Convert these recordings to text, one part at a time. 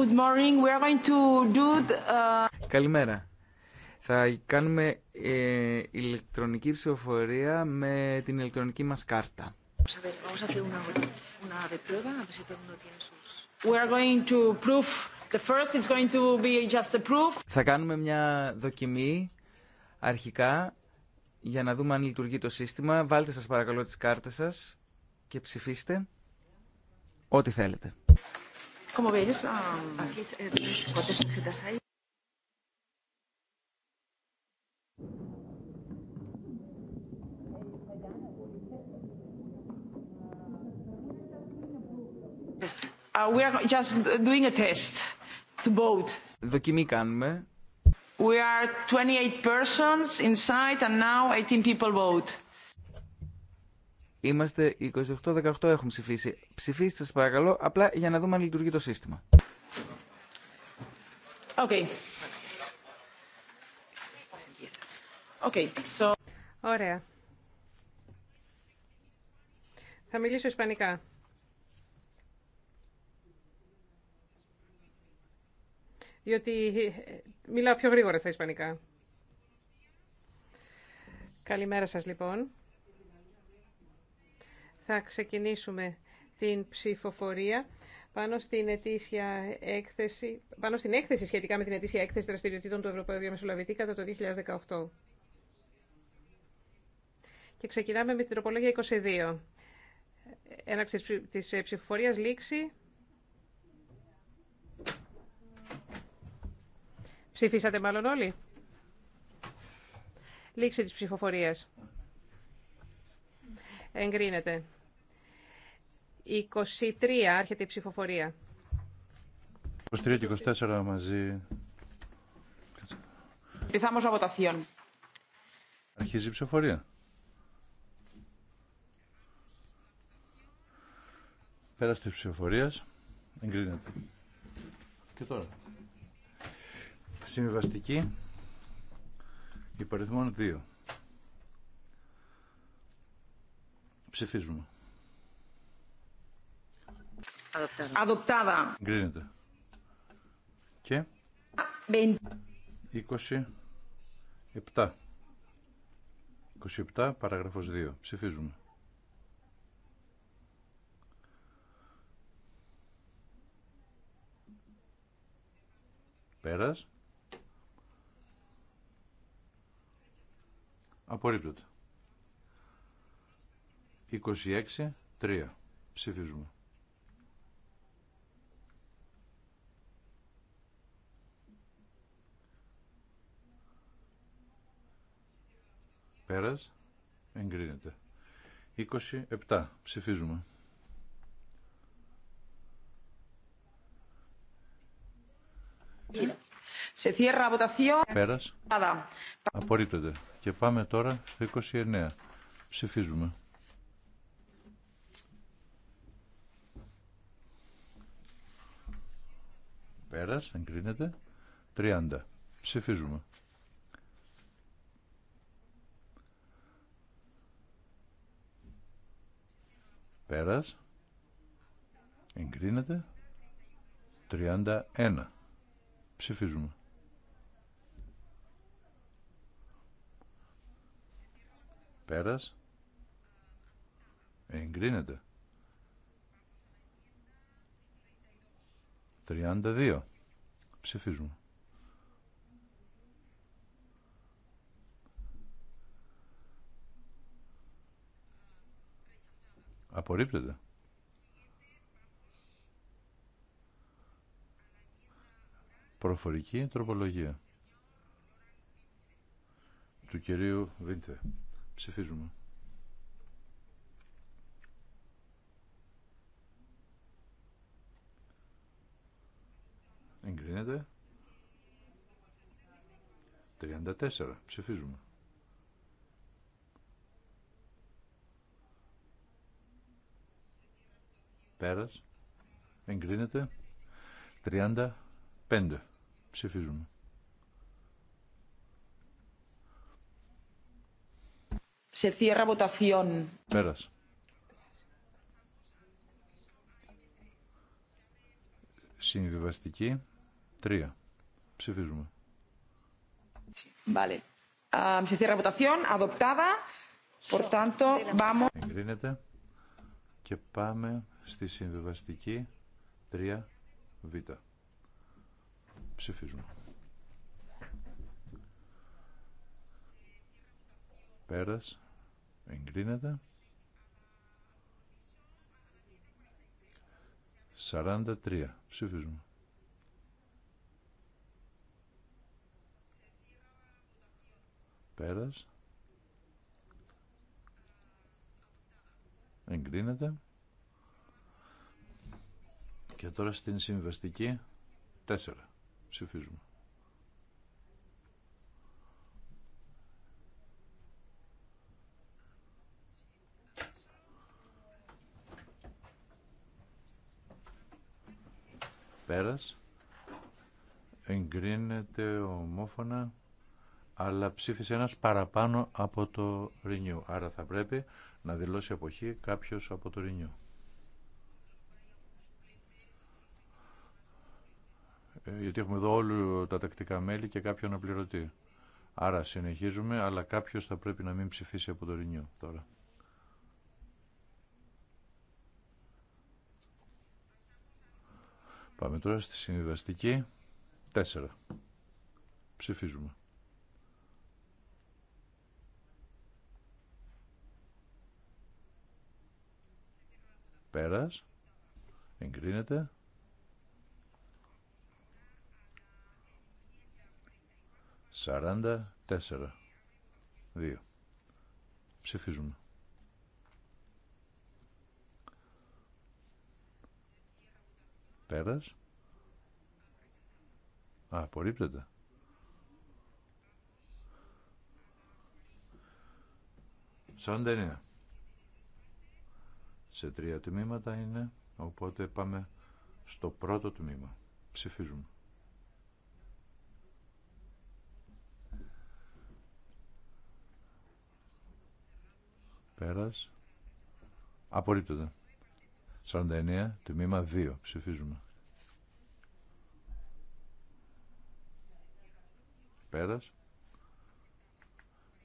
Good morning. We are going to do uh, Καλημέρα. Θα κάνουμε ε, ηλεκτρονική ψηφοφορία με την ηλεκτρονική μας κάρτα. We are going to proof. The first is going to be just a proof. Θα κάνουμε μια δοκιμή αρχικά για να δούμε αν λειτουργεί το σύστημα. Βάλτε σας παρακαλώ τις κάρτες σας και ψηφίστε ό,τι θέλετε como veis, aquí veis cuántas tarjetas hay. we are just doing a test to vote. Δοκιμή κάνουμε. We are 28 persons inside and now 18 people vote. Είμαστε 28-18 έχουν ψηφίσει. Ψηφίστε σα παρακαλώ, απλά για να δούμε αν λειτουργεί το σύστημα. Okay. Okay, so... Ωραία. Θα μιλήσω ισπανικά. Διότι ε, μιλάω πιο γρήγορα στα ισπανικά. Καλημέρα σας λοιπόν θα ξεκινήσουμε την ψηφοφορία πάνω στην, ετήσια έκθεση, πάνω στην έκθεση σχετικά με την ετήσια έκθεση δραστηριοτήτων του Ευρωπαϊκού Διαμεσολαβητή κατά το 2018. Και ξεκινάμε με την τροπολογία 22. Έναξη της ψηφοφορίας λήξη. Ψηφίσατε μάλλον όλοι. Λήξη της ψηφοφορίας. Εγκρίνεται. 23 άρχεται η ψηφοφορία. 23 και 24 μαζί. Πιθάμος αβοταθείων. Αρχίζει η ψηφοφορία. Πέρασε τη ψηφοφορία. Εγκρίνεται. Και τώρα. Συμβιβαστική. Υπαριθμών 2. Ψηφίζουμε. Αδοπτάδα. Γκρίνεται. Και. 27. 27 παράγραφος 2. Ψηφίζουμε. Πέρας. Απορρίπτωτα. 26, 3. Ψηφίζουμε. Πέρας. Εγκρίνεται. 27. Ψηφίζουμε. Σε τα Πέρας. Απορρίπτεται. Και πάμε τώρα στο 29. Ψηφίζουμε. Πέρας. Εγκρίνεται. 30. Ψηφίζουμε. Πέρας. Εγκρίνεται. 31. Ψηφίζουμε. Πέρας. Εγκρίνεται. 32. Ψηφίζουμε. Απορρίπτεται. Προφορική τροπολογία του κυρίου Βίντε. Ψηφίζουμε. Εγκρίνεται. 34. Ψηφίζουμε. Πέρας. Εγκρίνεται. 35. Ψηφίζουμε. Σε Πέρας. Συμβιβαστική. 3. Ψηφίζουμε. Βάλε. Σε Εγκρίνεται. Και πάμε στη συμβιβαστική 3β. Ψηφίζουμε. Πέρας. Εγκρίνεται. 43. Ψηφίζουμε. Πέρας. Εγκρίνεται. Και τώρα στην συμβαστική τέσσερα ψηφίζουμε. Πέρας εγκρίνεται ομόφωνα αλλά ψήφισε ένας παραπάνω από το Renew. Άρα θα πρέπει να δηλώσει αποχή κάποιος από το Renew. Ε, γιατί έχουμε εδώ όλου τα τακτικά μέλη και κάποιον πληρωτεί. Άρα συνεχίζουμε, αλλά κάποιος θα πρέπει να μην ψηφίσει από το Ρινιού τώρα. Πάμε τώρα στη συμβιβαστική 4. Ψηφίζουμε. Πέρας. Εγκρίνεται. τέσσερα. 2. Ψηφίζουμε. Πέρας. Α, απορρίπτεται. Σαράντα Σε τρία τμήματα είναι, οπότε πάμε στο πρώτο τμήμα. Ψηφίζουμε. Πέρας. Απορρίπτεται. 49, τμήμα 2. Ψηφίζουμε. Πέρας.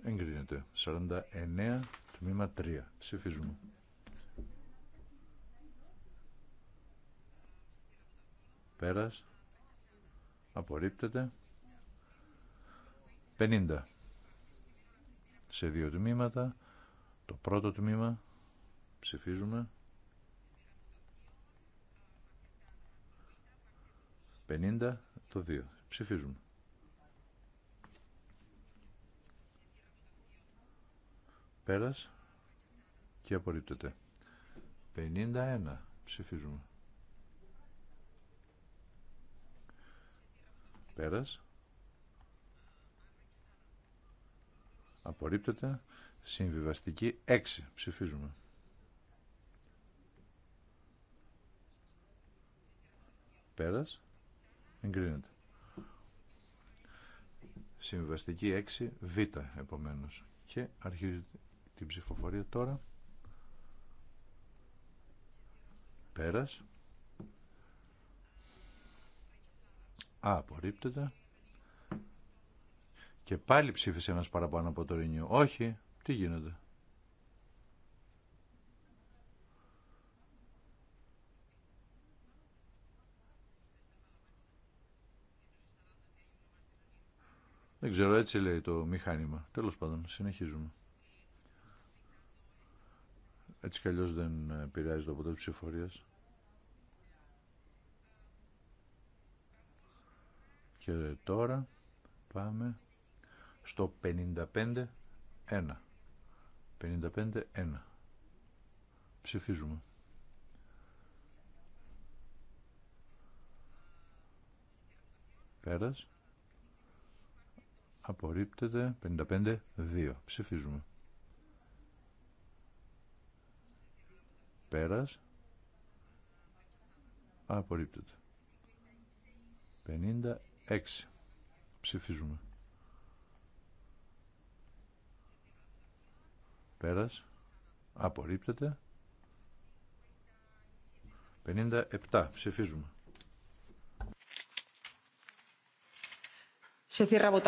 Εγκρίνεται. 49, τμήμα 3. Ψηφίζουμε. Πέρας. Απορρίπτεται. 50. Σε δύο τμήματα. Το πρώτο τμήμα ψηφίζουμε. 50 το 2. Ψηφίζουμε. Πέρας και απορρίπτεται. 51 ψηφίζουμε. Πέρας. Απορρίπτεται. Συμβιβαστική 6. Ψηφίζουμε. Πέρας. Εγκρίνεται. Συμβιβαστική 6. Β. Επομένως. Και αρχίζει την ψηφοφορία τώρα. Πέρας. Α, απορρίπτεται. Και πάλι ψήφισε ένας παραπάνω από το Ρήνιο. Όχι, τι γίνεται. Δεν ξέρω, έτσι λέει το μηχάνημα. Τέλος πάντων, συνεχίζουμε. Έτσι κι αλλιώς δεν επηρεάζει το αποτέλεσμα ψηφορίας. Και τώρα πάμε στο 55-1. 55-1. Ψηφίζουμε. Πέρας. Απορρίπτεται 55-2. Ψηφίζουμε. Πέρας. Απορρίπτεται. 56. Ψηφίζουμε. Πέρας. Απορρίπτεται. 57. Ψηφίζουμε. Σε θύρα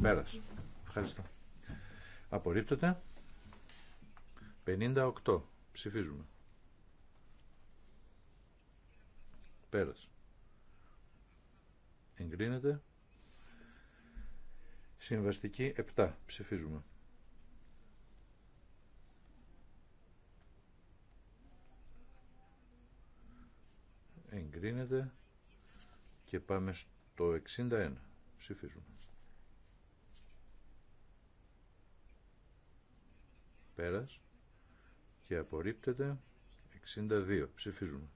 Πέρας. Ευχαριστώ. Απορρίπτεται. 58. Ψηφίζουμε. Πέρας. Εγκρίνεται. Συμβαστική 7. Ψηφίζουμε. εγκρίνεται και πάμε στο 61 ψηφίζουμε πέρας και απορρίπτεται 62 ψηφίζουμε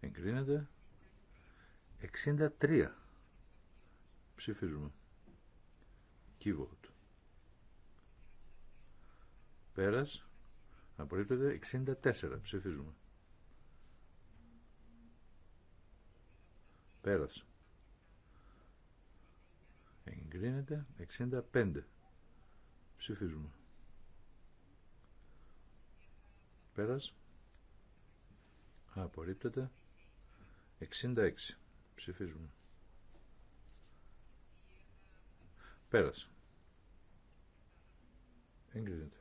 εγκρίνεται 63 ψηφίζουμε κύβο Πέρας. Απορρίπτεται. 64. Ψηφίζουμε. Πέρας. Εγκρίνεται. 65. Ψηφίζουμε. Πέρας. Απορρίπτεται. 66. Ψηφίζουμε. Πέρασε. Εγκρίνεται.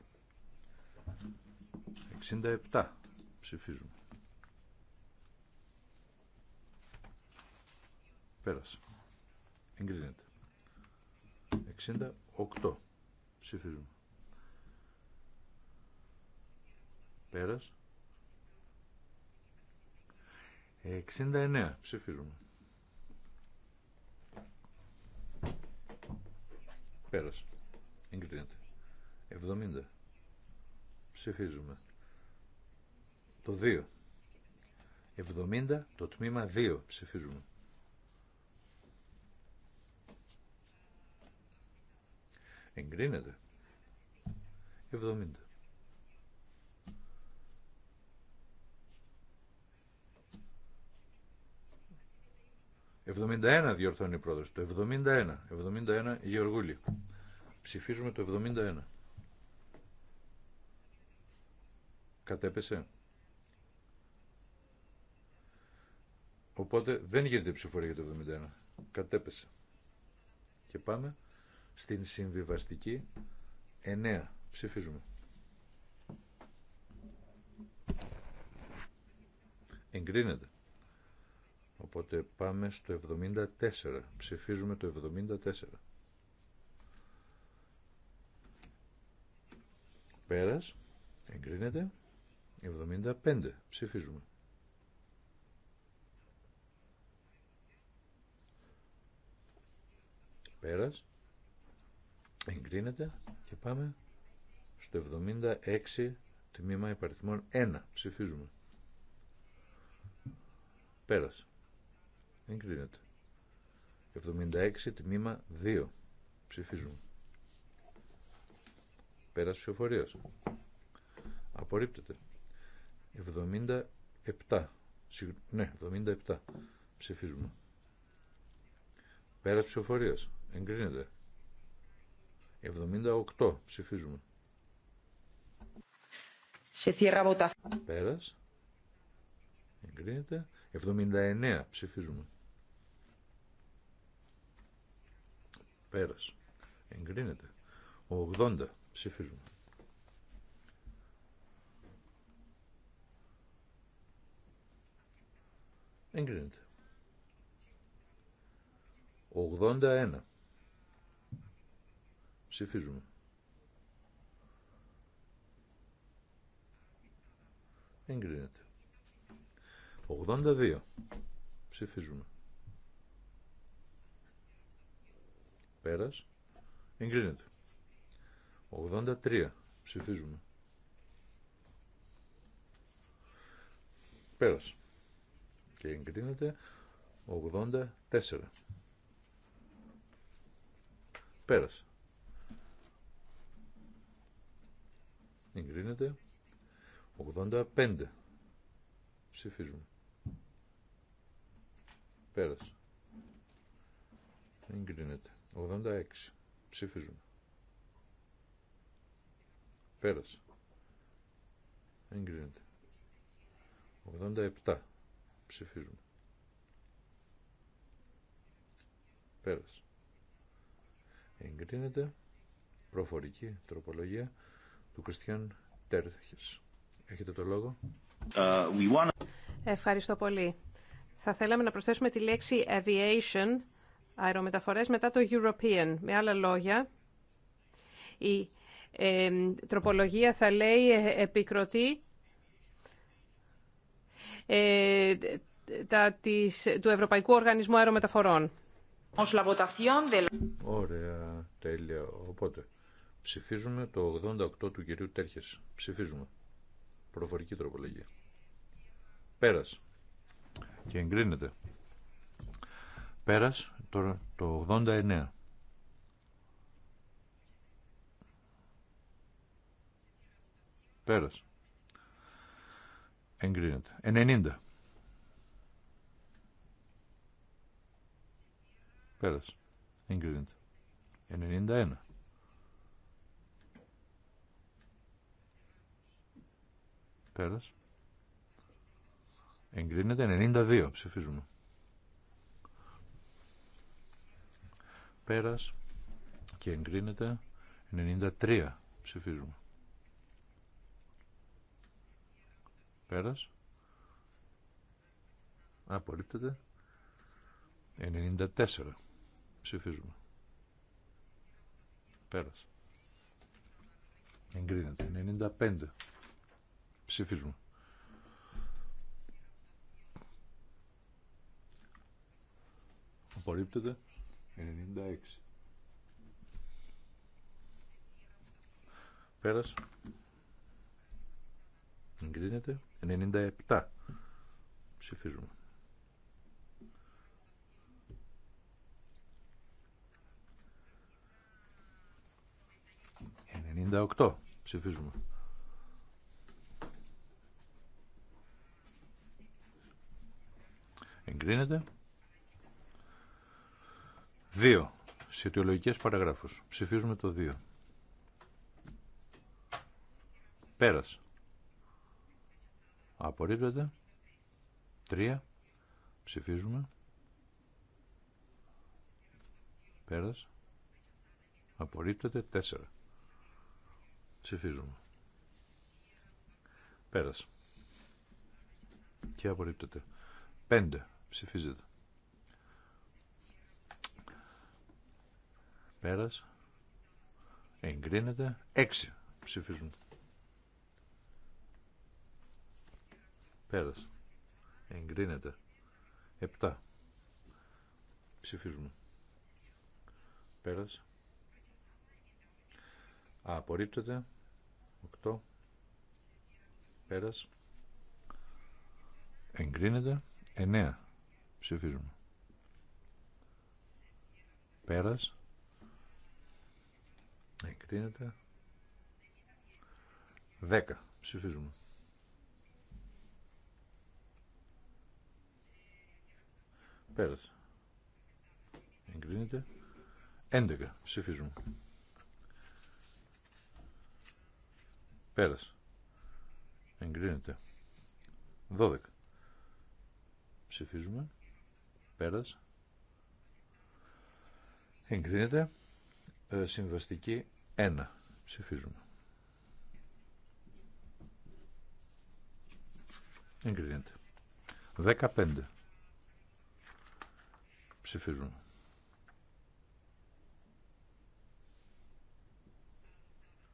67 ψηφίζουμε. Πέρασε. Εγκρίνεται. 68 ψηφίζουμε. Πέρασε. 69 ψηφίζουμε. Πέρασε. Εγκρίνεται. 70 ψηφίζουμε το 2. 70 το τμήμα 2 ψηφίζουμε. Εγκρίνεται. 70. 71. διορθώνει η πρόεδρος. Το 71. 71 Γεωργούλη. Ψηφίζουμε το 71. Κατέπεσε. Οπότε δεν γίνεται ψηφορία για το 71. Κατέπεσε. Και πάμε στην συμβιβαστική 9. Ψηφίζουμε. Εγκρίνεται. Οπότε πάμε στο 74. Ψηφίζουμε το 74. Πέρας. Εγκρίνεται. 75. Ψηφίζουμε. Πέρας. Εγκρίνεται και πάμε στο 76 τμήμα υπαριθμών 1. Ψηφίζουμε. Πέρας. Εγκρίνεται. 76 τμήμα 2. Ψηφίζουμε. Πέρας ψηφοφορίας. Απορρίπτεται. 77. Ναι, 77. Ψηφίζουμε. Πέρας ψηφοφορίας. Εγκρίνεται. 78 ψηφίζουμε. Σε θύρα βουτά. Πέρας. Εγκρίνεται. 79 ψηφίζουμε. Πέρας. Εγκρίνεται. 80 ψηφίζουμε. Εγκρίνεται. 81 Ψηφίζουμε. Εγκρίνεται. 82. Ψηφίζουμε. Πέρας. Εγκρίνεται. 83. Ψηφίζουμε. Πέρας. Και εγκρίνεται 84. Πέρας. Εγκρίνεται. 85. Ψηφίζουμε. Πέρασε. Εγκρίνεται. 86. Ψηφίζουμε. Πέρασε. Εγκρίνεται. 87. Ψηφίζουμε. Πέρασε. Εγκρίνεται. Προφορική τροπολογία του Κριστιαν Έχετε το λόγο. Ε, Ευχαριστώ πολύ. Θα θέλαμε να προσθέσουμε τη λέξη aviation, αερομεταφορές, μετά το European. Με άλλα λόγια, η ε, τροπολογία θα λέει ε, επικροτή ε, τα, του Ευρωπαϊκού Οργανισμού Αερομεταφορών. Ωραία, τέλεια. Οπότε, Ψηφίζουμε το 88 του κυρίου Τέρχες. Ψηφίζουμε. Προφορική τροπολογία. Πέρας. Και εγκρίνεται. Πέρας το, το 89. Πέρας. Εγκρίνεται. 90. Πέρας. Εγκρίνεται. 91. Πέρας. Εγκρίνεται 92. Ψηφίζουμε. Πέρας. Και εγκρίνεται 93. Ψηφίζουμε. Πέρας. Απορρίπτεται 94. Ψηφίζουμε. Πέρας. Εγκρίνεται 95. Ψηφίζουμε. Απορρίπτεται. 96. Πέρας. Εγκρίνεται. 97. Ψηφίζουμε. Ψηφίζουμε. 98, Ψηφίζουμε. Εγκρίνεται. 2. Σιωτιολογικέ παραγράφου. Ψηφίζουμε το 2. Πέρα. Απορρίπτεται. 3. Ψηφίζουμε. Πέρα. Απορρίπτεται. 4. Ψηφίζουμε. Πέρα. Και 5. Ψηφίζεται. Πέρας. Εγκρίνεται. Έξι ψηφίζουν. Πέρας. Εγκρίνεται. Επτά. Ψηφίζουμε. Πέρας. απορρίπτεται. Οκτώ. Πέρας. Εγκρίνεται. Εννέα. Ψηφίζουμε. Πέρας. Εκρίνεται. 10. Ψηφίζουμε. Πέρας. Εγκρίνεται. 11. Ψηφίζουμε. Πέρας. Εγκρίνεται. 12. Ψηφίζουμε. Πέρας. Εγκρίνεται. Ε, συμβαστική 1. Ψηφίζουμε. Εγκρίνεται. 15. Ψηφίζουμε.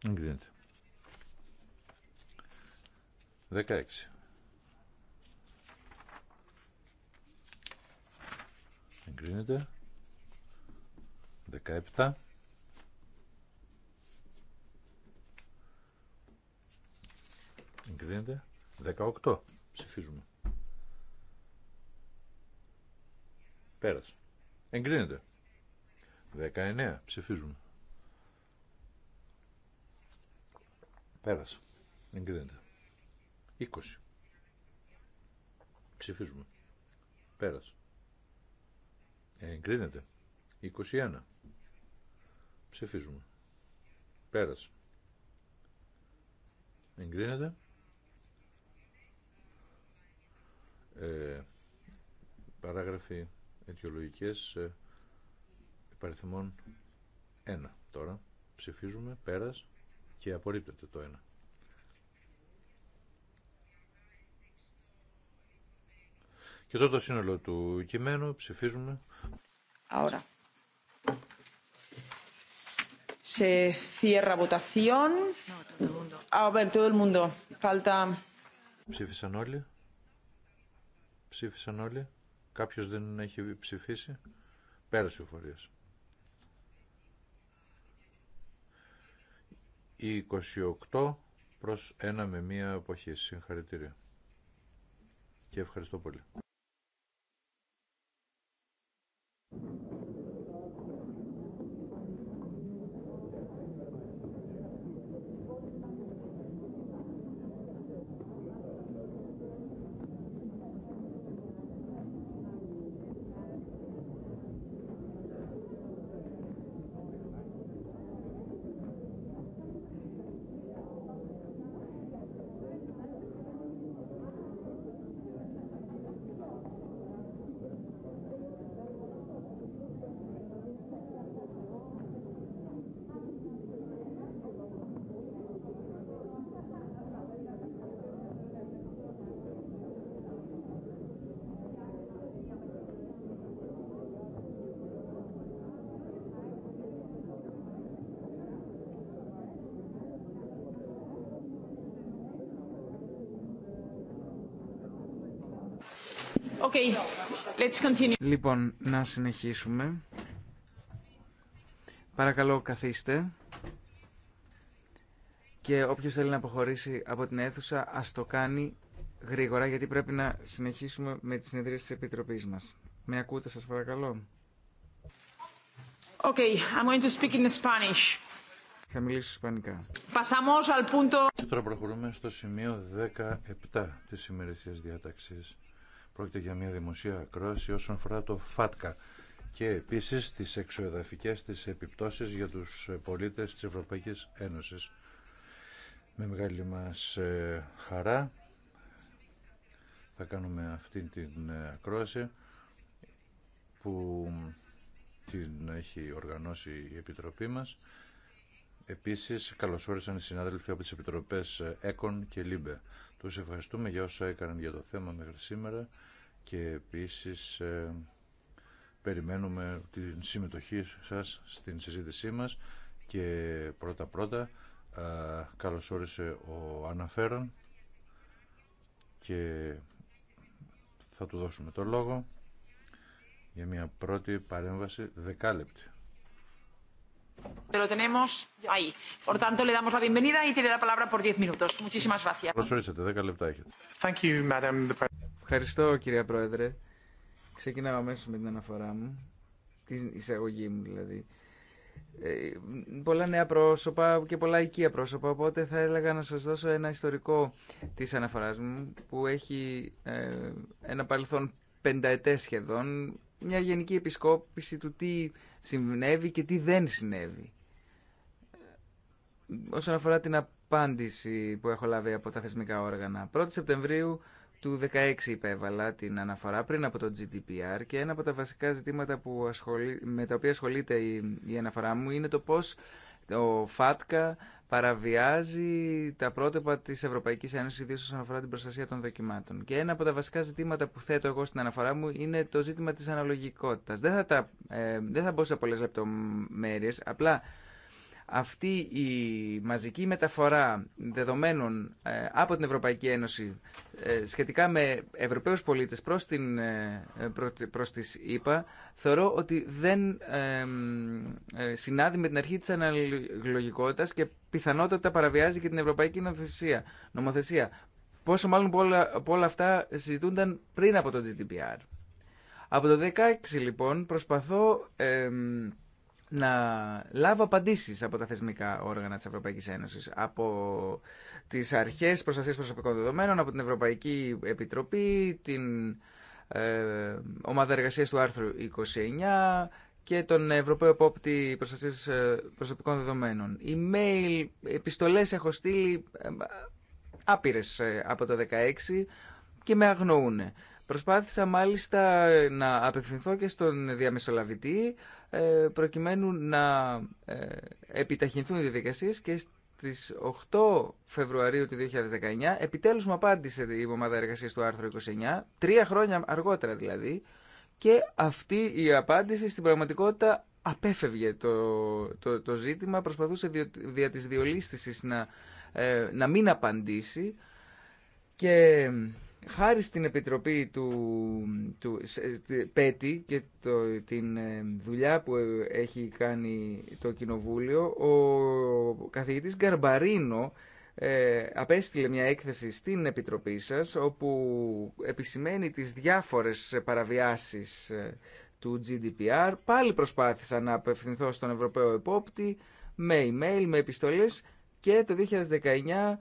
Εγκρίνεται. 16. εγκρίνεται 17 εγκρίνεται 18 ψηφίζουμε πέρασε εγκρίνεται 19 ψηφίζουμε πέρασε εγκρίνεται 20 ψηφίζουμε πέρασε Εγκρίνεται. 21. Ψηφίζουμε. Πέρασε. Εγκρίνεται. Ε, παράγραφοι αιτιολογικές ε, υπαριθμών 1 τώρα. Ψηφίζουμε. Πέρας. Και απορρίπτεται το 1. Και τότε το σύνολο του κειμένου ψηφίζουμε ahora. Se cierra votación. A ah, ver, todo el mundo. Falta. Ψήφισαν όλοι. Ψήφισαν όλοι. Κάποιο δεν έχει ψηφίσει. Πέρασε ο φορέα. Η 28 προς ένα με μία εποχή. Συγχαρητήρια. Και ευχαριστώ πολύ. Okay. Let's continue. Λοιπόν, να συνεχίσουμε. Παρακαλώ, καθίστε. Και όποιο θέλει να αποχωρήσει από την αίθουσα, ας το κάνει γρήγορα, γιατί πρέπει να συνεχίσουμε με τις συνεδρίες τη Επιτροπής μας. Με ακούτε, σας παρακαλώ. Okay, I'm going to speak in Spanish. Θα μιλήσω ισπανικά. al τώρα προχωρούμε στο σημείο 17 της ημερησίας διάταξης Πρόκειται για μια δημοσία ακρόαση όσον αφορά το ΦΑΤΚΑ και επίσης τις εξοεδαφικές της επιπτώσεις για τους πολίτες της Ευρωπαϊκής Ένωσης. Με μεγάλη μας ε, χαρά θα κάνουμε αυτή την ε, ακρόαση που την έχει οργανώσει η Επιτροπή μας. Επίσης καλωσόρισαν οι συνάδελφοι από τις Επιτροπές ε, ΕΚΟΝ και ΛΥΜΠΕ. Τους ευχαριστούμε για όσα έκαναν για το θέμα μέχρι σήμερα και επίσης ε, περιμένουμε την συμμετοχή σας στην συζήτησή μας και πρώτα-πρώτα ε, καλώς όρισε ο Αναφέρον και θα του δώσουμε το λόγο για μια πρώτη παρέμβαση δεκάλεπτη. Ευχαριστώ, κυρία Πρόεδρε. Ξεκινάω αμέσω με την αναφορά μου. Την εισαγωγή μου, δηλαδή. Ε, πολλά νέα πρόσωπα και πολλά οικία πρόσωπα, οπότε θα έλεγα να σας δώσω ένα ιστορικό της αναφοράς μου που έχει ε, ένα παρελθόν πενταετές σχεδόν μια γενική επισκόπηση του τι συνέβη και τι δεν συνέβη. Όσον αφορά την απάντηση που έχω λάβει από τα θεσμικά όργανα, 1 Σεπτεμβρίου του 2016 υπέβαλα την αναφορά πριν από το GDPR και ένα από τα βασικά ζητήματα που ασχολεί, με τα οποία ασχολείται η, η αναφορά μου είναι το πώς ο ΦΑΤΚΑ παραβιάζει τα πρότυπα της Ευρωπαϊκής Ένωσης, ιδίως όσον αφορά την προστασία των δοκιμάτων. Και ένα από τα βασικά ζητήματα που θέτω εγώ στην αναφορά μου είναι το ζήτημα της αναλογικότητας. Δεν θα, τα, ε, δεν θα μπω σε πολλές λεπτομέρειες, απλά αυτή η μαζική μεταφορά δεδομένων ε, από την Ευρωπαϊκή Ένωση ε, σχετικά με Ευρωπαίους πολίτες προς, την, ε, προς τις θεωρώ ότι δεν συνάδει με την αρχή της αναλογικότητας και πιθανότατα παραβιάζει και την Ευρωπαϊκή νομοθεσία. νομοθεσία. Πόσο μάλλον όλα αυτά συζητούνταν πριν από το GDPR. Από το 2016 λοιπόν προσπαθώ να λάβω απαντήσεις από τα θεσμικά όργανα της Ευρωπαϊκής Ένωσης, από τις αρχές προστασίας προσωπικών δεδομένων, από την Ευρωπαϊκή Επιτροπή, την ε, Ομάδα Εργασίας του άρθρου 29 και τον Ευρωπαίο Επόπτη Προστασίας ε, Προσωπικών Δεδομένων. Email, επιστολές έχω στείλει άπειρε άπειρες ε, από το 16 και με αγνοούν. Προσπάθησα μάλιστα ε, να απευθυνθώ και στον διαμεσολαβητή, ε, προκειμένου να ε, επιταχυνθούν οι διαδικασίες και στις 8 Φεβρουαρίου του 2019 επιτέλους μου απάντησε η ομάδα εργασίας του άρθρου 29, τρία χρόνια αργότερα δηλαδή, και αυτή η απάντηση στην πραγματικότητα απέφευγε το, το, το ζήτημα, προσπαθούσε δια, της διολίστησης να, ε, να μην απαντήσει και χάρη στην Επιτροπή του, Πέτη και την ε, δουλειά που ε, έχει κάνει το Κοινοβούλιο, ο καθηγητής Γκαρμπαρίνο ε, απέστειλε μια έκθεση στην Επιτροπή σας, όπου επισημαίνει τις διάφορες παραβιάσεις του GDPR. Πάλι προσπάθησα να απευθυνθώ στον Ευρωπαίο Επόπτη με email, με επιστολές και το 2019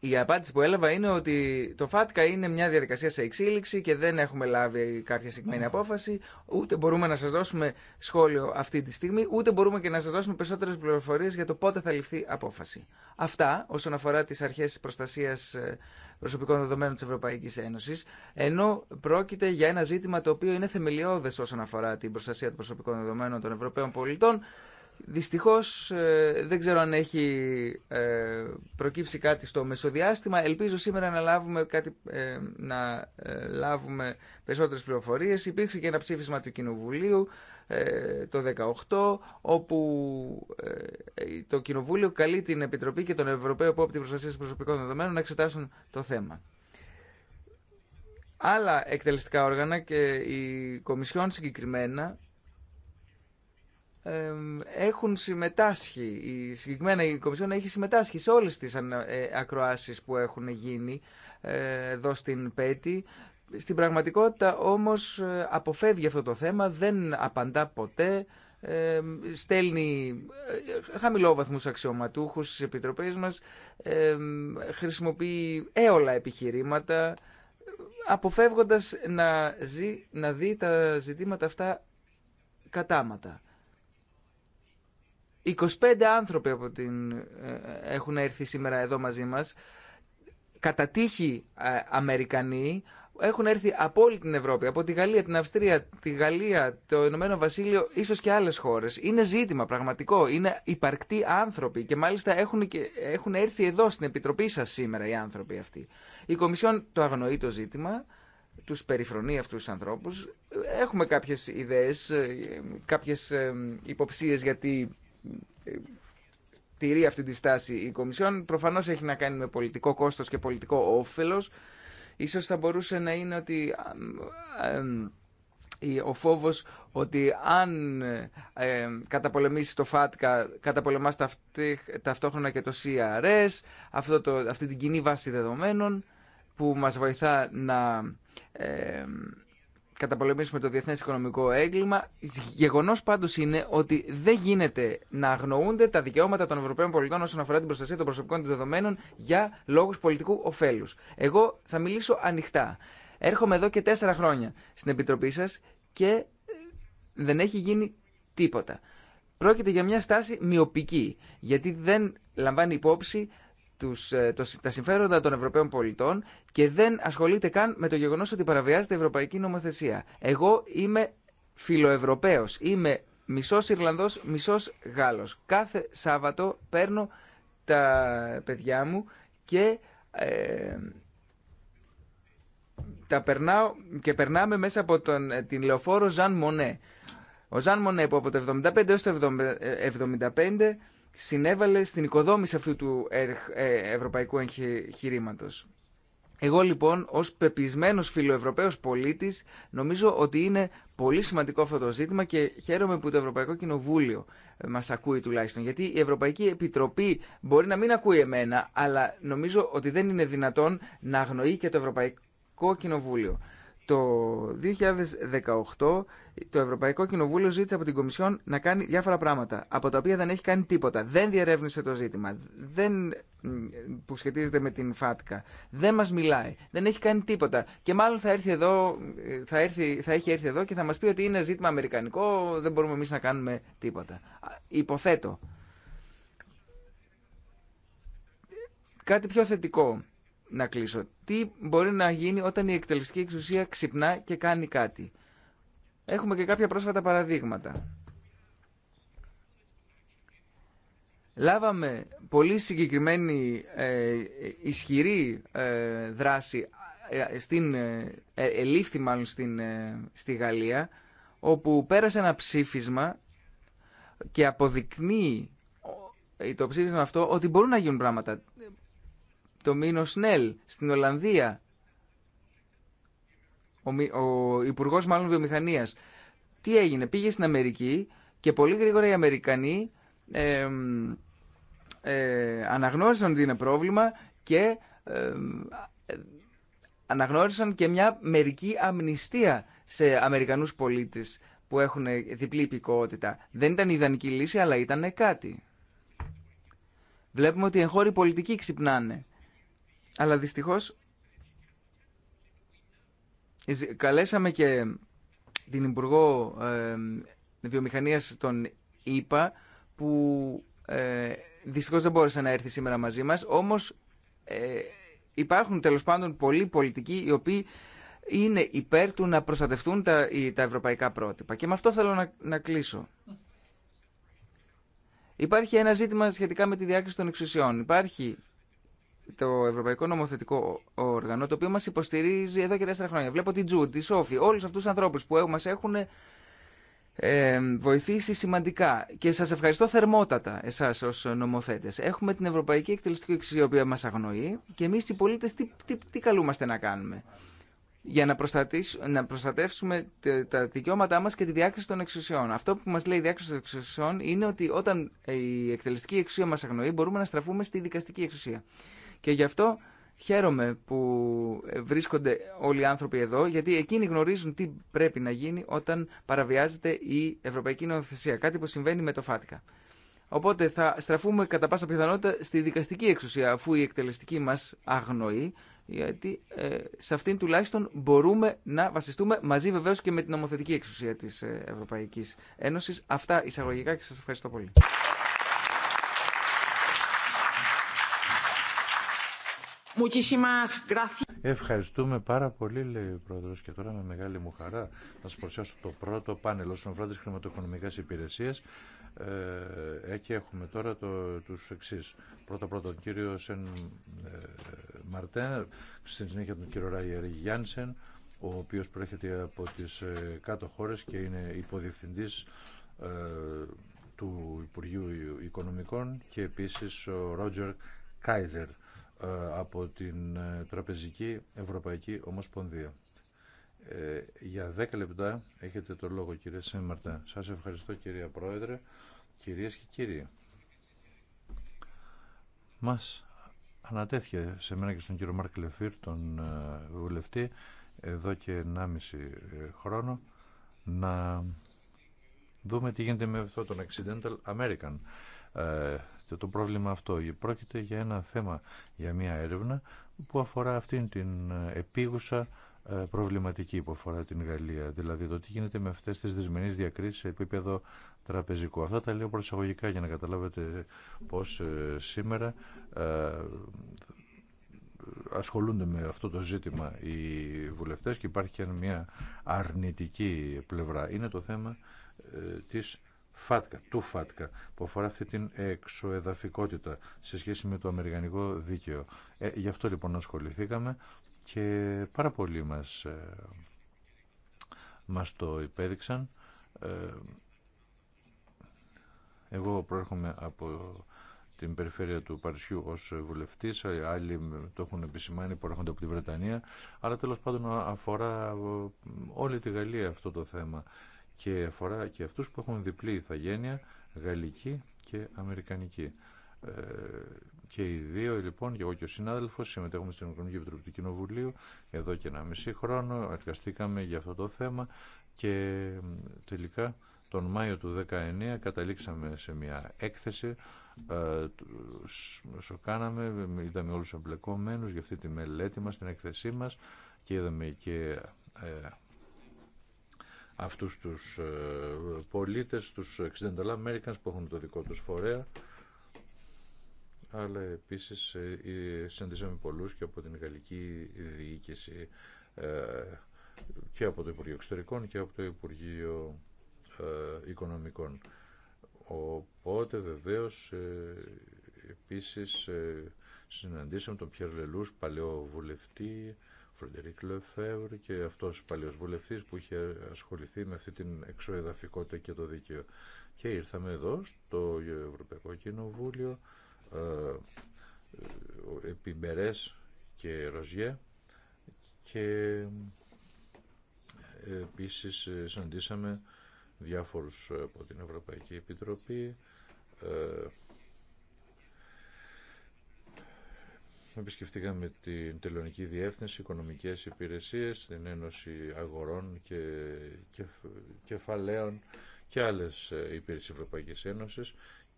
η απάντηση που έλαβα είναι ότι το ΦΑΤΚΑ είναι μια διαδικασία σε εξήλιξη και δεν έχουμε λάβει κάποια συγκεκριμένη απόφαση. Ούτε μπορούμε να σας δώσουμε σχόλιο αυτή τη στιγμή, ούτε μπορούμε και να σας δώσουμε περισσότερες πληροφορίες για το πότε θα ληφθεί απόφαση. Αυτά όσον αφορά τις αρχές προστασίας ε, προσωπικών δεδομένων της Ευρωπαϊκής Ένωσης, ενώ πρόκειται για ένα ζήτημα το οποίο είναι θεμελιώδες όσον αφορά την προστασία των προσωπικών δεδομένων των Ευρωπαίων πολιτών Δυστυχώς ε, δεν ξέρω αν έχει ε, προκύψει κάτι στο μεσοδιάστημα. Ελπίζω σήμερα να λάβουμε, κάτι, ε, να λάβουμε περισσότερες πληροφορίες. Υπήρξε και ένα ψήφισμα του Κοινοβουλίου το 18, όπου το Κοινοβούλιο καλεί την Επιτροπή και τον Ευρωπαίο Πόπτη Προστασίας Προσωπικών Δεδομένων να εξετάσουν το θέμα. Άλλα εκτελεστικά όργανα και η Κομισιόν συγκεκριμένα έχουν συμμετάσχει, η συγκεκριμένα η Κομισιόν έχει συμμετάσχει σε όλες τις ε, ακροάσεις που έχουν γίνει ε, εδώ στην ΠΕΤΗ. Στην πραγματικότητα όμως ε, αποφεύγει αυτό το θέμα, δεν απαντά ποτέ, στέλνει χαμηλόβαθμους αξιωματούχους στις επιτροπές μας, χρησιμοποιεί έολα επιχειρήματα, αποφεύγοντας να, να δει τα ζητήματα αυτά κατάματα. 25 άνθρωποι από την, ε, έχουν έρθει σήμερα εδώ μαζί μας, κατά τύχη ε, Αμερικανοί, έχουν έρθει από όλη την Ευρώπη, από τη Γαλλία, την Αυστρία, τη Γαλλία, το Ηνωμένο Βασίλειο, ίσω και άλλε χώρε. Είναι ζήτημα πραγματικό. Είναι υπαρκτοί άνθρωποι και μάλιστα έχουν, έχουν έρθει εδώ στην επιτροπή σα σήμερα οι άνθρωποι αυτοί. Η Κομισιόν το αγνοεί το ζήτημα, του περιφρονεί αυτού του ανθρώπου. Έχουμε κάποιε ιδέε, κάποιε ε, υποψίε γιατί τηρεί αυτή τη στάση η Κομισιόν. Προφανώς έχει να κάνει με πολιτικό κόστος και πολιτικό όφελος. Ίσως θα μπορούσε να είναι ότι ο φόβος ότι αν ε, καταπολεμήσει το ΦΑΤΚΑ, καταπολεμάς ταυτόχρονα και το CRS, αυτό αυτή την κοινή βάση δεδομένων που μας βοηθά να καταπολεμήσουμε το διεθνές οικονομικό έγκλημα. Γεγονός πάντως είναι ότι δεν γίνεται να αγνοούνται τα δικαιώματα των Ευρωπαίων πολιτών όσον αφορά την προστασία των προσωπικών των δεδομένων για λόγους πολιτικού ωφέλους. Εγώ θα μιλήσω ανοιχτά. Έρχομαι εδώ και τέσσερα χρόνια στην Επιτροπή σας και ε, δεν έχει γίνει τίποτα. Πρόκειται για μια στάση μειοπική, γιατί δεν λαμβάνει υπόψη τους, ε, το, τα συμφέροντα των Ευρωπαίων πολιτών και δεν ασχολείται καν με το γεγονός ότι παραβιάζεται η Ευρωπαϊκή Νομοθεσία. Εγώ είμαι φιλοευρωπαίος, είμαι μισό Ιρλανδός, μισός Γάλλος. Κάθε Σάββατο παίρνω τα παιδιά μου και ε, τα περνάω και περνάμε μέσα από τον, ε, την λεωφόρο Ζαν Μονέ. Ο Ζαν Μονέ που από το 75 έως το 75 συνέβαλε στην οικοδόμηση αυτού του ε, ευρωπαϊκού εγχειρήματο. Εγώ λοιπόν ως πεπισμένος φιλοευρωπαίος πολίτης νομίζω ότι είναι πολύ σημαντικό αυτό το ζήτημα και χαίρομαι που το Ευρωπαϊκό Κοινοβούλιο ε, μας ακούει τουλάχιστον γιατί η Ευρωπαϊκή Επιτροπή μπορεί να μην ακούει εμένα αλλά νομίζω ότι δεν είναι δυνατόν να αγνοεί και το Ευρωπαϊκό Κοινοβούλιο. Το 2018 το Ευρωπαϊκό Κοινοβούλιο ζήτησε από την Κομισιόν να κάνει διάφορα πράγματα, από τα οποία δεν έχει κάνει τίποτα. Δεν διερεύνησε το ζήτημα δεν, που σχετίζεται με την ΦΑΤΚΑ. Δεν μας μιλάει. Δεν έχει κάνει τίποτα. Και μάλλον θα, έρθει εδώ, θα, έρθει, θα έχει έρθει εδώ και θα μας πει ότι είναι ζήτημα αμερικανικό, δεν μπορούμε εμείς να κάνουμε τίποτα. Υποθέτω. Κάτι πιο θετικό να κλείσω. Τι μπορεί να γίνει όταν η εκτελεστική εξουσία ξυπνά και κάνει κάτι. Έχουμε και κάποια πρόσφατα παραδείγματα. Λάβαμε πολύ συγκεκριμένη ε, ισχυρή ε, δράση ε, στην, ε, ε, ελήφθη μάλλον στην, στη Γαλλία όπου πέρασε ένα ψήφισμα και αποδεικνύει το ψήφισμα αυτό ότι μπορούν να γίνουν πράγματα το Μίνο Σνέλ στην Ολλανδία, ο, ο Υπουργός μάλλον βιομηχανία. τι έγινε, πήγε στην Αμερική και πολύ γρήγορα οι Αμερικανοί ε, αναγνώρισαν ότι είναι πρόβλημα και αναγνώρισαν και μια μερική αμνηστία σε Αμερικανούς πολίτες που έχουν διπλή υπηκότητα. Δεν ήταν ιδανική λύση, αλλά ήταν κάτι. Βλέπουμε ότι οι εγχώροι πολιτικοί ξυπνάνε. Αλλά δυστυχώς καλέσαμε και την Υπουργό ε, βιομηχανία των ΗΠΑ που ε, δυστυχώς δεν μπόρεσε να έρθει σήμερα μαζί μας. Όμως ε, υπάρχουν τέλος πάντων πολλοί πολιτικοί οι οποίοι είναι υπέρ του να προστατευτούν τα, τα ευρωπαϊκά πρότυπα. Και με αυτό θέλω να, να κλείσω. Υπάρχει ένα ζήτημα σχετικά με τη διάκριση των εξουσιών. Υπάρχει το Ευρωπαϊκό Νομοθετικό Όργανο, το οποίο μα υποστηρίζει εδώ και τέσσερα χρόνια. Βλέπω την Τζου, τη Σόφη, όλου αυτού του ανθρώπου που μα έχουν ε, βοηθήσει σημαντικά. Και σα ευχαριστώ θερμότατα εσά ω νομοθέτε. Έχουμε την Ευρωπαϊκή Εκτελεστική Εξουσία, η οποία μα αγνοεί και εμεί οι πολίτε τι, τι, τι καλούμαστε να κάνουμε για να, να προστατεύσουμε τα δικαιώματά μας και τη διάκριση των εξουσιών. Αυτό που μας λέει η διάκριση των εξουσιών είναι ότι όταν η εκτελεστική εξουσία μας αγνοεί μπορούμε να στραφούμε στη δικαστική εξουσία. Και γι' αυτό χαίρομαι που βρίσκονται όλοι οι άνθρωποι εδώ, γιατί εκείνοι γνωρίζουν τι πρέπει να γίνει όταν παραβιάζεται η Ευρωπαϊκή Νομοθεσία. Κάτι που συμβαίνει με το ΦΑΤΚΑ. Οπότε θα στραφούμε κατά πάσα πιθανότητα στη δικαστική εξουσία, αφού η εκτελεστική μας αγνοεί, γιατί ε, σε αυτήν τουλάχιστον μπορούμε να βασιστούμε μαζί βεβαίω και με την νομοθετική εξουσία τη ε, Ευρωπαϊκή Ένωση. Αυτά εισαγωγικά και σα ευχαριστώ πολύ. Ευχαριστούμε πάρα πολύ, λέει ο Πρόεδρο. Και τώρα με μεγάλη μου χαρά να σα παρουσιάσω το πρώτο πάνελ όσον αφορά τι χρηματοοικονομικέ υπηρεσίε. Ε, έχουμε τώρα το, τους εξή. Πρώτα-πρώτα τον κύριο Σεν ε, Μαρτέν, στην συνέχεια τον κύριο Ράιερ Γιάνσεν, ο οποίο προέρχεται από τι ε, κάτω χώρε και είναι υποδιευθυντής ε, του Υπουργείου Οικονομικών και επίση ο Ρότζερ Κάιζερ ε, από την ε, Τραπεζική Ευρωπαϊκή Ομοσπονδία. Ε, για 10 λεπτά έχετε το λόγο κύριε Σέμαρτα. Σας ευχαριστώ κυρία Πρόεδρε, κυρίες και κύριοι. Μας ανατέθηκε σε μένα και στον κύριο Μάρκ Λεφύρ, τον ε, βουλευτή, εδώ και 1,5 χρόνο, να δούμε τι γίνεται με αυτό τον Accidental American το πρόβλημα αυτό. Πρόκειται για ένα θέμα, για μια έρευνα που αφορά αυτήν την ε, επίγουσα ε, προβληματική που αφορά την Γαλλία. Δηλαδή το τι γίνεται με αυτές τις δυσμενείς διακρίσεις σε επίπεδο τραπεζικό. Αυτά τα λέω προσαγωγικά για να καταλάβετε πώς ε, σήμερα ασχολούνται με αυτό το ζήτημα οι βουλευτές και υπάρχει και μια αρνητική πλευρά. Είναι το θέμα της ΦΑΤΚΑ, του ΦΑΤΚΑ, που αφορά αυτή την εξοεδαφικότητα σε σχέση με το Αμερικανικό δίκαιο. Ε, γι' αυτό λοιπόν ασχοληθήκαμε και πάρα πολλοί μας, ε, το υπέδειξαν. Ε, εγώ προέρχομαι από την περιφέρεια του Παρισιού ως βουλευτής, άλλοι το έχουν επισημάνει που έρχονται από τη Βρετανία, αλλά τέλος πάντων αφορά όλη τη Γαλλία αυτό το θέμα και αφορά και αυτούς που έχουν διπλή ηθαγένεια, γαλλική και αμερικανική. Ε, και οι δύο λοιπόν, και εγώ και ο συνάδελφο, συμμετέχουμε στην Οικονομική Επιτροπή του Κοινοβουλίου εδώ και ένα μισή χρόνο. Εργαστήκαμε για αυτό το θέμα και τελικά τον Μάιο του 19 καταλήξαμε σε μια έκθεση. Ε, σοκάναμε, είδαμε όλους εμπλεκόμενου για αυτή τη μελέτη μας, την έκθεσή μας και είδαμε και ε, αυτούς τους ε, πολίτες, τους Occidental Americans που έχουν το δικό τους φορέα αλλά επίσης ε, ε, συναντήσαμε πολλούς και από την γαλλική διοίκηση και από το Υπουργείο Εξωτερικών και από το Υπουργείο Οικονομικών. Οπότε βεβαίως επίσης συναντήσαμε τον Πιέρ Λελούς, παλαιό βουλευτή, Φρεντερικ Λεφεύρ και αυτός παλιός βουλευτής που είχε ασχοληθεί με αυτή την εξοεδαφικότητα και το δίκαιο. Και ήρθαμε εδώ στο Ευρωπαϊκό Κοινοβούλιο ε, ε, επί Μπερές και Ροζιέ και επίσης συναντήσαμε διάφορους από την Ευρωπαϊκή Επιτροπή ε, επισκεφτήκαμε την Τελωνική Διεύθυνση, Οικονομικές Υπηρεσίες, την Ένωση Αγορών και Κεφαλαίων και άλλες ε, υπηρεσίες Ευρωπαϊκής Ένωσης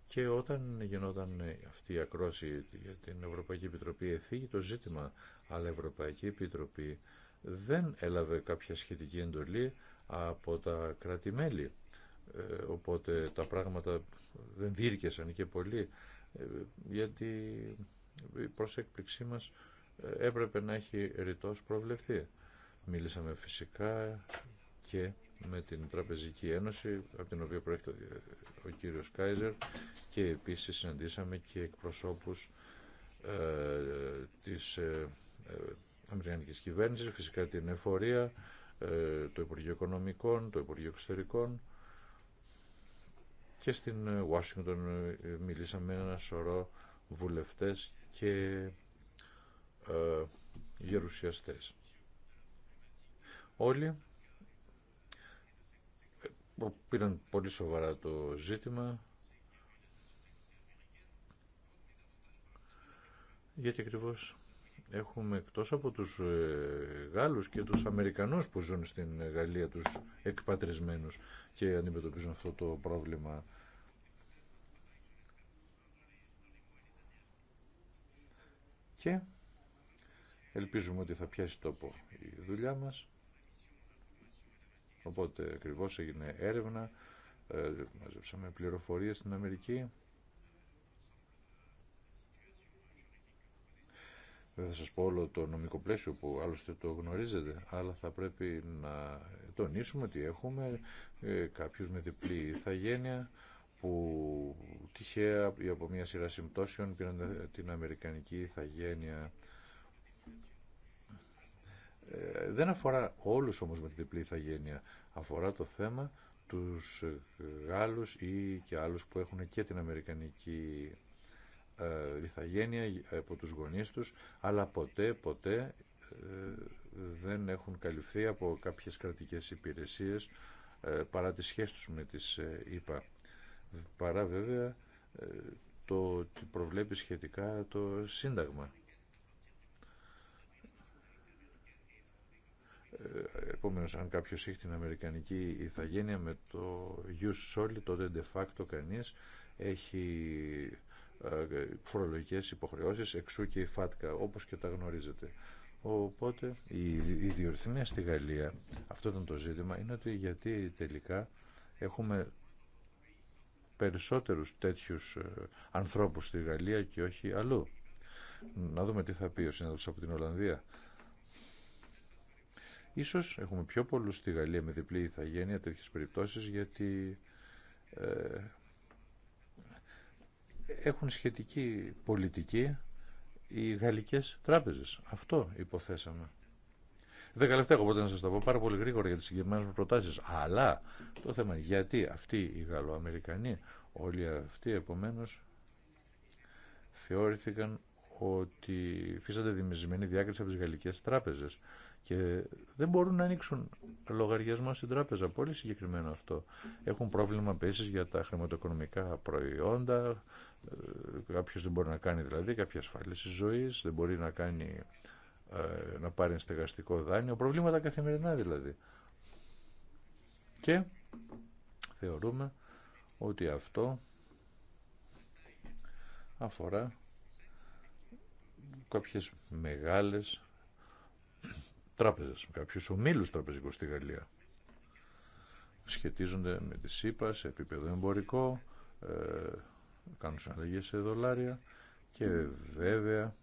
και όταν γινόταν αυτή η ακρόση για την Ευρωπαϊκή Επιτροπή εφήγη το ζήτημα, αλλά η Ευρωπαϊκή Επιτροπή δεν έλαβε κάποια σχετική εντολή από τα κράτη-μέλη. Ε, οπότε τα πράγματα δεν δίρκεσαν και πολύ ε, γιατί η έκπληξή μας ε, έπρεπε να έχει ρητός προβλεφθεί. Μίλησαμε φυσικά και με την Τραπεζική Ένωση, από την οποία προέρχεται ο κύριος Κάιζερ και επίσης συναντήσαμε και εκπροσώπους ε, της ε, ε Αμερικανικής Κυβέρνησης, φυσικά την Εφορία, ε, το Υπουργείο Οικονομικών, το Υπουργείο Εξωτερικών και στην Ουάσιγκτον μιλήσαμε ένα σωρό βουλευτές και ε, γερουσιαστές. Όλοι ε, πήραν πολύ σοβαρά το ζήτημα γιατί ακριβώς έχουμε εκτός από τους ε, Γάλλους και τους Αμερικανούς που ζουν στην Γαλλία τους εκπατρισμένους και αντιμετωπίζουν αυτό το πρόβλημα και ελπίζουμε ότι θα πιάσει τόπο η δουλειά μας. Οπότε ακριβώ έγινε έρευνα, ε, μαζέψαμε πληροφορίες στην Αμερική. Δεν θα σας πω όλο το νομικό πλαίσιο που άλλωστε το γνωρίζετε, αλλά θα πρέπει να τονίσουμε ότι έχουμε ε, κάποιους με διπλή ηθαγένεια, που τυχαία ή από μια σειρά συμπτώσεων πήραν την Αμερικανική ηθαγένεια. Ε, δεν αφορά όλους όμως με την διπλή ηθαγένεια. Αφορά το θέμα τους Γάλλους ή και άλλους που έχουν και την Αμερικανική ε, ηθαγένεια από τους γονείς τους, αλλά ποτέ, ποτέ ε, δεν έχουν καλυφθεί από κάποιες κρατικές υπηρεσίες ε, παρά τις σχέσεις τους με τις παρά βέβαια ε, το ότι προβλέπει σχετικά το Σύνταγμα. Ε, Επομένως, αν κάποιος έχει την Αμερικανική ηθαγένεια με το use σόλι, τότε de facto κανείς έχει ε, φορολογικές υποχρεώσεις, εξού και η ΦΑΤΚΑ, όπως και τα γνωρίζετε. Οπότε η διορθυμία στη Γαλλία, αυτό ήταν το ζήτημα, είναι ότι γιατί τελικά έχουμε περισσότερους τέτοιους ε, ανθρώπους στη Γαλλία και όχι αλλού. Να δούμε τι θα πει ο συνάδελφος από την Ολλανδία. Ίσως έχουμε πιο πολλούς στη Γαλλία με διπλή ηθαγένεια τέτοιες περιπτώσεις γιατί ε, έχουν σχετική πολιτική οι γαλλικές τράπεζες. Αυτό υποθέσαμε. Δεν λεπτά έχω ποτέ να σα τα πω πάρα πολύ γρήγορα για τι συγκεκριμένε μου προτάσει. Αλλά το θέμα είναι γιατί αυτοί οι Γαλλοαμερικανοί, όλοι αυτοί επομένω, θεώρηθηκαν ότι φύσατε δημιουργημένη διάκριση από τι γαλλικέ τράπεζε και δεν μπορούν να ανοίξουν λογαριασμό στην τράπεζα. Πολύ συγκεκριμένο αυτό. Έχουν πρόβλημα επίση για τα χρηματοοικονομικά προϊόντα. Ε, Κάποιο δεν μπορεί να κάνει δηλαδή κάποια ασφάλιση ζωή, δεν μπορεί να κάνει ε, να πάρει στεγαστικό δάνειο, προβλήματα καθημερινά δηλαδή. Και θεωρούμε ότι αυτό αφορά κάποιες μεγάλες τράπεζες, κάποιους ομίλους τραπεζικού στη Γαλλία. Σχετίζονται με τη ΣΥΠΑ σε επίπεδο εμπορικό, ε, κάνουν συναλλαγές σε δολάρια και βέβαια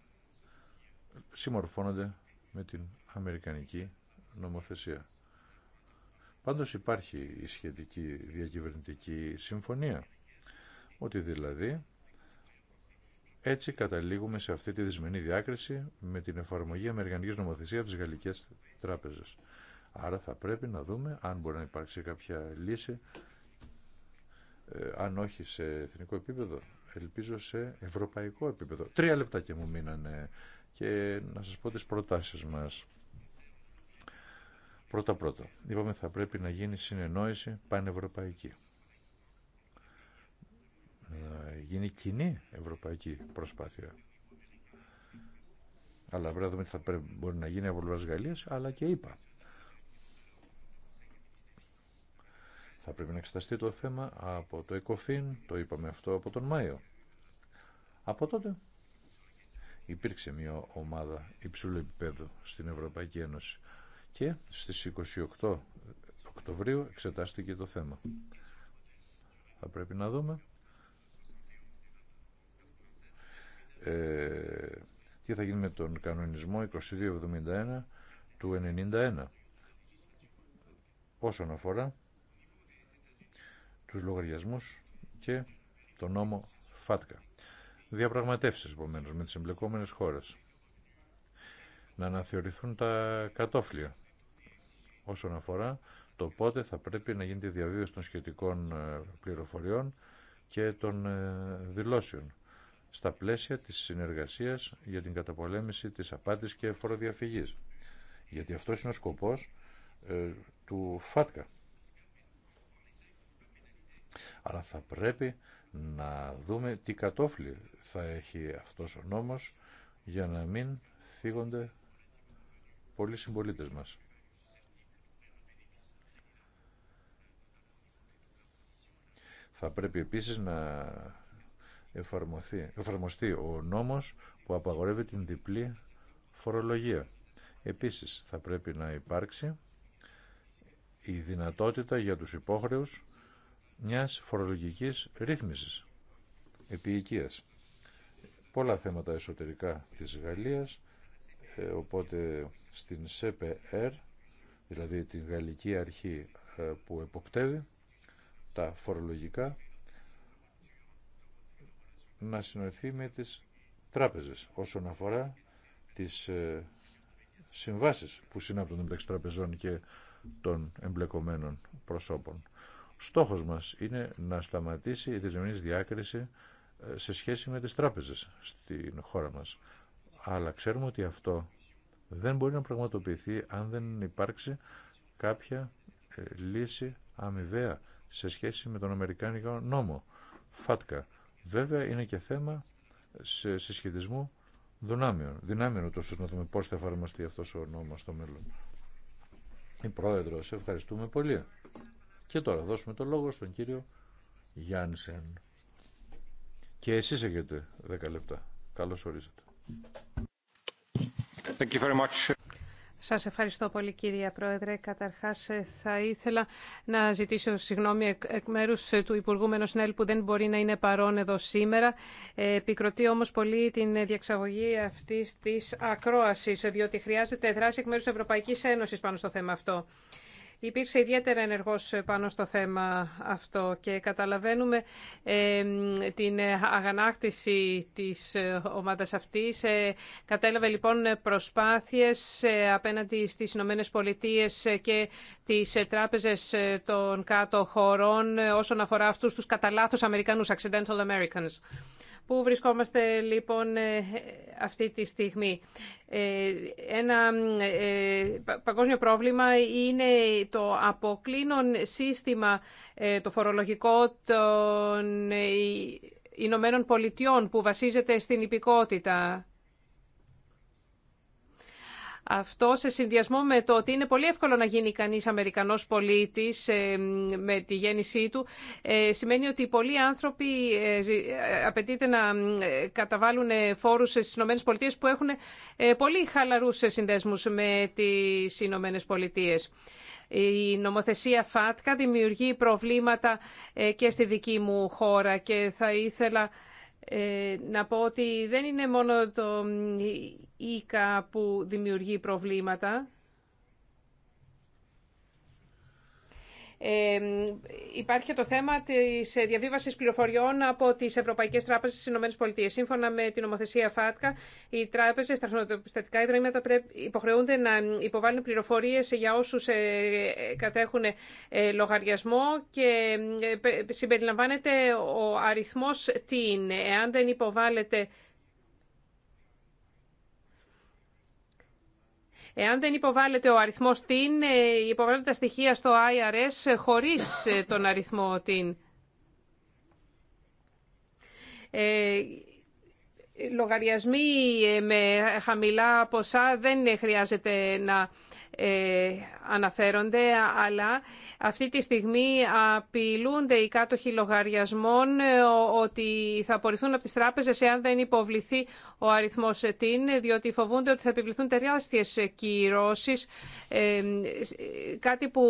συμμορφώνονται με την Αμερικανική νομοθεσία. Πάντως υπάρχει η σχετική διακυβερνητική συμφωνία, ότι δηλαδή έτσι καταλήγουμε σε αυτή τη δυσμενή διάκριση με την εφαρμογή Αμερικανικής νομοθεσίας από τις γαλλικές τράπεζες. Άρα θα πρέπει να δούμε αν μπορεί να υπάρξει κάποια λύση, ε, αν όχι σε εθνικό επίπεδο, ελπίζω σε ευρωπαϊκό επίπεδο. Τρία λεπτά και μου μείνανε και να σας πω τις προτάσεις μας. Πρώτα πρώτα, είπαμε θα πρέπει να γίνει συνεννόηση πανευρωπαϊκή. Να γίνει κοινή ευρωπαϊκή προσπάθεια. Αλλά πρέπει να δούμε θα πρέπει, μπορεί να γίνει από Γαλλίας, αλλά και είπα. Θα πρέπει να εξεταστεί το θέμα από το ΕΚΟΦΗΝ, το είπαμε αυτό από τον Μάιο. Από τότε υπήρξε μια ομάδα υψηλού επίπεδου στην Ευρωπαϊκή Ένωση και στις 28 Οκτωβρίου εξετάστηκε το θέμα. Θα πρέπει να δούμε ε, τι θα γίνει με τον κανονισμό 2271 του 91 όσον αφορά τους λογαριασμούς και τον νόμο ΦΑΤΚΑ διαπραγματεύσεις επομένως με τις εμπλεκόμενες χώρες. Να αναθεωρηθούν τα κατόφλια όσον αφορά το πότε θα πρέπει να γίνεται η διαβίωση των σχετικών ε, πληροφοριών και των ε, δηλώσεων στα πλαίσια της συνεργασίας για την καταπολέμηση της απάτης και φοροδιαφυγής. Γιατί αυτό είναι ο σκοπός ε, του ΦΑΤΚΑ. Αλλά θα πρέπει να δούμε τι κατόφλι θα έχει αυτός ο νόμος για να μην φύγονται πολλοί συμπολίτε μας. Θα πρέπει επίσης να εφαρμοστεί ο νόμος που απαγορεύει την διπλή φορολογία. Επίσης θα πρέπει να υπάρξει η δυνατότητα για τους υπόχρεους μιας φορολογικής ρύθμισης επί Πολλά θέματα εσωτερικά της Γαλλίας, ε, οπότε στην ΣΕΠΕΡ, δηλαδή την Γαλλική Αρχή ε, που εποπτεύει τα φορολογικά, να συνοηθεί με τις τράπεζες όσον αφορά τις ε, συμβάσεις που συνάπτουν μεταξύ τραπεζών και των εμπλεκομένων προσώπων. Στόχος μας είναι να σταματήσει η δυσμενής διάκριση ε, σε σχέση με τις τράπεζες στην χώρα μας. Αλλά ξέρουμε ότι αυτό δεν μπορεί να πραγματοποιηθεί αν δεν υπάρξει κάποια ε, λύση αμοιβαία σε σχέση με τον Αμερικάνικο νόμο. Φάτκα. Βέβαια είναι και θέμα ε, σε συσχετισμού δυνάμεων. Δυνάμεων τόσο να δούμε πώς θα εφαρμοστεί αυτός ο νόμος στο μέλλον. Η Πρόεδρος, ευχαριστούμε πολύ. Και τώρα δώσουμε το λόγο στον κύριο Γιάννησεν. Και εσείς έχετε 10 λεπτά. Καλώς ορίσατε. Thank you very much. Σας ευχαριστώ πολύ κύριε Πρόεδρε. Καταρχάς ε, θα ήθελα να ζητήσω συγγνώμη εκ μέρους ε, του Υπουργού Νέλ που δεν μπορεί να είναι παρόν εδώ σήμερα. Ε, επικροτεί όμως πολύ την διαξαγωγή αυτής της ακρόασης, διότι χρειάζεται δράση εκ μέρους της Ευρωπαϊκής Ένωσης πάνω στο θέμα αυτό υπήρξε ιδιαίτερα ενεργός πάνω στο θέμα αυτό και καταλαβαίνουμε την αγανάκτηση της ομάδας αυτής. Ε, κατέλαβε λοιπόν προσπάθειες ε, απέναντι στις Ηνωμένε Πολιτείες και τις τράπεζες ε, των κάτω χωρών όσον αφορά αυτούς τους καταλάθους Αμερικανούς, accidental Americans. Πού βρισκόμαστε λοιπόν ε, αυτή τη στιγμή. Ε, ένα ε, παγκόσμιο πρόβλημα είναι το αποκλίνον σύστημα το φορολογικό των Ηνωμένων Πολιτειών που βασίζεται στην υπηκότητα. Αυτό σε συνδυασμό με το ότι είναι πολύ εύκολο να γίνει κανείς Αμερικανός πολίτης ε, με τη γέννησή του, ε, σημαίνει ότι πολλοί άνθρωποι ε, απαιτείται να καταβάλουν φόρους στις Ηνωμένες Πολιτείες που έχουν πολύ χαλαρούς συνδέσμους με τις Ηνωμένες Πολιτείες. Η νομοθεσία ΦΑΤΚΑ δημιουργεί προβλήματα και στη δική μου χώρα και θα ήθελα ε, να πω ότι δεν είναι μόνο το ΙΚΑ που δημιουργεί προβλήματα. Ε, υπάρχει το θέμα της ε, διαβίβασης πληροφοριών από τις Ευρωπαϊκές Τράπεζες στις ΗΠΑ. Σύμφωνα με την νομοθεσία ΦΑΤΚΑ, οι τράπεζες, τα χρηματοπιστωτικά ιδρύματα υποχρεούνται να υποβάλουν πληροφορίες για όσους ε, κατέχουν ε, λογαριασμό και συμπεριλαμβάνεται ο αριθμός είναι. Εάν δεν υποβάλλεται Εάν δεν υποβάλλεται ο αριθμός TIN, ε, υποβάλλεται τα στοιχεία στο IRS χωρίς ε, τον αριθμό TIN. Ε, λογαριασμοί ε, με χαμηλά ποσά δεν χρειάζεται να ε, αναφέρονται, αλλά αυτή τη στιγμή απειλούνται οι κάτοχοι λογαριασμών ε, ότι θα απορριθούν από τις τράπεζες εάν δεν υποβληθεί ο αριθμός ΕΤΗΝ, διότι φοβούνται ότι θα επιβληθούν τεράστιες κυρώσεις, ε, κάτι που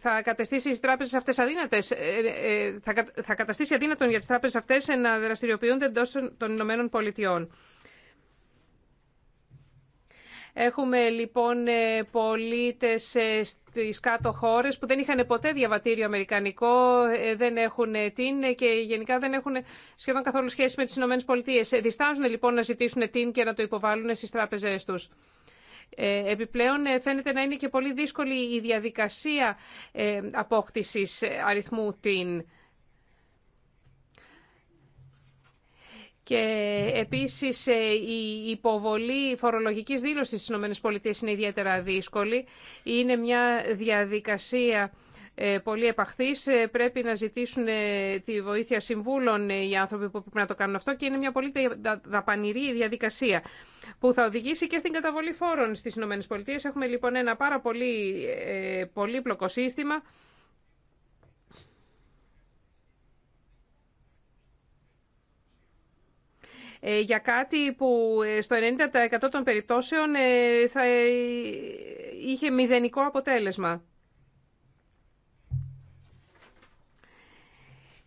θα καταστήσει τις τράπεζες αυτές αδύνατες, θα καταστήσει αδύνατον για τις τράπεζες αυτές να δραστηριοποιούνται εντός των Ηνωμένων Πολιτειών. Έχουμε λοιπόν ε, πολίτες ε, στις κάτω χώρες που δεν είχαν ποτέ διαβατήριο αμερικανικό, ε, δεν έχουν την και γενικά δεν έχουν σχεδόν καθόλου σχέση με τις Ηνωμένες Πολιτείες. Διστάζουν λοιπόν να ζητήσουν την και να το υποβάλουν στις τράπεζές τους. Επιπλέον φαίνεται να είναι και πολύ δύσκολη η διαδικασία απόκτησης αριθμού την. Και επίσης ε, η υποβολή φορολογικής δήλωσης στις ΗΠΑ είναι ιδιαίτερα δύσκολη. Είναι μια διαδικασία ε, πολύ επαχθής. Ε, πρέπει να ζητήσουν τη βοήθεια συμβούλων οι άνθρωποι που πρέπει να το κάνουν αυτό και είναι μια πολύ δαπανηρή διαδικασία που θα οδηγήσει και στην καταβολή φόρων στις ΗΠΑ. Έχουμε λοιπόν ένα πάρα πολύ πολύπλοκο σύστημα Ε, για κάτι που ε, στο 90% των περιπτώσεων ε, θα είχε μηδενικό αποτέλεσμα.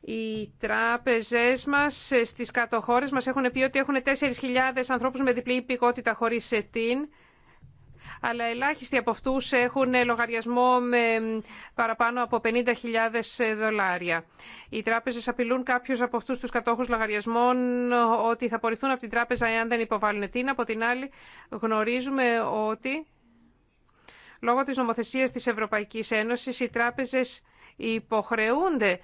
Οι τράπεζές μας στις κάτω μας έχουν πει ότι έχουν 4.000 ανθρώπους με διπλή υπηκότητα χωρίς σετίν αλλά ελάχιστοι από αυτού έχουν λογαριασμό με παραπάνω από 50.000 δολάρια. Οι τράπεζες απειλούν κάποιου από αυτού τους κατόχους λογαριασμών ότι θα απορριφθούν από την τράπεζα εάν δεν υποβάλουν την. Από την άλλη γνωρίζουμε ότι λόγω της νομοθεσίας της Ευρωπαϊκής Ένωσης οι τράπεζες υποχρεούνται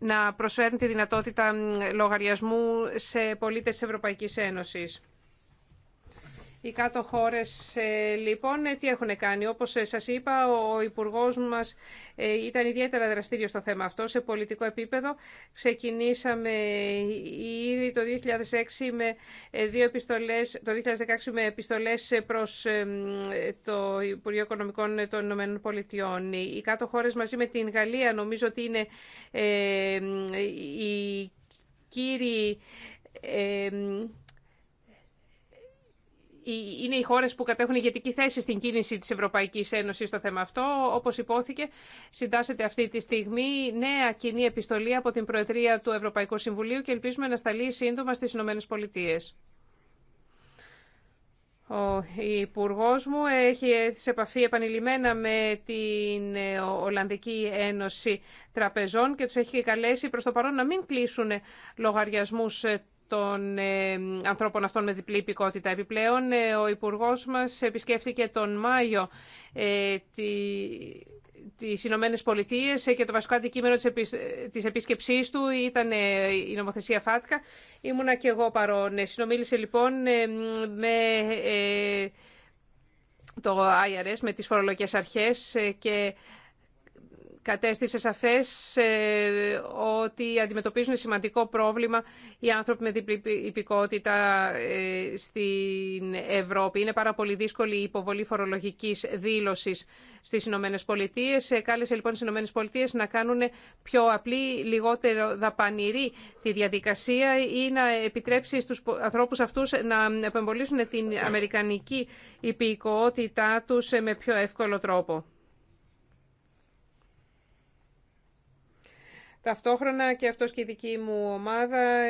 να προσφέρουν τη δυνατότητα λογαριασμού σε πολίτες της Ευρωπαϊκής Ένωσης. Οι κάτω χώρες ε, λοιπόν ε, τι έχουν κάνει. Όπως ε, σας είπα, ο Υπουργός μας ήταν ιδιαίτερα δραστήριο στο θέμα αυτό σε πολιτικό επίπεδο. Ξεκινήσαμε ήδη το 2006 με δύο επιστολέ, το 2016 με επιστολές προς το Υπουργείο Οικονομικών των Ηνωμένων Πολιτειών. Οι κάτω χώρε μαζί με την Γαλλία νομίζω ότι είναι οι κύριοι είναι οι χώρε που κατέχουν ηγετική θέση στην κίνηση της Ευρωπαϊκής Ένωσης στο θέμα αυτό. Όπως υπόθηκε, συντάσσεται αυτή τη στιγμή νέα κοινή επιστολή από την Προεδρία του Ευρωπαϊκού Συμβουλίου και ελπίζουμε να σταλεί σύντομα στις Ηνωμένες Πολιτείες. Ο υπουργό μου έχει σε επαφή επανειλημμένα με την ε, Ολλανδική Ένωση Τραπεζών και του έχει καλέσει προ το παρόν να μην κλείσουν λογαριασμούς ε, των ε, ανθρώπων αυτών με διπλή υπηκότητα. Επιπλέον, ε, ο Υπουργό μας επισκέφθηκε τον Μάιο ε, τη τι Ηνωμένε Πολιτείε και το βασικό αντικείμενο τη επίσκεψή του ήταν η νομοθεσία ΦΑΤΚΑ. Ήμουνα και εγώ παρόν. Συνομίλησε λοιπόν με το IRS, με τις φορολογικές αρχές και κατέστησε σαφές ε, ότι αντιμετωπίζουν σημαντικό πρόβλημα οι άνθρωποι με διπλή υπηκότητα ε, στην Ευρώπη. Είναι πάρα πολύ δύσκολη η υποβολή φορολογικής δήλωσης στις Ηνωμένε Ε, Κάλεσε λοιπόν τις Ηνωμένε Πολιτείε να κάνουν πιο απλή, λιγότερο δαπανηρή τη διαδικασία ή να επιτρέψει στους ανθρώπους αυτούς να επεμπολίσουν την αμερικανική υπηκότητά τους με πιο εύκολο τρόπο. Ταυτόχρονα και αυτός και η δική μου ομάδα,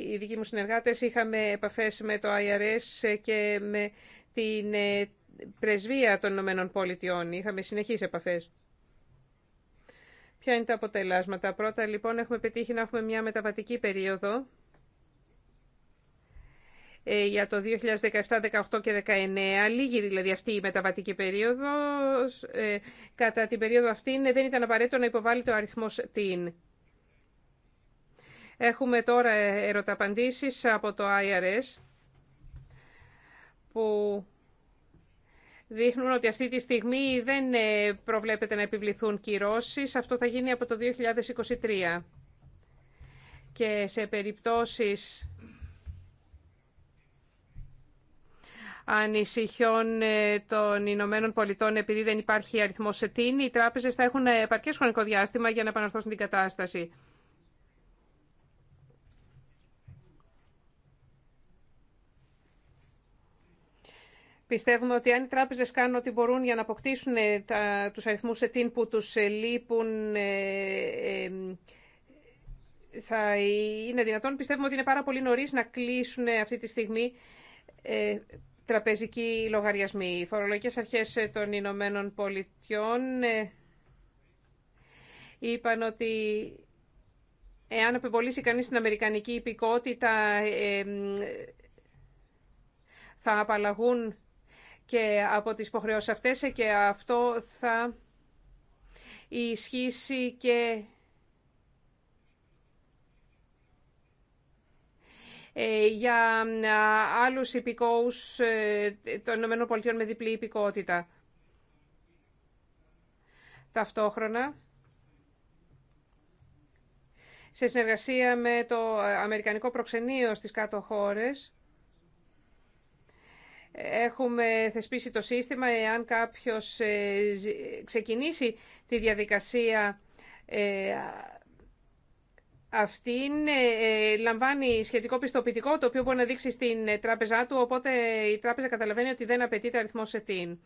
οι δικοί μου συνεργάτες είχαμε επαφές με το IRS και με την ε, πρεσβεία των Ηνωμένων Πολιτειών. Είχαμε συνεχείς επαφές. Ποια είναι τα αποτελέσματα. Πρώτα λοιπόν έχουμε πετύχει να έχουμε μια μεταβατική περίοδο ε, για το 2017, 18 και 2019. λίγη δηλαδή αυτή η μεταβατική περίοδος. Ε, κατά την περίοδο αυτή δεν ήταν απαραίτητο να υποβάλει το αριθμός την. Έχουμε τώρα ερωταπαντήσεις από το IRS που δείχνουν ότι αυτή τη στιγμή δεν ε, προβλέπεται να επιβληθούν κυρώσεις. Αυτό θα γίνει από το 2023. Και σε περιπτώσεις ανησυχιών ε, των Ηνωμένων Πολιτών επειδή δεν υπάρχει αριθμός σε τίνη, οι τράπεζες θα έχουν ε, επαρκές χρονικό διάστημα για να επαναρθώσουν την κατάσταση. Πιστεύουμε ότι αν οι τράπεζε κάνουν ό,τι μπορούν για να αποκτήσουν ε, του τους αριθμούς ετήν που τους ε, λείπουν, ε, θα είναι δυνατόν. Πιστεύουμε ότι είναι πάρα πολύ νωρί να κλείσουν αυτή τη στιγμή τραπεζικοί λογαριασμοί. Οι φορολογικές αρχές των Ηνωμένων Πολιτειών είπαν ότι εάν απεμπολίσει κανείς την αμερικανική υπηκότητα θα απαλλαγούν και από τις υποχρεώσεις αυτές ε, και αυτό θα ισχύσει και ε, για ε, άλλους υπηκόους των ΗΠΑ με διπλή υπηκότητα. Ταυτόχρονα, σε συνεργασία με το Αμερικανικό Προξενείο στις κάτω χώρες, Έχουμε θεσπίσει το σύστημα εάν κάποιος ε, ξεκινήσει τη διαδικασία ε, αυτήν ε, λαμβάνει σχετικό πιστοποιητικό το οποίο μπορεί να δείξει στην τράπεζά του οπότε η τράπεζα καταλαβαίνει ότι δεν απαιτείται αριθμό ΕΤΗΝ.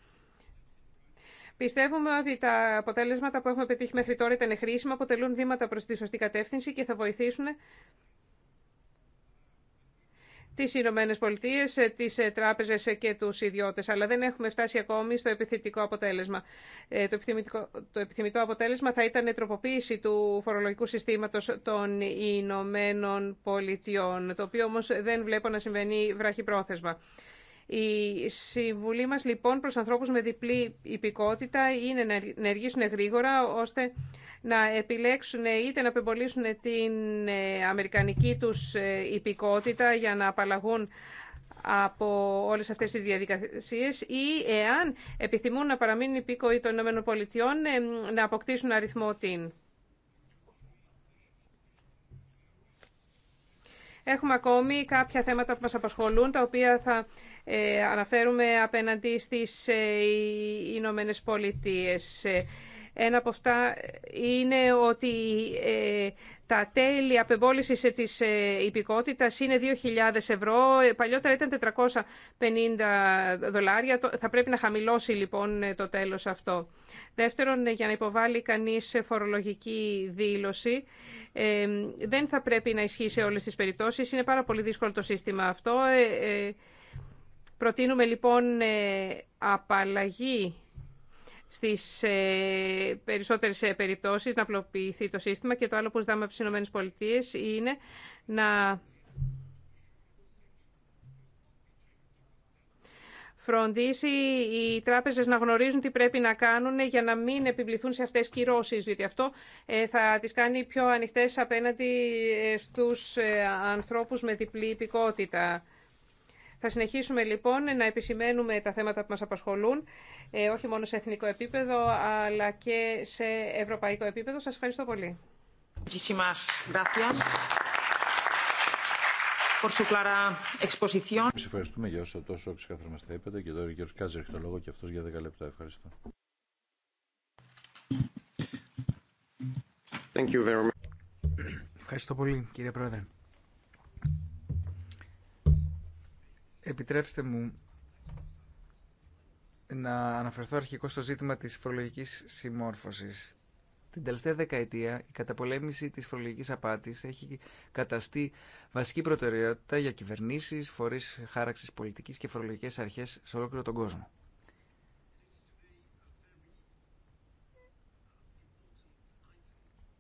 Πιστεύουμε ότι τα αποτέλεσματα που έχουμε πετύχει μέχρι τώρα ήταν χρήσιμα, αποτελούν βήματα προς τη σωστή κατεύθυνση και θα βοηθήσουν τι Ηνωμένε Πολιτείε, ε, τι ε, Τράπεζε ε, και τους Ιδιώτε, Αλλά δεν έχουμε φτάσει ακόμη στο επιθυμητικό αποτέλεσμα. Το, το επιθυμητό αποτέλεσμα θα ήταν η τροποποίηση του φορολογικού συστήματος των Ηνωμένων Πολιτειών, το οποίο όμω δεν βλέπω να συμβαίνει βραχυπρόθεσμα. Η συμβουλή μας λοιπόν προς ανθρώπους με διπλή υπηκότητα είναι να ενεργήσουν γρήγορα ώστε να επιλέξουν είτε να πεμπολίσουν την ε, αμερικανική τους ε, υπηκότητα για να απαλλαγούν από όλες αυτές τις διαδικασίες ή εάν επιθυμούν να παραμείνουν υπήκοοι των ΗΠΑ ε, να αποκτήσουν αριθμό την. Έχουμε ακόμη κάποια θέματα που μας απασχολούν, τα οποία θα ε, αναφέρουμε απέναντι στις ε, Ηνωμένε Πολιτείες. Ε, ένα από αυτά είναι ότι τα τέλη απεμπόληση τη ε, υπηκότητα είναι 2.000 ευρώ, ε, παλιότερα ήταν 450 δολάρια, θα πρέπει να χαμηλώσει λοιπόν ε, το τέλο αυτό. Δεύτερον, για να υποβάλει κανεί φορολογική δήλωση, δεν θα πρέπει να ισχύει σε όλες τις περιπτώσεις, είναι πάρα πολύ δύσκολο το σύστημα αυτό. Προτείνουμε λοιπόν απαλλαγή στις ε, περισσότερες ε, περιπτώσεις να απλοποιηθεί το σύστημα και το άλλο που ζητάμε από τις ΗΠΑ είναι να φροντίσει οι τράπεζες να γνωρίζουν τι πρέπει να κάνουν για να μην επιβληθούν σε αυτές κυρώσεις, διότι αυτό ε, θα τις κάνει πιο ανοιχτές απέναντι στους ανθρώπους με διπλή υπηκότητα. Θα συνεχίσουμε λοιπόν να επισημαίνουμε τα θέματα που μας απασχολούν, ε, όχι μόνο σε εθνικό επίπεδο, αλλά και σε ευρωπαϊκό επίπεδο. Σας ευχαριστώ πολύ. Σας ευχαριστούμε για όσα τόσο ξεκάθαρα μας τα είπατε και τώρα ο κ. Κάζερ έχει το λόγο και αυτός για 10 λεπτά. Ευχαριστώ. Thank you very much. Ευχαριστώ πολύ κύριε Πρόεδρε. Επιτρέψτε μου να αναφερθώ αρχικό στο ζήτημα της φορολογικής συμμόρφωσης. Την τελευταία δεκαετία η καταπολέμηση της φορολογικής απάτης έχει καταστεί βασική προτεραιότητα για κυβερνήσεις, φορείς χάραξης πολιτικής και φορολογικές αρχές σε ολόκληρο τον κόσμο.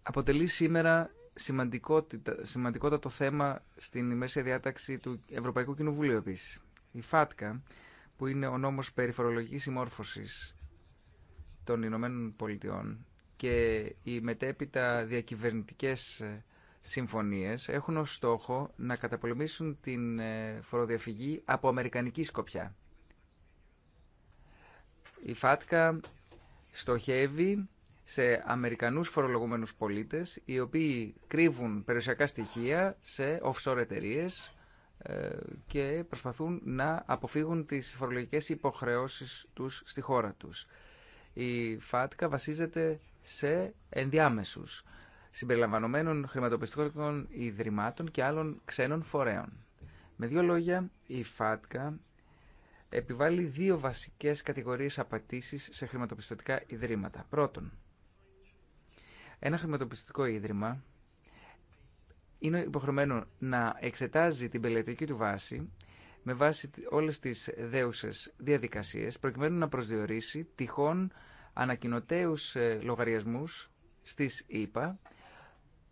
Αποτελεί σήμερα σημαντικότατο το θέμα στην μέσα διάταξη του Ευρωπαϊκού Κοινοβουλίου επίση. Η ΦΑΤΚΑ, που είναι ο νόμος περί φορολογικής συμμόρφωσης των Ηνωμένων Πολιτειών και οι μετέπειτα διακυβερνητικές ε, συμφωνίες έχουν ως στόχο να καταπολεμήσουν την ε, φοροδιαφυγή από αμερικανική σκοπιά. Η ΦΑΤΚΑ στοχεύει σε Αμερικανούς φορολογουμένους πολίτες οι οποίοι κρύβουν περιουσιακά στοιχεία σε offshore εταιρείε ε, και προσπαθούν να αποφύγουν τις φορολογικές υποχρεώσεις τους στη χώρα τους. Η ΦΑΤΚΑ βασίζεται σε ενδιάμεσους συμπεριλαμβανομένων χρηματοπιστικών ιδρυμάτων και άλλων ξένων φορέων. Με δύο λόγια, η ΦΑΤΚΑ επιβάλλει δύο βασικές κατηγορίες απατήσεις σε χρηματοπιστωτικά ιδρύματα. Πρώτον, ένα χρηματοπιστικό ίδρυμα είναι υποχρεωμένο να εξετάζει την πελετική του βάση με βάση όλες τις δέουσες διαδικασίες προκειμένου να προσδιορίσει τυχόν ανακοινωτέους ε, λογαριασμούς στις ΗΠΑ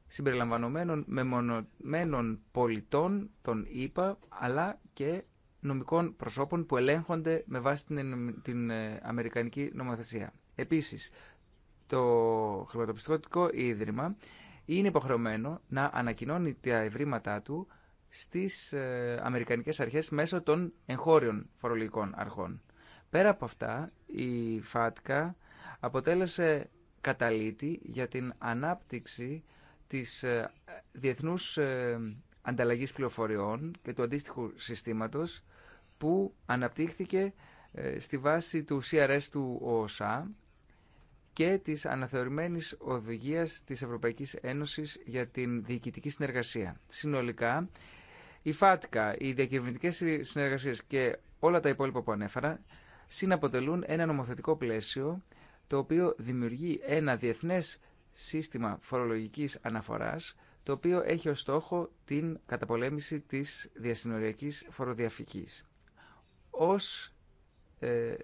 συμπεριλαμβανομένων μεμονωμένων πολιτών των ΕΠΑ αλλά και νομικών προσώπων που ελέγχονται με βάση την, ε, την ε, αμερικανική νομοθεσία. Επίσης, το χρηματοπιστωτικό ίδρυμα είναι υποχρεωμένο να ανακοινώνει τα ευρήματά του στις ε, αμερικανικές αρχές μέσω των εγχώριων φορολογικών αρχών. Πέρα από αυτά, η ΦΑΤΚΑ αποτέλεσε καταλήτη για την ανάπτυξη της ε, διεθνούς ε, ανταλλαγής πληροφοριών και του αντίστοιχου συστήματος που αναπτύχθηκε στη βάση του CRS του ΟΣΑ και της αναθεωρημένης οδηγίας της Ευρωπαϊκής Ένωσης για την διοικητική συνεργασία. Συνολικά, η ΦΑΤΚΑ, οι διακυβερνητικές συνεργασίες και όλα τα υπόλοιπα που ανέφερα συναποτελούν ένα νομοθετικό πλαίσιο το οποίο δημιουργεί ένα διεθνές σύστημα φορολογικής αναφοράς το οποίο έχει ως στόχο την καταπολέμηση της διασυνοριακής φοροδιαφυγής. Ως ε,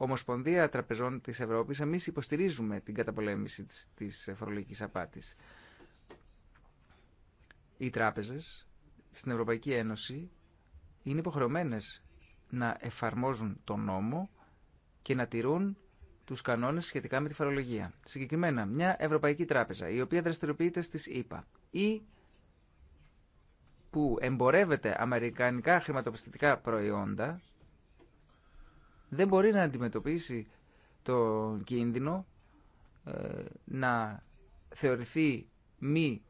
Ομοσπονδία Τραπεζών της Ευρώπης, εμεί υποστηρίζουμε την καταπολέμηση της φορολογική απάτης. Οι τράπεζες στην Ευρωπαϊκή Ένωση είναι υποχρεωμένες να εφαρμόζουν τον νόμο και να τηρούν τους κανόνες σχετικά με τη φορολογία. Συγκεκριμένα, μια Ευρωπαϊκή Τράπεζα, η οποία δραστηριοποιείται στις ΗΠΑ ή που εμπορεύεται αμερικανικά χρηματοπιστωτικά προϊόντα δεν μπορεί να αντιμετωπίσει το κίνδυνο ε, να θεωρηθεί μη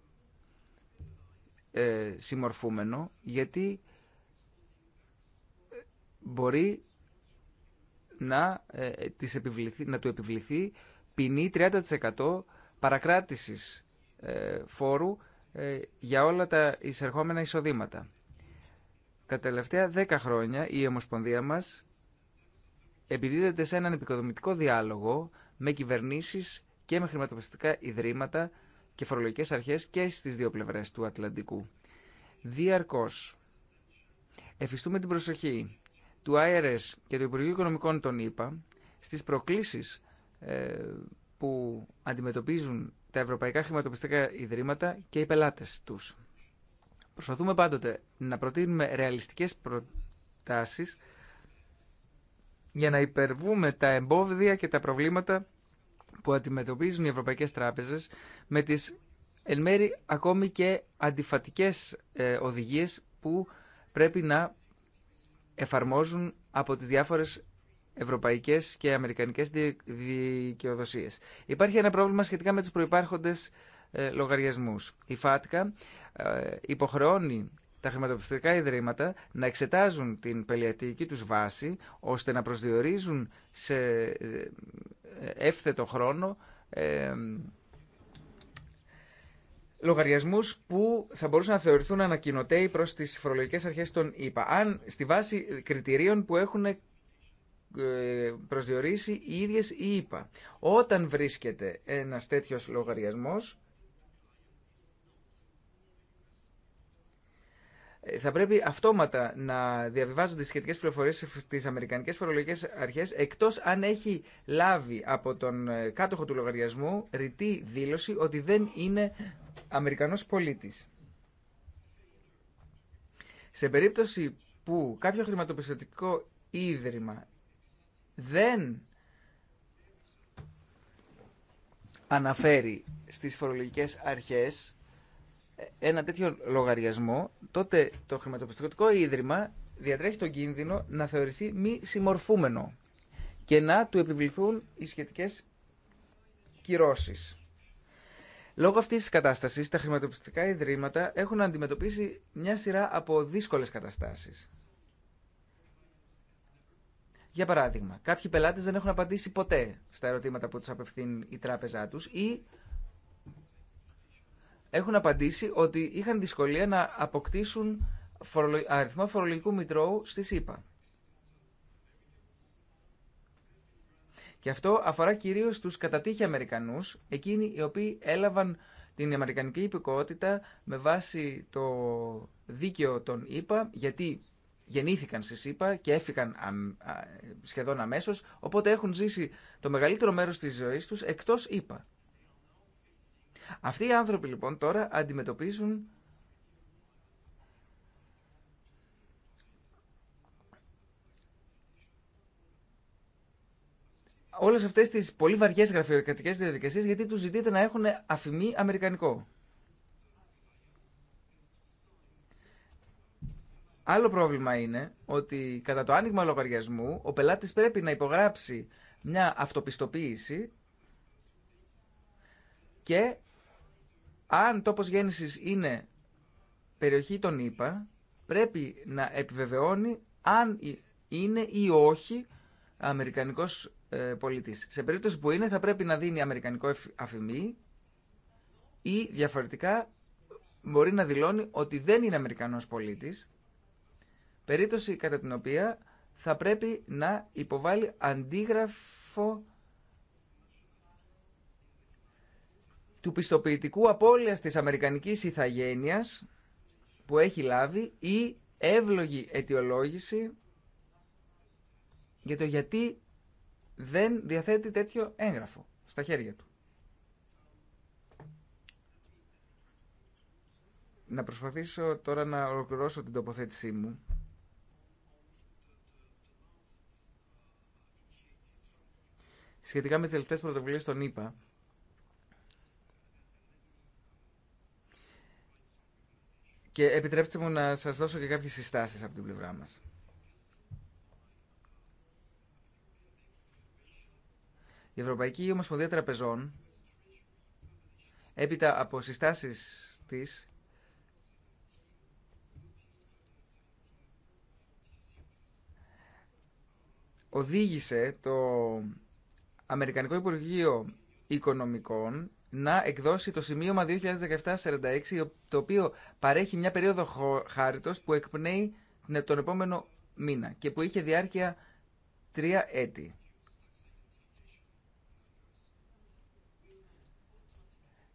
ε, συμμορφούμενο γιατί ε, μπορεί να, ε, επιβληθεί, να του επιβληθεί ποινή 30% παρακράτησης ε, φόρου για όλα τα εισερχόμενα εισοδήματα. Τα τελευταία 10 χρόνια η Ομοσπονδία μας επιδίδεται σε έναν επικοδομητικό διάλογο με κυβερνήσεις και με χρηματοπιστικά ιδρύματα και φορολογικέ αρχές και στις δύο πλευρές του Ατλαντικού. Διαρκώ, εφιστούμε την προσοχή του IRS και του Υπουργείου Οικονομικών των ΗΠΑ στις προκλήσεις ε, που αντιμετωπίζουν τα ευρωπαϊκά χρηματοπιστικά ιδρύματα και οι πελάτες τους. Προσπαθούμε πάντοτε να προτείνουμε ρεαλιστικές προτάσεις για να υπερβούμε τα εμπόδια και τα προβλήματα που αντιμετωπίζουν οι ευρωπαϊκές τράπεζες με τις εν μέρη ακόμη και αντιφατικές ε, οδηγίες που πρέπει να εφαρμόζουν από τις διάφορες ευρωπαϊκές και αμερικανικές δικαιοδοσίες. Υπάρχει ένα πρόβλημα σχετικά με τους προϋπάρχοντες ε, λογαριασμούς. Η ΦΑΤΚΑ ε, υποχρεώνει τα χρηματοπιστωτικά ιδρύματα να εξετάζουν την πελιατική τους βάση ώστε να προσδιορίζουν σε ε, εύθετο χρόνο ε, λογαριασμούς που θα μπορούσαν να θεωρηθούν ανακοινωτέοι προς τις φορολογικές αρχές των ΗΠΑ. Αν στη βάση κριτηρίων που έχουν ε, προσδιορίσει οι ίδιες οι ΗΠΑ. Όταν βρίσκεται ένας τέτοιος λογαριασμός θα πρέπει αυτόματα να διαβιβάζονται οι σχετικέ πληροφορίες στι Αμερικανικέ Φορολογικέ Αρχέ, εκτό αν έχει λάβει από τον ε, κάτοχο του λογαριασμού ρητή δήλωση ότι δεν είναι Αμερικανό πολίτη. Σε περίπτωση που κάποιο χρηματοπιστωτικό ίδρυμα δεν αναφέρει στις φορολογικές αρχές ένα τέτοιο λογαριασμό, τότε το χρηματοπιστωτικό ίδρυμα διατρέχει τον κίνδυνο να θεωρηθεί μη συμμορφούμενο και να του επιβληθούν οι σχετικές κυρώσεις. Λόγω αυτής της κατάστασης, τα χρηματοπιστωτικά ιδρύματα έχουν αντιμετωπίσει μια σειρά από δύσκολες καταστάσεις. Για παράδειγμα, κάποιοι πελάτες δεν έχουν απαντήσει ποτέ στα ερωτήματα που τους απευθύνει η τράπεζά τους ή έχουν απαντήσει ότι είχαν δυσκολία να αποκτήσουν αριθμό φορολογικού μητρώου στη ΣΥΠΑ. Και αυτό αφορά κυρίως τους κατατύχει Αμερικανούς, εκείνοι οι οποίοι έλαβαν την Αμερικανική υπηκότητα με βάση το δίκαιο των ΗΠΑ, γιατί γεννήθηκαν στις ΗΠΑ και έφυγαν σχεδόν αμέσως, οπότε έχουν ζήσει το μεγαλύτερο μέρος της ζωής τους εκτός ΗΠΑ. Αυτοί οι άνθρωποι λοιπόν τώρα αντιμετωπίζουν όλες αυτές τις πολύ βαριές γραφειοκρατικές διαδικασίες γιατί τους ζητείτε να έχουν αφημί αμερικανικό. Άλλο πρόβλημα είναι ότι κατά το άνοιγμα λογαριασμού ο πελάτης πρέπει να υπογράψει μια αυτοπιστοποίηση και αν τόπος γέννησης είναι περιοχή των ΗΠΑ, πρέπει να επιβεβαιώνει αν είναι ή όχι αμερικανικός ε, πολιτής. Σε περίπτωση που είναι θα πρέπει να δίνει αμερικανικό αφημί ή διαφορετικά μπορεί να δηλώνει ότι δεν είναι αμερικανός πολίτης, περίπτωση κατά την οποία θα πρέπει να υποβάλει αντίγραφο του πιστοποιητικού απώλειας της αμερικανικής Ιθαγένειας που έχει λάβει ή εύλογη αιτιολόγηση για το γιατί δεν διαθέτει τέτοιο έγγραφο στα χέρια του. Να προσπαθήσω τώρα να ολοκληρώσω την τοποθέτησή μου. Σχετικά με τις τελευταίες πρωτοβουλίες των ΗΠΑ, και επιτρέψτε μου να σας δώσω και κάποιες συστάσεις από την πλευρά μας. Η Ευρωπαϊκή Ομοσπονδία Τραπεζών έπειτα από συστάσεις της οδήγησε το Αμερικανικό Υπουργείο Οικονομικών να εκδώσει το σημείωμα 2017-46, το οποίο παρέχει μια περίοδο χάριτος που εκπνέει τον επόμενο μήνα και που είχε διάρκεια τρία έτη.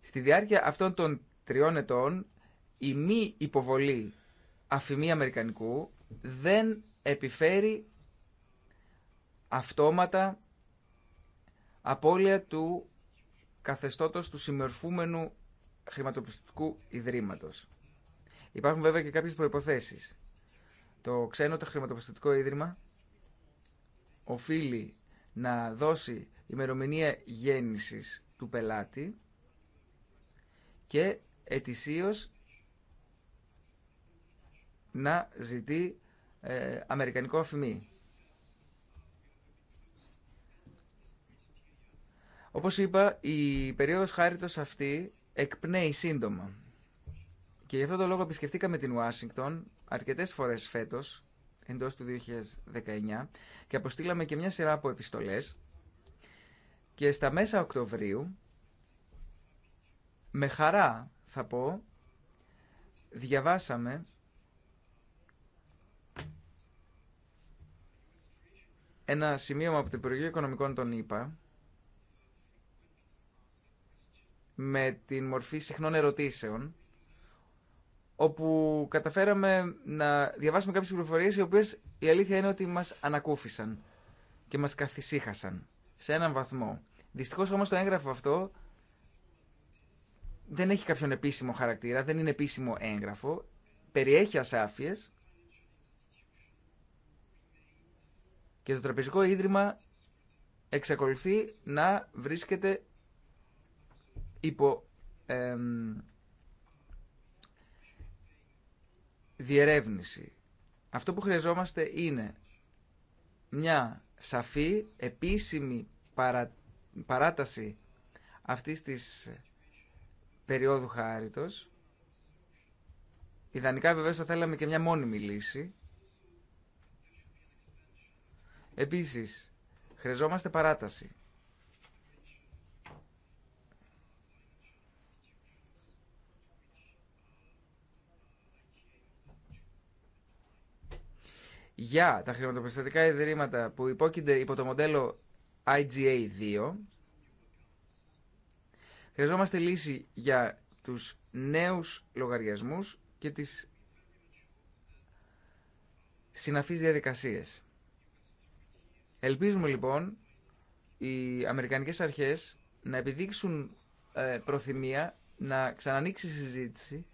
Στη διάρκεια αυτών των τριών ετών, η μη υποβολή αφημί Αμερικανικού δεν επιφέρει αυτόματα απώλεια του καθεστώτος του συμμερφούμενου χρηματοπιστωτικού ιδρύματος. Υπάρχουν βέβαια και κάποιες προϋποθέσεις. Το ξένο το χρηματοπιστωτικό ίδρυμα οφείλει να δώσει ημερομηνία γέννησης του πελάτη και ετησίως να ζητεί ε, αμερικανικό αφημί. Όπως είπα, η περίοδος χάριτος αυτή εκπνέει σύντομα. Και γι' αυτό το λόγο επισκεφτήκαμε την Ουάσιγκτον αρκετές φορές φέτος, εντός του 2019, και αποστήλαμε και μια σειρά από επιστολές. Και στα μέσα Οκτωβρίου, με χαρά θα πω, διαβάσαμε ένα σημείωμα από το Υπουργείο Οικονομικών των ΗΠΑ, με την μορφή συχνών ερωτήσεων όπου καταφέραμε να διαβάσουμε κάποιες πληροφορίες οι οποίες η αλήθεια είναι ότι μας ανακούφισαν και μας καθυσίχασαν σε έναν βαθμό. Δυστυχώς όμως το έγγραφο αυτό δεν έχει κάποιον επίσημο χαρακτήρα, δεν είναι επίσημο έγγραφο, περιέχει ασάφειες και το Τραπεζικό Ίδρυμα εξακολουθεί να βρίσκεται υπό διερεύνηση. Αυτό που χρειαζόμαστε είναι μια σαφή επίσημη παρα, παράταση αυτής της περίοδου χάριτος. Ιδανικά βεβαίως θα θέλαμε και μια μόνιμη λύση. Επίσης, χρειαζόμαστε παράταση για τα χρηματοπιστωτικά ιδρύματα που υπόκεινται υπό το μοντέλο IGA2. Χρειαζόμαστε λύση για τους νέους λογαριασμούς και τις συναφείς διαδικασίες. Ελπίζουμε λοιπόν οι Αμερικανικές αρχές να επιδείξουν ε, προθυμία να ξανανοίξει συζήτηση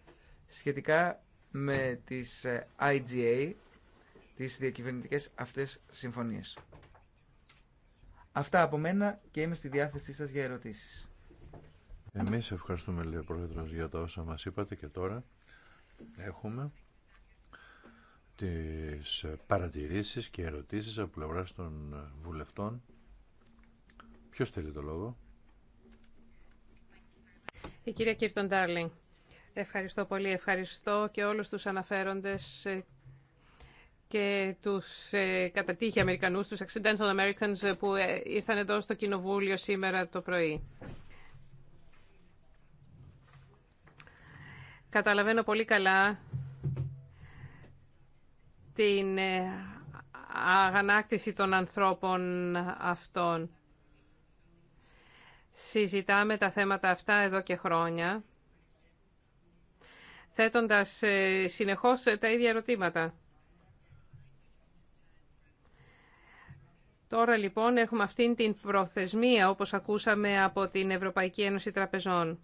σχετικά με τις ε, IGA τις διακυβερνητικές αυτές συμφωνίες. Αυτά από μένα και είμαι στη διάθεσή σας για ερωτήσεις. Εμείς ευχαριστούμε, λέει ο Πρόεδρος, για τα όσα μας είπατε και τώρα έχουμε τις παρατηρήσεις και ερωτήσεις από πλευρά των βουλευτών. Ποιος θέλει το λόγο? Η κυρία Κίρτον Ντάρλινγκ. Ευχαριστώ πολύ. Ευχαριστώ και όλους τους αναφέροντες και τους ε, κατατύχει Αμερικανούς, τους Accidental Americans ε, που ε, ήρθαν εδώ στο Κοινοβούλιο σήμερα το πρωί. Καταλαβαίνω πολύ καλά την αγανάκτηση των ανθρώπων αυτών. Συζητάμε τα θέματα αυτά εδώ και χρόνια, θέτοντας συνεχώς τα ίδια ερωτήματα. Τώρα λοιπόν έχουμε αυτήν την προθεσμία, όπως ακούσαμε από την Ευρωπαϊκή Ένωση Τραπεζών.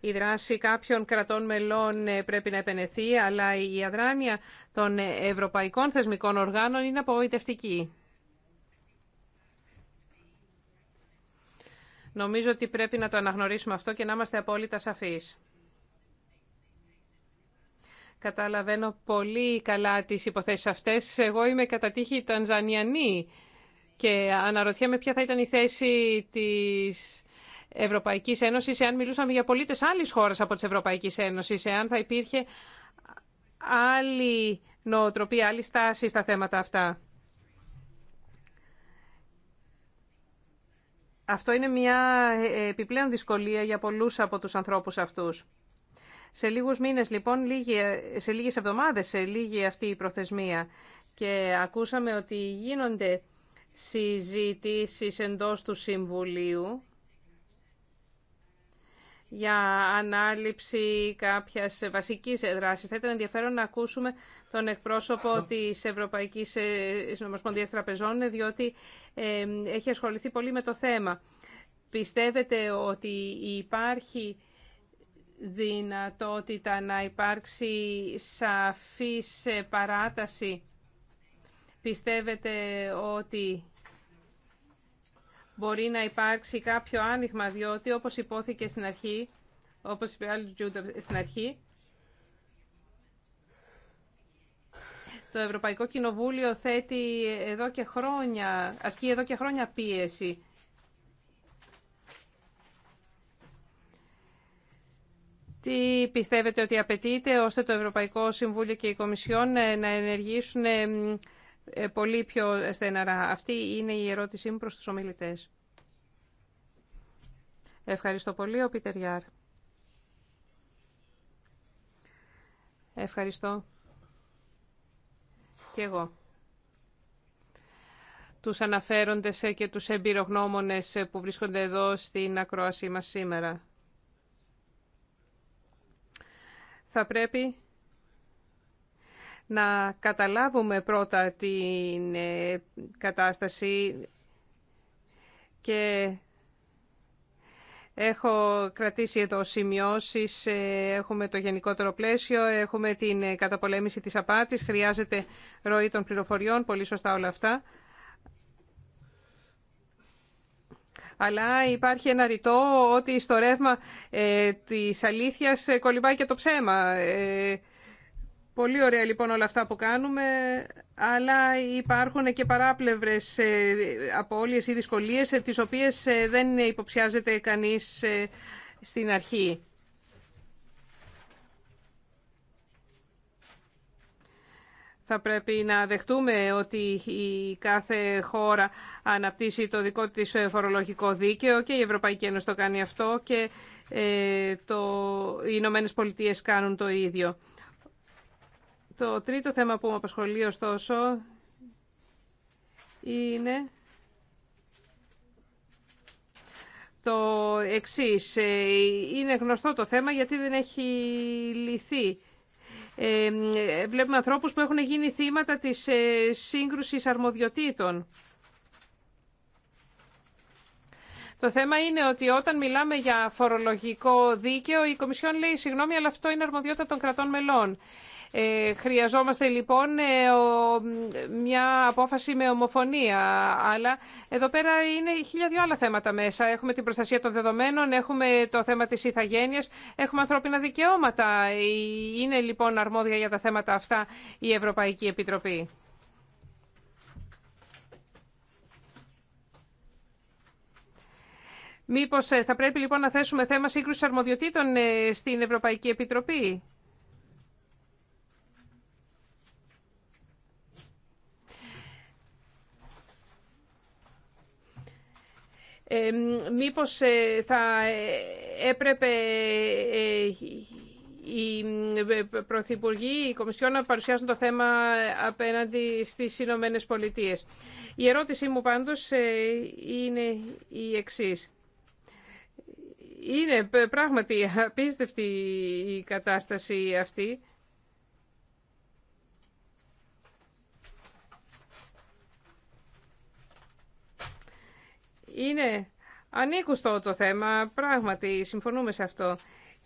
Η δράση κάποιων κρατών μελών ε, πρέπει να επενεθεί, αλλά η αδράνεια των ευρωπαϊκών θεσμικών οργάνων είναι απογοητευτική. Νομίζω ότι πρέπει να το αναγνωρίσουμε αυτό και να είμαστε απόλυτα σαφείς. Καταλαβαίνω πολύ καλά τις υποθέσεις αυτές. Εγώ είμαι κατά τύχη Τανζανιανή και αναρωτιέμαι ποια θα ήταν η θέση της Ευρωπαϊκής Ένωσης εάν μιλούσαμε για πολίτες άλλης χώρας από της ευρωπαϊκή Ένωσης, εάν θα υπήρχε άλλη νοοτροπία, άλλη στάση στα θέματα αυτά. Αυτό είναι μια επιπλέον δυσκολία για πολλούς από τους ανθρώπους αυτούς. Σε λίγους μήνες λοιπόν, σε λίγες εβδομάδες, σε λίγη αυτή η προθεσμία και ακούσαμε ότι γίνονται συζητήσεις εντός του Συμβουλίου για ανάληψη κάποιας βασικής δράσης. Θα ήταν ενδιαφέρον να ακούσουμε τον εκπρόσωπο της Ευρωπαϊκής ε, Νομοσπονδίας Τραπεζών, διότι ε, έχει ασχοληθεί πολύ με το θέμα. Πιστεύετε ότι υπάρχει δυνατότητα να υπάρξει σαφής παράταση. Πιστεύετε ότι μπορεί να υπάρξει κάποιο άνοιγμα, διότι όπως υπόθηκε στην αρχή, όπως είπε στην αρχή, το Ευρωπαϊκό Κοινοβούλιο θέτει εδώ και χρόνια, ασκεί εδώ και χρόνια πίεση Τι πιστεύετε ότι απαιτείται ώστε το Ευρωπαϊκό Συμβούλιο και η Κομισιόν ε, να ενεργήσουν ε, ε, πολύ πιο στεναρά. Αυτή είναι η ερώτησή μου προς τους ομιλητές. Ευχαριστώ πολύ, ο Πίτερ Γιάρ. Ευχαριστώ. Και εγώ. Τους αναφέροντες και τους εμπειρογνώμονες που βρίσκονται εδώ στην ακρόασή μας σήμερα. θα πρέπει να καταλάβουμε πρώτα την ε, κατάσταση και έχω κρατήσει εδώ σημειώσεις, ε, έχουμε το γενικότερο πλαίσιο, έχουμε την ε, καταπολέμηση της απάτης, χρειάζεται ροή των πληροφοριών, πολύ σωστά όλα αυτά. αλλά υπάρχει ένα ρητό ότι στο ρεύμα ε, της αλήθειας ε, κολυμπάει και το ψέμα. Ε, πολύ ωραία λοιπόν όλα αυτά που κάνουμε, αλλά υπάρχουν και παράπλευρες ε, απώλειες ή δυσκολίες, ε, τις οποίες δεν υποψιάζεται κανείς στην αρχή. θα πρέπει να δεχτούμε ότι η κάθε χώρα αναπτύσσει το δικό της φορολογικό δίκαιο και η Ευρωπαϊκή Ένωση το κάνει αυτό και ε, το, οι Ηνωμένε Πολιτείε κάνουν το ίδιο. Το τρίτο θέμα που με απασχολεί ωστόσο είναι το εξής. Ε, είναι γνωστό το θέμα γιατί δεν έχει λυθεί βλέπουμε ανθρώπους που έχουν γίνει θύματα της ε, σύγκρουσης αρμοδιοτήτων. Το θέμα είναι ότι όταν μιλάμε για φορολογικό δίκαιο, η Κομισιόν λέει συγγνώμη, αλλά αυτό είναι αρμοδιότητα των κρατών μελών. Ε, χρειαζόμαστε λοιπόν ε, μια απόφαση με ομοφωνία, αλλά εδώ πέρα είναι χίλια δυο άλλα θέματα μέσα. Έχουμε την προστασία των δεδομένων, έχουμε το θέμα της ηθαγένειας, έχουμε ανθρώπινα δικαιώματα. Ε, είναι λοιπόν αρμόδια για τα θέματα αυτά η Ευρωπαϊκή Επιτροπή. Μήπως θα πρέπει λοιπόν να θέσουμε θέμα σύγκρουσης αρμοδιοτήτων στην Ευρωπαϊκή Επιτροπή. Ε, μήπως ε, θα έπρεπε ε, οι ε, πρωθυπουργοί, οι Κομισιόν να παρουσιάσουν το θέμα απέναντι στις Ηνωμένε Πολιτείε. Η ερώτησή μου πάντως είναι η εξής. Είναι πράγματι απίστευτη η κατάσταση αυτή. Είναι ανήκουστο το θέμα, πράγματι, συμφωνούμε σε αυτό.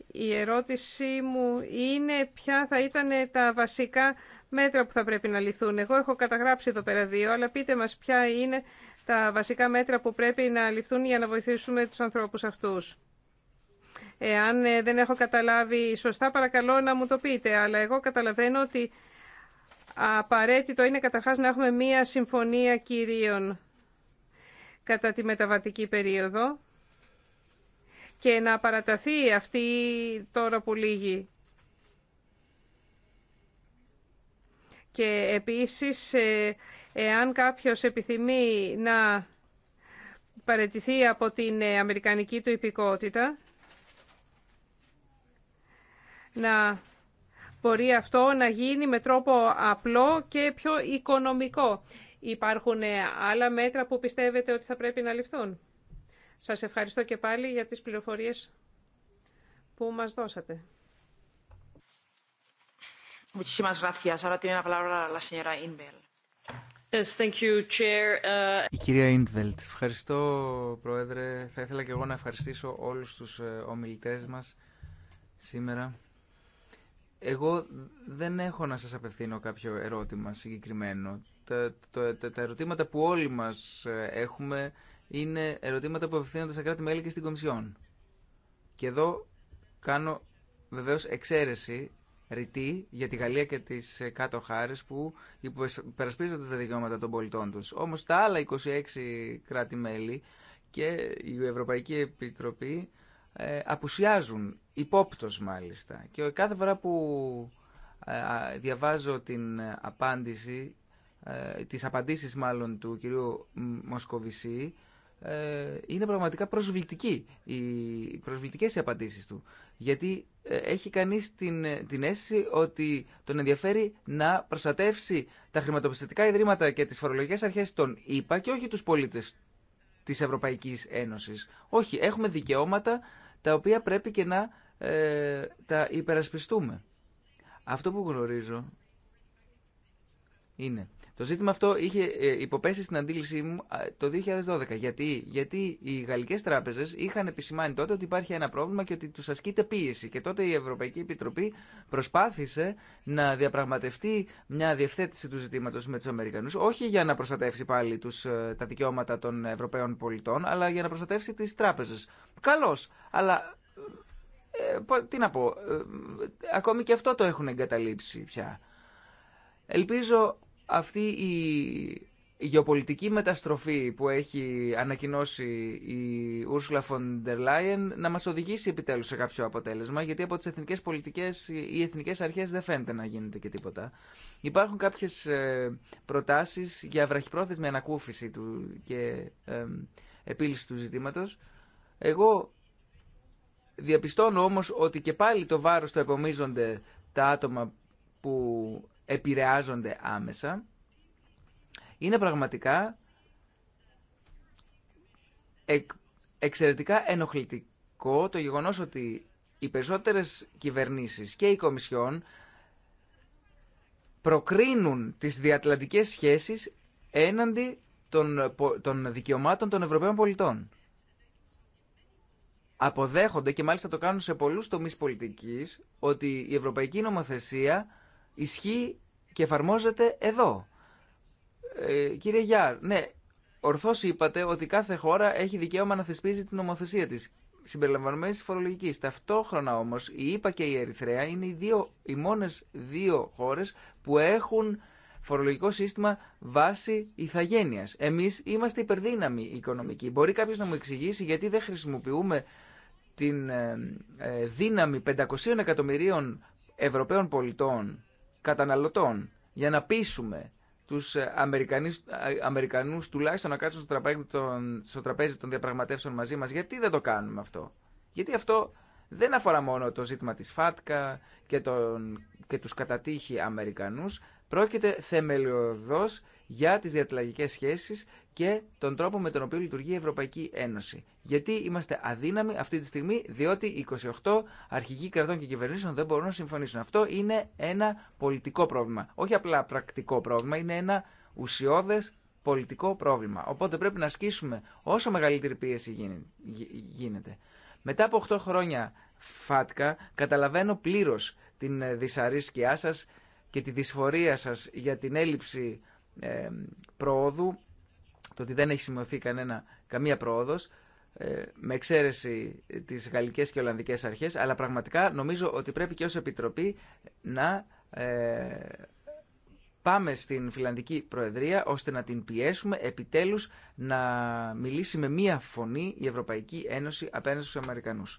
Η ερώτησή μου είναι ποια θα ήταν τα βασικά μέτρα που θα πρέπει να ληφθούν. Εγώ έχω καταγράψει εδώ πέρα δύο, αλλά πείτε μας ποια είναι τα βασικά μέτρα που πρέπει να ληφθούν για να βοηθήσουμε τους ανθρώπους αυτούς. Εάν ε, δεν έχω καταλάβει σωστά, παρακαλώ να μου το πείτε, αλλά εγώ καταλαβαίνω ότι απαραίτητο είναι καταρχάς να έχουμε μία συμφωνία κυρίων κατά τη μεταβατική περίοδο και να παραταθεί αυτή τώρα που λύγει. Και επίσης, ε, εάν κάποιος επιθυμεί να παραιτηθεί από την ε, αμερικανική του υπηκότητα, να μπορεί αυτό να γίνει με τρόπο απλό και πιο οικονομικό. Υπάρχουν ε, άλλα μέτρα που πιστεύετε ότι θα πρέπει να ληφθούν. Σας ευχαριστώ και πάλι για τις πληροφορίες που μας δώσατε. Η κυρία Ίντβελτ, ευχαριστώ Πρόεδρε. Θα ήθελα και εγώ να ευχαριστήσω όλους τους ε, ομιλητές μας σήμερα. Εγώ δεν έχω να σας απευθύνω κάποιο ερώτημα συγκεκριμένο τα, τα, ερωτήματα που όλοι μας ε, έχουμε είναι ερωτήματα που απευθύνονται στα κράτη-μέλη και στην Κομισιόν. Και εδώ κάνω βεβαίως εξαίρεση ρητή για τη Γαλλία και τις ε, κάτω χάρες που υπερασπίζονται τα δικαιώματα των πολιτών τους. Όμως τα άλλα 26 κράτη-μέλη και η Ευρωπαϊκή Επιτροπή ε, απουσιάζουν, υπόπτως μάλιστα. Και κάθε φορά που διαβάζω την απάντηση ε, τις απαντήσεις μάλλον του κυρίου Μοσκοβισή ε, είναι πραγματικά προσβλητική οι προσβλητικές οι απαντήσεις του γιατί ε, έχει κανείς την, την αίσθηση ότι τον ενδιαφέρει να προστατεύσει τα χρηματοπιστωτικά ιδρύματα και τις φορολογικές αρχές των ΙΠΑ και όχι τους πολίτες της Ευρωπαϊκής Ένωσης όχι, έχουμε δικαιώματα τα οποία πρέπει και να τα υπερασπιστούμε αυτό που γνωρίζω είναι το ζήτημα αυτό είχε ε, υποπέσει στην αντίληψή μου το 2012. Γιατί, Γιατί οι γαλλικέ τράπεζε είχαν επισημάνει τότε ότι υπάρχει ένα πρόβλημα και ότι του ασκείται πίεση. Και τότε η Ευρωπαϊκή Επιτροπή προσπάθησε να διαπραγματευτεί μια διευθέτηση του ζητήματο με του Αμερικανού, όχι για να προστατεύσει πάλι τους, ε, τα δικαιώματα των Ευρωπαίων πολιτών, αλλά για να προστατεύσει τι τράπεζε. Καλώ, αλλά. Ε, τι να πω, ακόμη και αυτό το έχουν εγκαταλείψει πια. Ελπίζω αυτή η γεωπολιτική μεταστροφή που έχει ανακοινώσει η Ursula von der να μας οδηγήσει επιτέλους σε κάποιο αποτέλεσμα, γιατί από τις εθνικές πολιτικές οι εθνικές αρχές δεν φαίνεται να γίνεται και τίποτα. Υπάρχουν κάποιες ε, προτάσεις για βραχυπρόθεσμη ανακούφιση του και ε, επίλυση του ζητήματος. Εγώ διαπιστώνω όμως ότι και πάλι το βάρος το επομίζονται τα άτομα που επηρεάζονται άμεσα, είναι πραγματικά εξαιρετικά ενοχλητικό το γεγονός ότι οι περισσότερες κυβερνήσεις και οι Κομισιόν προκρίνουν τις διατλαντικές σχέσεις έναντι των, των δικαιωμάτων των Ευρωπαίων πολιτών. Αποδέχονται και μάλιστα το κάνουν σε πολλούς τομείς πολιτικής ότι η Ευρωπαϊκή Νομοθεσία ισχύει και εφαρμόζεται εδώ. Ε, κύριε Γιάρ, ναι, ορθώς είπατε ότι κάθε χώρα έχει δικαίωμα να θεσπίζει την νομοθεσία της συμπεριλαμβανομένη φορολογική. Ταυτόχρονα όμω η ΕΠΑ και η Ερυθρέα είναι οι, δύο, οι μόνε δύο χώρε που έχουν φορολογικό σύστημα βάση ηθαγένεια. Εμεί είμαστε υπερδύναμοι οικονομικοί. Μπορεί κάποιο να μου εξηγήσει γιατί δεν χρησιμοποιούμε την ε, ε, δύναμη 500 εκατομμυρίων Ευρωπαίων πολιτών καταναλωτών για να πείσουμε τους ε, ε, Αμερικανούς, τουλάχιστον να κάτσουν στο τραπέζι, των, στο τραπέζι διαπραγματεύσεων μαζί μας. Γιατί δεν το κάνουμε αυτό. Γιατί αυτό δεν αφορά μόνο το ζήτημα της ΦΑΤΚΑ και, τον, και τους κατατύχει Αμερικανούς. Πρόκειται θεμελιωδώς για τις διατλαγικές σχέσεις και τον τρόπο με τον οποίο λειτουργεί η Ευρωπαϊκή Ένωση. Γιατί είμαστε αδύναμοι αυτή τη στιγμή, διότι 28 αρχηγοί κρατών και κυβερνήσεων δεν μπορούν να συμφωνήσουν. Αυτό είναι ένα πολιτικό πρόβλημα. Όχι απλά πρακτικό πρόβλημα, είναι ένα ουσιώδε πολιτικό πρόβλημα. Οπότε πρέπει να ασκήσουμε όσο μεγαλύτερη πίεση γίνεται. Μετά από 8 χρόνια φάτκα, καταλαβαίνω πλήρω την ε, δυσαρέσκειά σα και τη δυσφορία σα για την έλλειψη ε, προόδου το ότι δεν έχει σημειωθεί κανένα, καμία πρόοδος, ε, με εξαίρεση τις γαλλικές και ολλανδικές αρχές, αλλά πραγματικά νομίζω ότι πρέπει και ως Επιτροπή να ε, πάμε στην Φιλανδική Προεδρία ώστε να την πιέσουμε επιτέλους να μιλήσει με μία φωνή η Ευρωπαϊκή Ένωση απέναντι στους Αμερικανούς.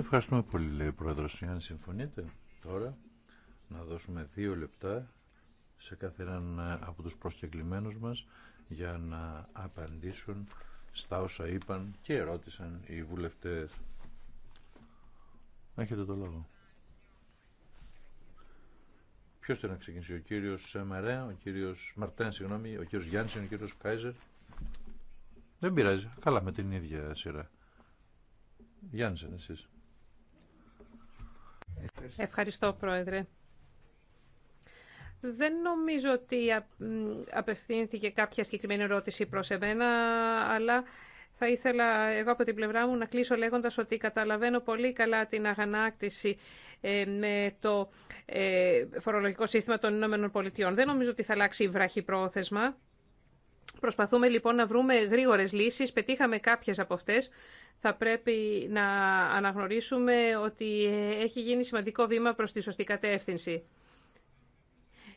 Ευχαριστούμε πολύ, λέει ο Πρόεδρος. Αν συμφωνείτε, τώρα να δώσουμε δύο λεπτά σε κάθε έναν ε, από τους προσκεκλημένους μας για να απαντήσουν στα όσα είπαν και ερώτησαν οι βουλευτές. Έχετε το λόγο. Ποιο θέλει να ξεκινήσει, ο κύριο Μαρέ, ο κύριος Μαρτέν, συγγνώμη, ο κύριο Γιάννη, ο κύριο Κάιζερ. Δεν πειράζει. Καλά, με την ίδια σειρά. Γιάννη, εσεί. Ευχαριστώ, Πρόεδρε. Δεν νομίζω ότι απευθύνθηκε κάποια συγκεκριμένη ερώτηση προς εμένα, αλλά θα ήθελα εγώ από την πλευρά μου να κλείσω λέγοντας ότι καταλαβαίνω πολύ καλά την αγανάκτηση ε, με το ε, φορολογικό σύστημα των Ηνωμένων Πολιτειών. Δεν νομίζω ότι θα αλλάξει βράχη πρόθεσμα. Προσπαθούμε λοιπόν να βρούμε γρήγορες λύσεις. Πετύχαμε κάποιες από αυτές. Θα πρέπει να αναγνωρίσουμε ότι ε, έχει γίνει σημαντικό βήμα προς τη σωστή κατεύθυνση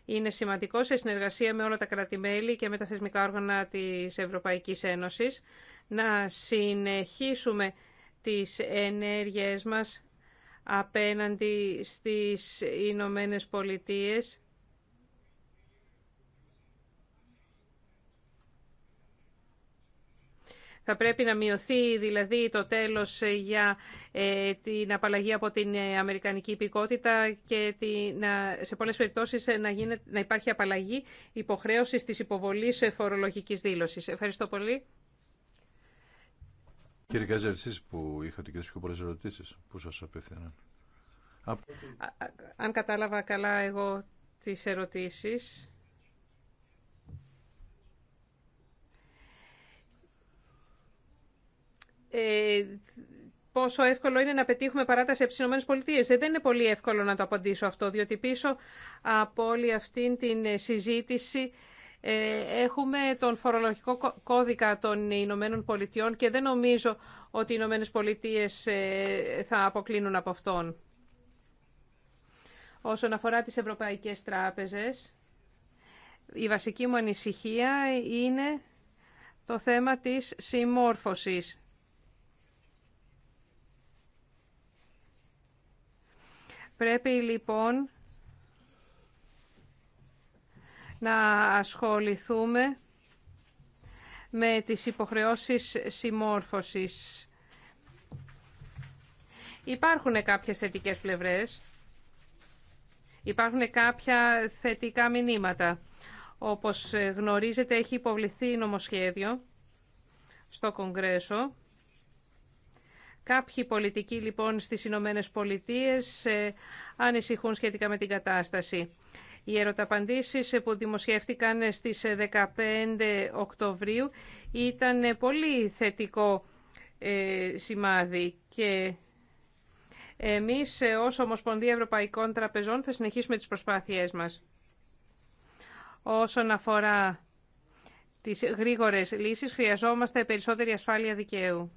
είναι σημαντικό σε συνεργασία με όλα τα κράτη-μέλη και με τα θεσμικά όργανα της Ευρωπαϊκής Ένωσης να συνεχίσουμε τις ενέργειές μας απέναντι στις Ηνωμένε Πολιτείες Θα πρέπει να μειωθεί δηλαδή το τέλος ε, για ε, την απαλλαγή από την ε, αμερικανική υπηκότητα και σε πολλές περιπτώσεις να, να υπάρχει απαλλαγή υποχρέωσης της υποβολής φορολογικής δήλωσης. Ευχαριστώ πολύ. Κύριε Κάζερ, εσείς που είχατε και πιο πολλές ερωτήσεις που σας απευθύναν. Αν κατάλαβα καλά εγώ τις ερωτήσεις, Ε, πόσο εύκολο είναι να πετύχουμε παράταση από τι ΗΠΑ. Ε, δεν είναι πολύ εύκολο να το απαντήσω αυτό, διότι πίσω από όλη αυτή την ε, συζήτηση έχουμε τον φορολογικό κώδικα των Ηνωμένων Πολιτειών και δεν νομίζω ότι οι Ηνωμένε Πολιτείε θα αποκλίνουν από αυτόν. Όσον αφορά τις ευρωπαϊκές τράπεζες, η βασική μου ανησυχία είναι το θέμα της συμμόρφωσης Πρέπει λοιπόν να ασχοληθούμε με τις υποχρεώσεις συμμόρφωσης. Υπάρχουν κάποιες θετικές πλευρές. Υπάρχουν κάποια θετικά μηνύματα. Όπως γνωρίζετε έχει υποβληθεί νομοσχέδιο στο Κογκρέσο Κάποιοι πολιτικοί λοιπόν στις Ηνωμένε Πολιτείε ε, ανησυχούν σχετικά με την κατάσταση. Οι ερωταπαντήσεις ε, που δημοσιεύτηκαν ε, στις 15 Οκτωβρίου ήταν πολύ θετικό σημάδι και εμείς ως Ομοσπονδία Ευρωπαϊκών Τραπεζών θα συνεχίσουμε τις προσπάθειές μας. Όσον αφορά τις γρήγορες λύσεις, χρειαζόμαστε περισσότερη ασφάλεια δικαίου.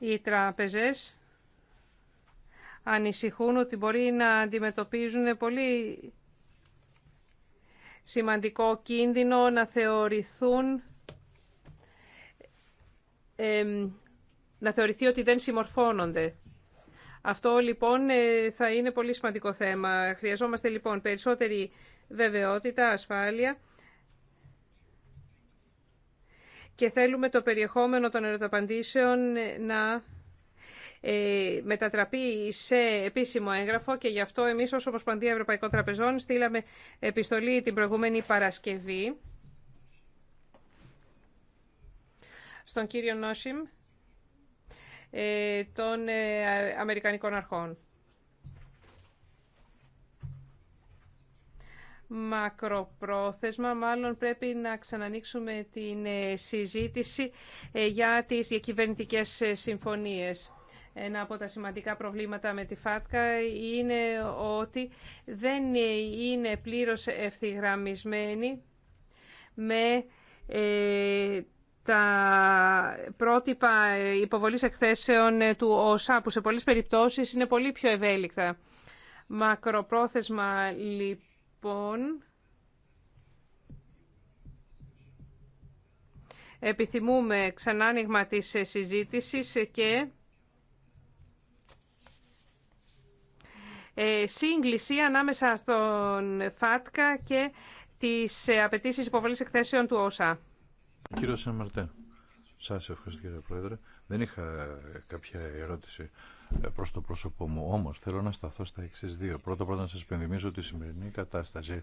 Οι τράπεζες ανησυχούν ότι μπορεί να αντιμετωπίζουν πολύ σημαντικό κίνδυνο να θεωρηθούν να θεωρηθεί ότι δεν συμμορφώνονται. Αυτό λοιπόν ε, θα είναι πολύ σημαντικό θέμα. Χρειαζόμαστε λοιπόν περισσότερη βεβαιότητα, ασφάλεια και θέλουμε το περιεχόμενο των ερωταπαντήσεων ε, να ε, μετατραπεί σε επίσημο έγγραφο και γι' αυτό εμείς ως Ομοσπονδία Ευρωπαϊκών Τραπεζών στείλαμε επιστολή την προηγούμενη Παρασκευή στον κύριο Νόσιμ ε, των Αμερικανικών Αρχών. μακροπρόθεσμα. Μάλλον πρέπει να ξανανοίξουμε την ε, συζήτηση ε, για τις διακυβερνητικές ε, συμφωνίες. Ένα από τα σημαντικά προβλήματα με τη ΦΑΤΚΑ είναι ότι δεν είναι πλήρως ευθυγραμμισμένη με τα πρότυπα υποβολής εκθέσεων του ΟΣΑ, που σε πολλές περιπτώσεις είναι πολύ πιο ευέλικτα. Μακροπρόθεσμα, λοιπόν, λοιπόν επιθυμούμε ξανά άνοιγμα της συζήτησης και ε, σύγκληση ανάμεσα στον ΦΑΤΚΑ και τις απαιτήσει υποβολής εκθέσεων του ΩΣΑ. Κύριο μαρτέ σας ευχαριστώ κύριε Πρόεδρε. Δεν είχα κάποια ερώτηση. Ε, Προ το πρόσωπό μου. Όμως θέλω να σταθώ στα εξή δύο. Πρώτα πρώτα να σα πενδυμίσω τη σημερινή κατάσταση.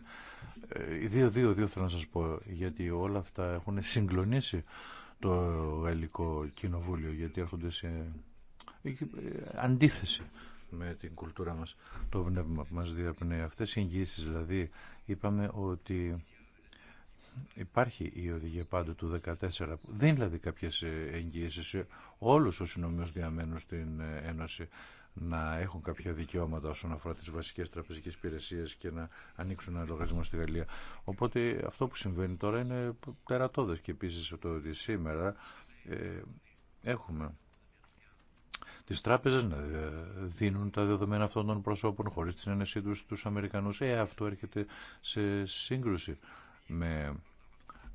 Δύο-δύο-δύο ε, θέλω να σα πω γιατί όλα αυτά έχουν συγκλονίσει το Γαλλικό Κοινοβούλιο γιατί έρχονται σε ε, αντίθεση με την κουλτούρα μας, το πνεύμα που μας διαπνέει. Αυτές οι εγγύσεις, δηλαδή είπαμε ότι Υπάρχει η οδηγία πάντου του 14 που δίνει δηλαδή κάποιες ε, εγγύησεις σε όλους όσοι νομιώς διαμένουν στην ε, Ένωση να έχουν κάποια δικαιώματα όσον αφορά τις βασικές τραπεζικές υπηρεσίες και να ανοίξουν ένα λογαριασμό στη Γαλλία. Οπότε αυτό που συμβαίνει τώρα είναι τερατώδες και επίσης το ότι σήμερα ε, έχουμε τις τράπεζες να ε, δίνουν τα δεδομένα αυτών των προσώπων χωρίς την ένεσή τους στους Αμερικανούς. Ε, αυτό έρχεται σε σύγκρουση με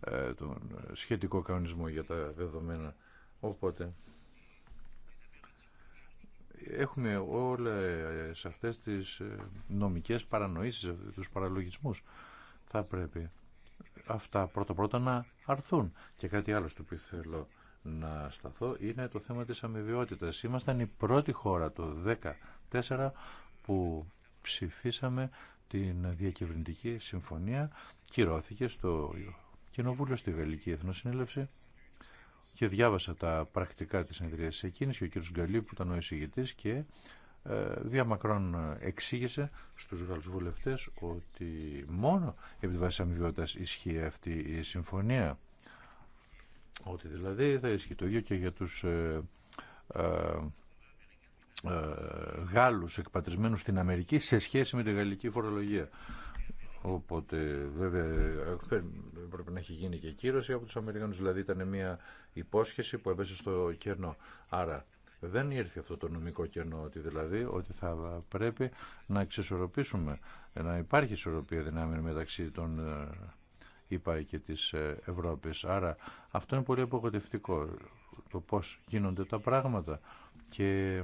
ε, τον σχετικό κανονισμό για τα δεδομένα. Οπότε έχουμε όλες αυτές τις ε, νομικές παρανοήσεις, τους παραλογισμούς. Θα πρέπει αυτά πρώτα-πρώτα να αρθούν. Και κάτι άλλο στο οποίο θέλω να σταθώ είναι το θέμα της αμοιβαιότητας. Ήμασταν η πρώτη χώρα το 2014 που ψηφίσαμε την διακυβερνητική συμφωνία κυρώθηκε στο Κοινοβούλιο στη Γαλλική Εθνοσυνέλευση και διάβασα τα πρακτικά της συνεδρίας εκείνης και ο κ. Γκαλή που ήταν ο εισηγητής και ε, διαμακρόν εξήγησε στους Γάλλους ότι μόνο επί της βάση ισχύει αυτή η συμφωνία ότι δηλαδή θα ισχύει το ίδιο και για τους ε, ε, ε, Γάλλους εκπατρισμένους στην Αμερική σε σχέση με τη γαλλική φορολογία. Οπότε βέβαια ε, πρέπει να έχει γίνει και κύρωση από τους Αμερικανούς. Δηλαδή ήταν μια υπόσχεση που έπεσε στο κενό. Άρα δεν ήρθε αυτό το νομικό κενό ότι δηλαδή ότι θα πρέπει να εξισορροπήσουμε, να υπάρχει ισορροπία δυνάμεων μεταξύ των ΗΠΑ ε, και της Ευρώπης. Άρα αυτό είναι πολύ απογοητευτικό το πώς γίνονται τα πράγματα και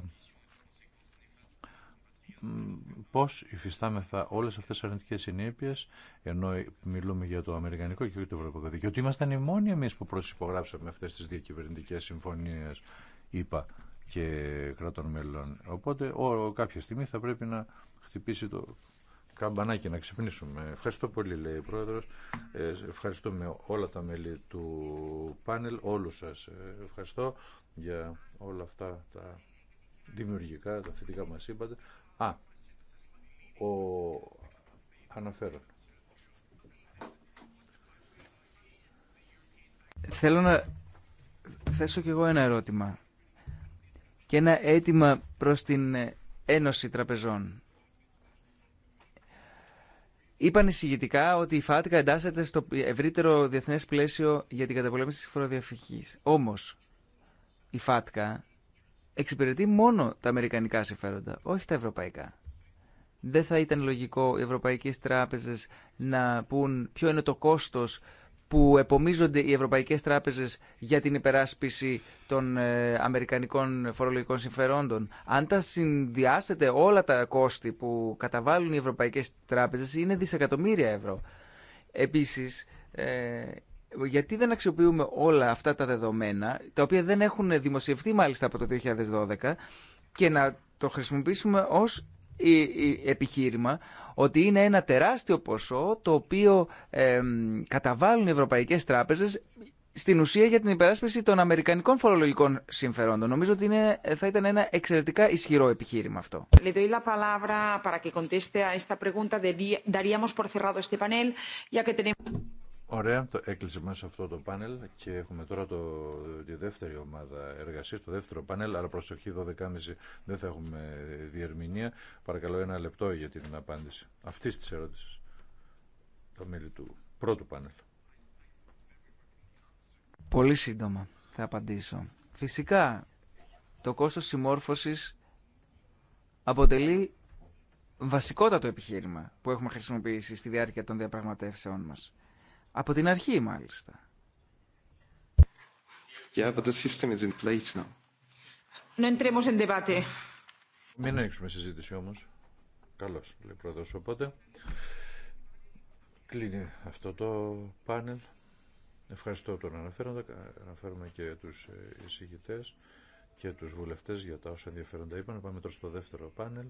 πώς υφιστάμεθα όλες αυτές τις αρνητικές συνέπειες ενώ μιλούμε για το Αμερικανικό και το Ευρωπαϊκό Δίκαιο ότι ήμασταν οι μόνοι εμείς που προσυπογράψαμε αυτές τις διακυβερνητικές συμφωνίες είπα και κρατών μελών οπότε ό, κάποια στιγμή θα πρέπει να χτυπήσει το καμπανάκι να ξυπνήσουμε. Ευχαριστώ πολύ, λέει ο Πρόεδρος. Ε, ευχαριστούμε όλα τα μέλη του πάνελ, όλους σας. Ε, ευχαριστώ για όλα αυτά τα δημιουργικά, τα θετικά μας είπατε. Α, ο Θέλω να θέσω κι εγώ ένα ερώτημα και ένα αίτημα προς την Ένωση Τραπεζών. Είπαν εισηγητικά ότι η ΦΑΤΚΑ εντάσσεται στο ευρύτερο διεθνές πλαίσιο για την καταπολέμηση της φοροδιαφυγής. Όμως, η ΦΑΤΚΑ εξυπηρετεί μόνο τα αμερικανικά συμφέροντα, όχι τα ευρωπαϊκά. Δεν θα ήταν λογικό οι Ευρωπαϊκέ Τράπεζε να πούν ποιο είναι το κόστος που επομίζονται οι ευρωπαϊκές Τράπεζε για την υπεράσπιση των ε, αμερικανικών φορολογικών συμφερόντων. Αν τα συνδυάσετε όλα τα κόστη που καταβάλουν οι ευρωπαϊκές Τράπεζε είναι δισεκατομμύρια ευρώ. Επίσης, ε, γιατί δεν αξιοποιούμε όλα αυτά τα δεδομένα, τα οποία δεν έχουν δημοσιευθεί μάλιστα από το 2012, και να το χρησιμοποιήσουμε ως επιχείρημα ότι είναι ένα τεράστιο ποσό το οποίο ε, καταβάλουν οι ευρωπαϊκές τράπεζες στην ουσία για την υπεράσπιση των αμερικανικών φορολογικών συμφερόντων. Νομίζω ότι θα ήταν ένα εξαιρετικά ισχυρό επιχείρημα αυτό. Le doy la palabra para que conteste a esta pregunta. Daríamos por cerrado este Ωραία, το έκλεισε μέσα αυτό το πάνελ και έχουμε τώρα το, τη δεύτερη ομάδα εργασίας, το δεύτερο πάνελ, αλλά προσοχή 12.30 δεν θα έχουμε διερμηνία. Παρακαλώ ένα λεπτό για την απάντηση αυτή τη ερώτηση τα το μέλη του πρώτου πάνελ. Πολύ σύντομα θα απαντήσω. Φυσικά, το κόστος συμμόρφωσης αποτελεί βασικότατο επιχείρημα που έχουμε χρησιμοποιήσει στη διάρκεια των διαπραγματεύσεών μας. Από την αρχή μάλιστα. Yeah, but the system is in place now. No entremos en debate. Μην ανοίξουμε συζήτηση όμω. Καλώ λέει πρόεδρο. Οπότε, κλείνει αυτό το πάνελ. Ευχαριστώ τον αναφέροντα. Αναφέρουμε και του ε, εισηγητέ και του βουλευτέ για τα όσα ενδιαφέροντα είπαν. Πάμε τώρα στο δεύτερο πάνελ.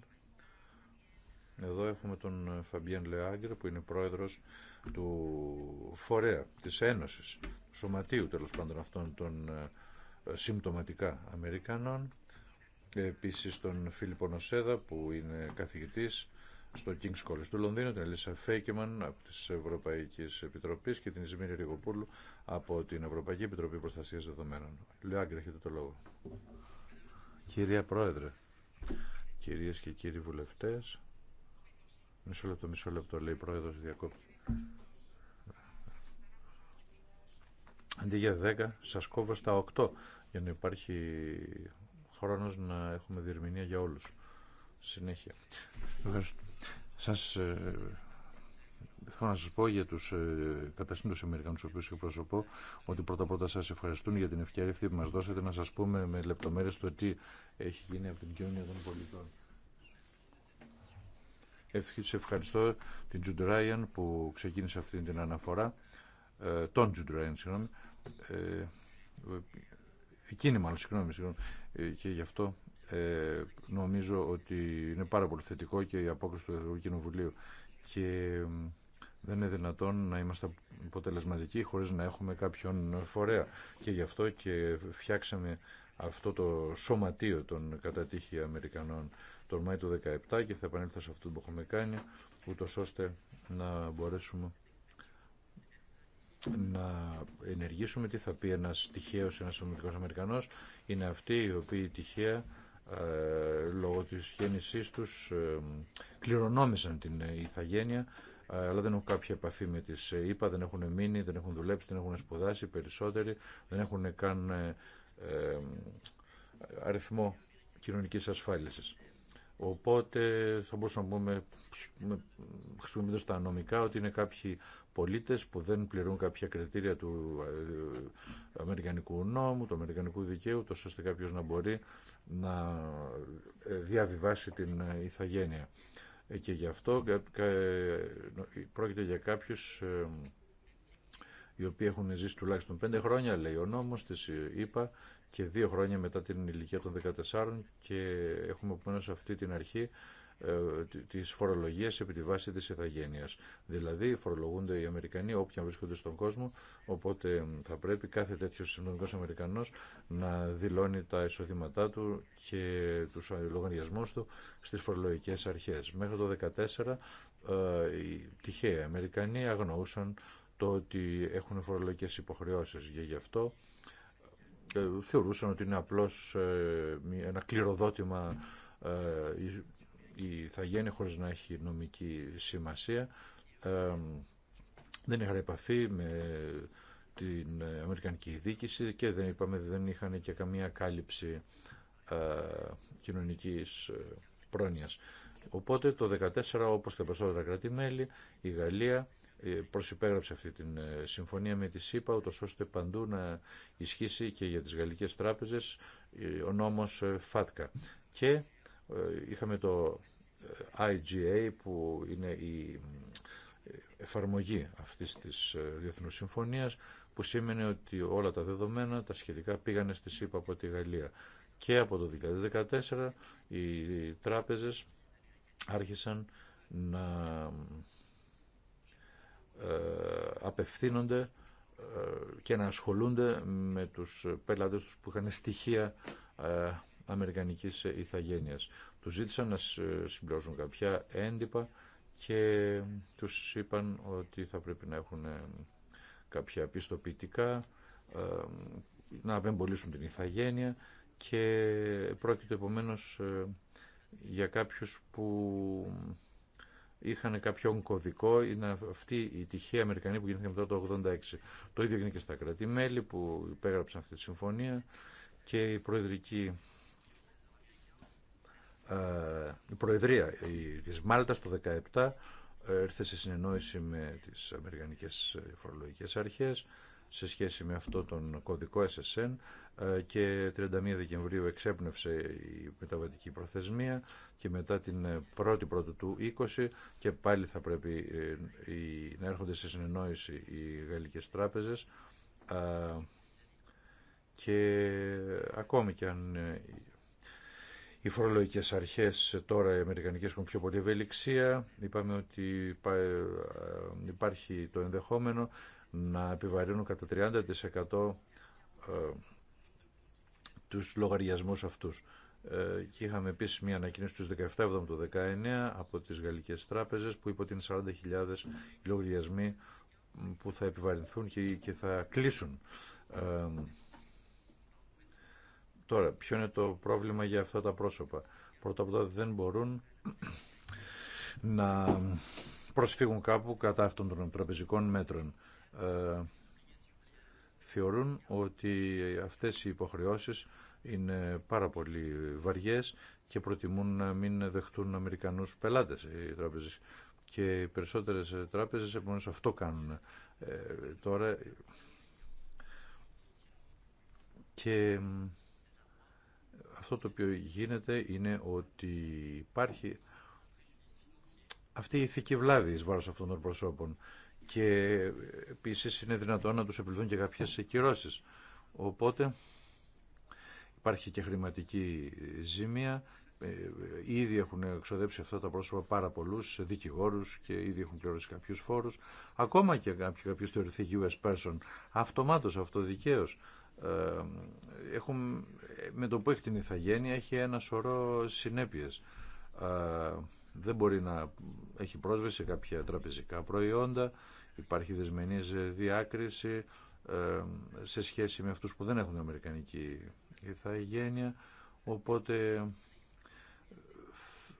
Εδώ έχουμε τον Φαμπιέν Λεάγκερ που είναι πρόεδρος του φορέα της Ένωσης, του Σωματείου τέλος πάντων αυτών των ε, συμπτωματικά Αμερικανών. Επίσης τον Φίλιππο Νοσέδα που είναι καθηγητής στο King's College του Λονδίνου, την Ελίσσα Φέικεμαν από τη Ευρωπαϊκή Επιτροπή και την Ισμήρη Ριγοπούλου από την Ευρωπαϊκή Επιτροπή Προστασία Δεδομένων. Λεάγκρε, έχετε το λόγο. Κυρία Πρόεδρε, κυρίε και κύριοι βουλευτές, Μισό λεπτό, μισό λεπτό, λέει η πρόεδρο, διακόπτη. Αντί για 10, Σα κόβω στα 8, για να υπάρχει χρόνο να έχουμε διερμηνία για όλου. Συνέχεια. Σας ε, θέλω να σας πω για του ε, Αμερικανού, του οποίους εκπροσωπώ ότι πρώτα πρώτα σα ευχαριστούν για την ευκαιρία αυτή που μα δώσατε να σα πούμε με λεπτομέρειε το τι έχει γίνει από την κοινωνία των πολιτών. Σε ευχαριστώ την Τζουντ που ξεκίνησε αυτή την αναφορά, ε, τον Τζουντ συγγνώμη, ε, εκείνη μάλλον, συγγνώμη, συγγνώμη, ε, και γι' αυτό ε, νομίζω ότι είναι πάρα πολύ θετικό και η απόκριση του Ευρωπαϊκού και δεν είναι δυνατόν να είμαστε αποτελεσματικοί χωρίς να έχουμε κάποιον φορέα και γι' αυτό και φτιάξαμε αυτό το σωματείο των κατατύχει Αμερικανών τον Μάη του 2017 και θα επανέλθω σε αυτό που έχουμε κάνει, ούτως ώστε να μπορέσουμε να ενεργήσουμε τι θα πει ένας τυχαίος, ένας ομιλικός Αμερικανός είναι αυτοί οι οποίοι τυχαία ε, λόγω της γέννησής τους ε, κληρονόμησαν την ηθαγένεια αλλά δεν έχουν κάποια επαφή με τις ΗΠΑ, δεν έχουν μείνει, δεν έχουν δουλέψει, δεν έχουν σπουδάσει περισσότεροι, δεν έχουν καν ε, ε αριθμό κοινωνικής ασφάλισης. Οπότε θα μπορούσαμε να πούμε χρησιμοποιώντα τα νομικά ότι είναι κάποιοι πολίτες που δεν πληρούν κάποια κριτήρια του ε, αμερικανικού νόμου, του αμερικανικού δικαίου, τόσο ώστε κάποιος να μπορεί να ε, διαβιβάσει την ε, ηθαγένεια. Και γι' αυτό πρόκειται για κάποιους οι οποίοι έχουν ζήσει τουλάχιστον πέντε χρόνια, λέει ο νόμος, της είπα, και δύο χρόνια μετά την ηλικία των 14 και έχουμε σε αυτή την αρχή ε, τη φορολογία επί τη βάση τη ηθαγένεια. Δηλαδή, φορολογούνται οι Αμερικανοί όποια βρίσκονται στον κόσμο, οπότε θα πρέπει κάθε τέτοιος συνολικό Αμερικανό να δηλώνει τα εισοδήματά του και τους ε, λογαριασμού του στι φορολογικέ αρχέ. Μέχρι το 2014, ε, οι τυχαία Αμερικανοί αγνοούσαν το ότι έχουν φορολογικές υποχρεώσεις γι' αυτό ε, θεωρούσαν ότι είναι απλώς ε, ένα κληροδότημα ε, η Θαγένεια χωρίς να έχει νομική σημασία. Δεν είχαν επαφή με την Αμερικανική δίκηση και δεν είπαμε δεν είχαν και καμία κάλυψη κοινωνικής πρόνοιας. Οπότε το 2014 όπως τα περισσότερα κράτη-μέλη η Γαλλία ε, προσυπέγραψε αυτή την ε, συμφωνία με τη ΣΥΠΑ, ούτω ώστε παντού να ισχύσει και για τις γαλλικές τράπεζες ε, ο νόμος ΦΑΤΚΑ. Και είχαμε το IGA που είναι η εφαρμογή αυτής της διεθνούς συμφωνίας που σήμαινε ότι όλα τα δεδομένα τα σχετικά πήγανε στη ΣΥΠΑ από τη Γαλλία. Και από το 2014 οι τράπεζες άρχισαν να απευθύνονται ε, και να ασχολούνται με τους πελάτες τους που είχαν στοιχεία ε, αμερικανικής ηθαγένειας. Τους ζήτησαν να συμπληρώσουν κάποια έντυπα και τους είπαν ότι θα πρέπει να έχουν ε, κάποια πιστοποιητικά, να απεμπολίσουν την ηθαγένεια και πρόκειται επομένως για κάποιους που είχαν κάποιον κωδικό, είναι αυτή η τυχαία Αμερικανή που γίνεται μετά το 1986. Το ίδιο έγινε και στα κράτη-μέλη που υπέγραψαν αυτή τη συμφωνία και η προεδρική ε, η Προεδρία της Μάλτας το 2017 ε, έρθε σε συνεννόηση με τις Αμερικανικές Φορολογικές Αρχές σε σχέση με αυτό τον κωδικό SSN ε, και 31 Δεκεμβρίου εξέπνευσε η μεταβατική προθεσμία και μετά την 1η ε, Πρώτου του 20 και πάλι θα πρέπει ε, να έρχονται σε συνεννόηση οι γαλλικές τράπεζες και ακόμη και αν οι φορολογικέ αρχές τώρα οι Αμερικανικές έχουν πιο πολύ ευελιξία. Είπαμε ότι υπάρχει το ενδεχόμενο να επιβαρύνουν κατά 30% ε, τους λογαριασμούς αυτούς. Ε, και είχαμε επίσης μια ανακοίνωση στους 17 του 19 από τις γαλλικές τράπεζες που είπε ότι είναι 40.000 λογαριασμοί που θα επιβαρυνθούν και θα κλείσουν. Ε, τώρα, ποιο είναι το πρόβλημα για αυτά τα πρόσωπα. Πρώτα απ' όλα δεν μπορούν να προσφύγουν κάπου κατά αυτών των τραπεζικών μέτρων. Ε, θεωρούν ότι αυτές οι υποχρεώσεις είναι πάρα πολύ βαριές και προτιμούν να μην δεχτούν Αμερικανούς πελάτες οι τράπεζες. Και οι περισσότερες τράπεζες επομένως αυτό κάνουν. Ε, τώρα και αυτό το οποίο γίνεται είναι ότι υπάρχει αυτή η ηθική βλάβη εις βάρος αυτών των προσώπων και επίση είναι δυνατόν να τους επιβληθούν και κάποιες κυρώσει. Οπότε υπάρχει και χρηματική ζημία. Ε, ήδη έχουν εξοδέψει αυτά τα πρόσωπα πάρα πολλού δικηγόρου και ήδη έχουν πληρώσει κάποιου φόρου. Ακόμα και κάποιο θεωρηθεί US person, αυτομάτω, αυτοδικαίω. Ε, με το που έχει την ηθαγένεια έχει ένα σωρό συνέπειες ε, δεν μπορεί να έχει πρόσβαση σε κάποια τραπεζικά προϊόντα Υπάρχει δεσμενής ε, διάκριση ε, σε σχέση με αυτούς που δεν έχουν αμερικανική ηθαγένεια. Οπότε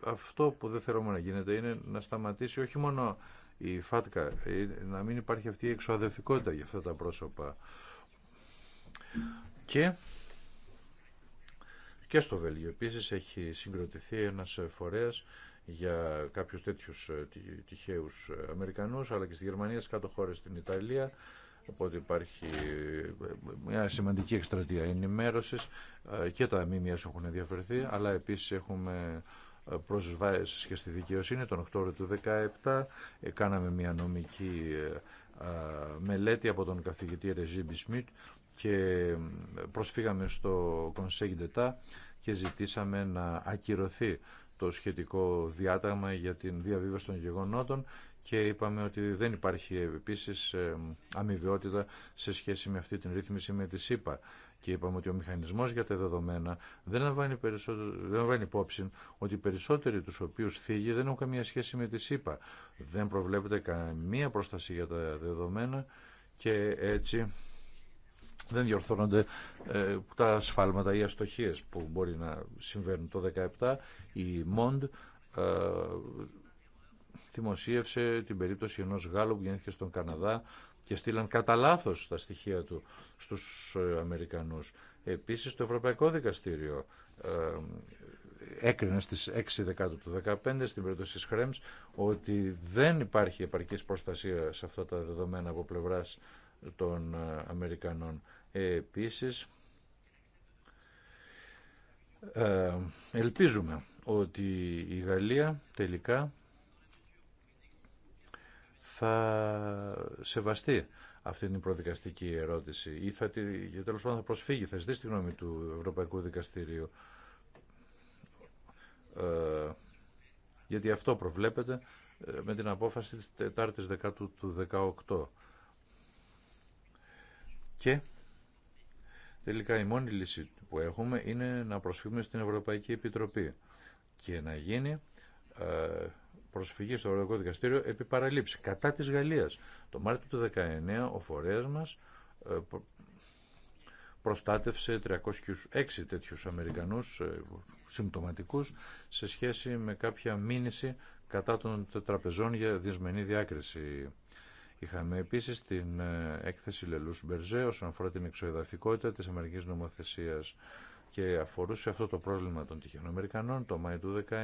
αυτό που δεν θέλουμε να γίνεται είναι να σταματήσει όχι μόνο η ΦΑΤΚΑ, ε, να μην υπάρχει αυτή η εξοδευτικότητα για αυτά τα πρόσωπα. Και, και στο Βέλγιο επίσης έχει συγκροτηθεί ένας φορέας για κάποιους τέτοιους ε, τυχαίους ε, Αμερικανούς, αλλά και στη Γερμανία, στις κάτω χώρες, στην Ιταλία, οπότε υπάρχει ε, μια σημαντική εκστρατεία ενημέρωσης και τα μήμια έχουν ενδιαφερθεί, αλλά επίσης έχουμε προσβάσεις και στη δικαιοσύνη τον Οκτώβριο του 2017 κάναμε μια νομική μελέτη από τον καθηγητή Ρεζίμπι Σμιτ και προσφύγαμε στο Conseil d'État και ζητήσαμε να ακυρωθεί το σχετικό διάταγμα για την διαβίβαση των γεγονότων και είπαμε ότι δεν υπάρχει επίσης ε, αμοιβαιότητα σε σχέση με αυτή την ρύθμιση με τη ΣΥΠΑ. Και είπαμε ότι ο μηχανισμός για τα δεδομένα δεν λαμβάνει, δεν υπόψη ότι οι περισσότεροι τους οποίους θίγει δεν έχουν καμία σχέση με τη ΣΥΠΑ. Δεν προβλέπεται καμία προστασία για τα δεδομένα και έτσι δεν διορθώνονται ε, τα σφάλματα ή αστοχίες που μπορεί να συμβαίνουν το 2017. Η Μοντ ε, δημοσίευσε την περίπτωση ενός Γάλλου που γεννήθηκε στον Καναδά και στείλαν κατά λάθο τα στοιχεία του στους ε, Αμερικανούς. Επίσης το Ευρωπαϊκό Δικαστήριο ε, έκρινε στις 6 Δεκάτου του 2015 στην περίπτωση της Χρέμς ότι δεν υπάρχει επαρκής προστασία σε αυτά τα δεδομένα από πλευράς των ε, Αμερικανών. Επίσης, ε, ελπίζουμε ότι η Γαλλία τελικά θα σεβαστεί αυτή την προδικαστική ερώτηση ή θα, για τέλος πάντων θα προσφύγει, θα ζητήσει τη γνώμη του Ευρωπαϊκού Δικαστηρίου. Ε, γιατί αυτό προβλέπεται ε, με την απόφαση της τεταρτης 10 του 18. Και τελικά η μόνη λύση που έχουμε είναι να προσφύγουμε στην Ευρωπαϊκή Επιτροπή και να γίνει ε, προσφυγή στο Ευρωπαϊκό Δικαστήριο επί παραλήψη κατά της Γαλλίας. Το Μάρτιο του 19 ο φορέας μας ε, προστάτευσε 306 τέτοιους Αμερικανούς ε, συμπτωματικούς σε σχέση με κάποια μήνυση κατά των τραπεζών για δυσμενή διάκριση. Είχαμε επίση την ε, έκθεση Λελούς Μπερζέ όσον αφορά την εξοεδαφικότητα της Αμερική νομοθεσίας και αφορούσε αυτό το πρόβλημα των τυχαίων Αμερικανών. Το Μάιο του 19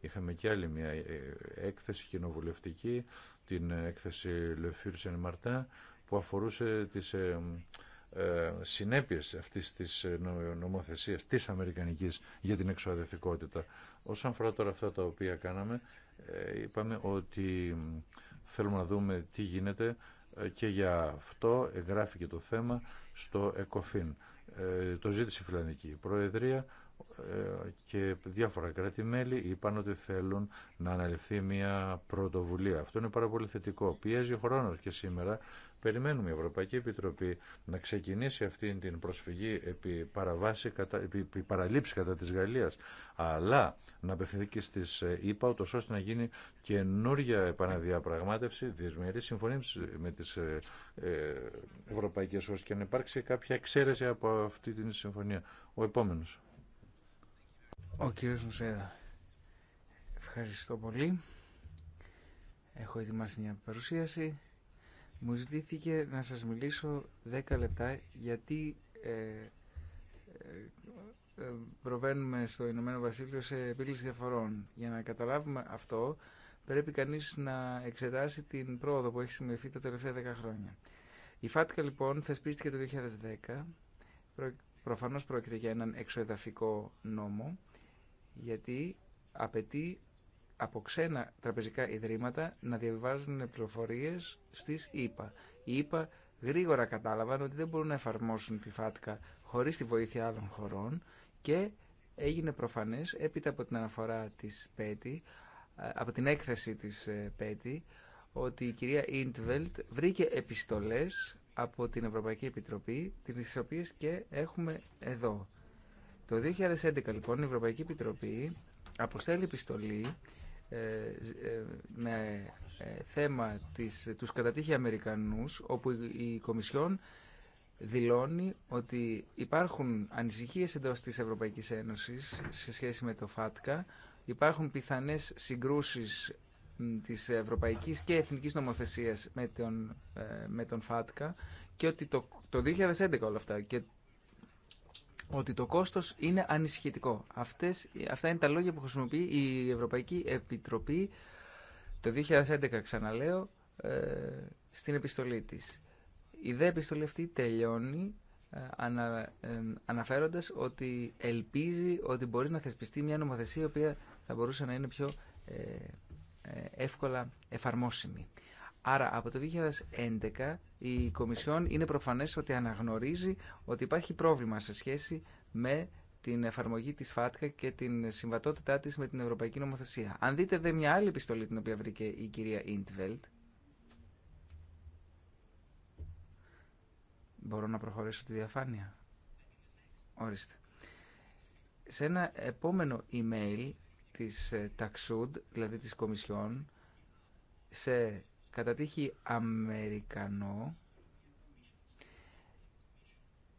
είχαμε και άλλη μια ε, έκθεση κοινοβουλευτική, την ε, έκθεση Le Fur που αφορούσε τις συνέπειες αυτής της νομοθεσίας της Αμερικανικής για την εξοδευτικότητα. Όσον αφορά τώρα αυτά τα οποία κάναμε, είπαμε ότι Θέλουμε να δούμε τι γίνεται ε, και για αυτό εγγράφηκε το θέμα στο ΕΚΟΦΗΝ. Ε, το ζήτησε η Φιλανδική Προεδρία ε, και διάφορα κράτη-μέλη είπαν ότι θέλουν να αναλυφθεί μια πρωτοβουλία. Αυτό είναι πάρα πολύ θετικό. Πιέζει ο χρόνος και σήμερα περιμένουμε η Ευρωπαϊκή Επιτροπή να ξεκινήσει αυτή την προσφυγή επί, παραβάση, κατά, επί παραλήψη κατά της Γαλλίας, αλλά να απευθυνθεί και στις ε, ΗΠΑ, ούτως ώστε να γίνει καινούργια επαναδιαπραγμάτευση διεσμερή συμφωνία με τις ε, ευρωπαϊκές Ως και να υπάρξει κάποια εξαίρεση από αυτή την συμφωνία. Ο επόμενος. Ο κύριος Μουσέδα. Ευχαριστώ πολύ. Έχω ετοιμάσει μια παρουσίαση. Μου ζητήθηκε να σας μιλήσω 10 λεπτά γιατί ε, ε, ε, προβαίνουμε στο Ηνωμένο Βασίλειο σε επίλυση διαφορών. Για να καταλάβουμε αυτό πρέπει κανείς να εξετάσει την πρόοδο που έχει σημειωθεί τα τελευταία 10 χρόνια. Η ΦΑΤΚΑ λοιπόν θεσπίστηκε το 2010, προφανώς πρόκειται για έναν εξοεδαφικό νόμο γιατί απαιτεί από ξένα τραπεζικά ιδρύματα να διαβάζουν πληροφορίες στις ΙΠΑ. Οι ΙΠΑ γρήγορα κατάλαβαν ότι δεν μπορούν να εφαρμόσουν τη ΦΑΤΚΑ χωρίς τη βοήθεια άλλων χωρών και έγινε προφανές έπειτα από την αναφορά της ΠΕΤΗ, ε, από την έκθεση της ε, ΠΕΤΗ, ότι η κυρία Ιντβελτ βρήκε επιστολές από την Ευρωπαϊκή Επιτροπή, τις οποίες και έχουμε εδώ. Το 2011 λοιπόν η Ευρωπαϊκή Επιτροπή αποστέλει επιστολή ε, ε, με ε, θέμα της, τους κατατύχει Αμερικανούς όπου η Κομισιόν δηλώνει ότι υπάρχουν ανησυχίες εντός της Ευρωπαϊκής Ένωσης σε σχέση με το ΦΑΤΚΑ υπάρχουν πιθανές συγκρούσεις της ευρωπαϊκής και εθνικής νομοθεσίας με τον, με τον ΦΑΤΚΑ και ότι το, το 2011 όλα αυτά και ότι το κόστος είναι ανησυχητικό. Αυτές, αυτά είναι τα λόγια που χρησιμοποιεί η Ευρωπαϊκή Επιτροπή το 2011, ξαναλέω, ε, στην επιστολή της. Η δε επιστολή αυτή τελειώνει ε, ε, αναφέροντας ότι ελπίζει ότι μπορεί να θεσπιστεί μια νομοθεσία η οποία θα μπορούσε να είναι πιο ε, εύκολα εφαρμόσιμη. Άρα από το 2011 η Κομισιόν είναι προφανές ότι αναγνωρίζει ότι υπάρχει πρόβλημα σε σχέση με την εφαρμογή της ΦΑΤΚΑ και την συμβατότητά της με την Ευρωπαϊκή Νομοθεσία. Αν δείτε δε μια άλλη επιστολή την οποία βρήκε η κυρία Ιντβελτ, Μπορώ να προχωρήσω τη διαφάνεια. Ορίστε. Σε ένα επόμενο email της Ταξούντ, ε, δηλαδή της Κομισιόν, σε κατά τύχη Αμερικανό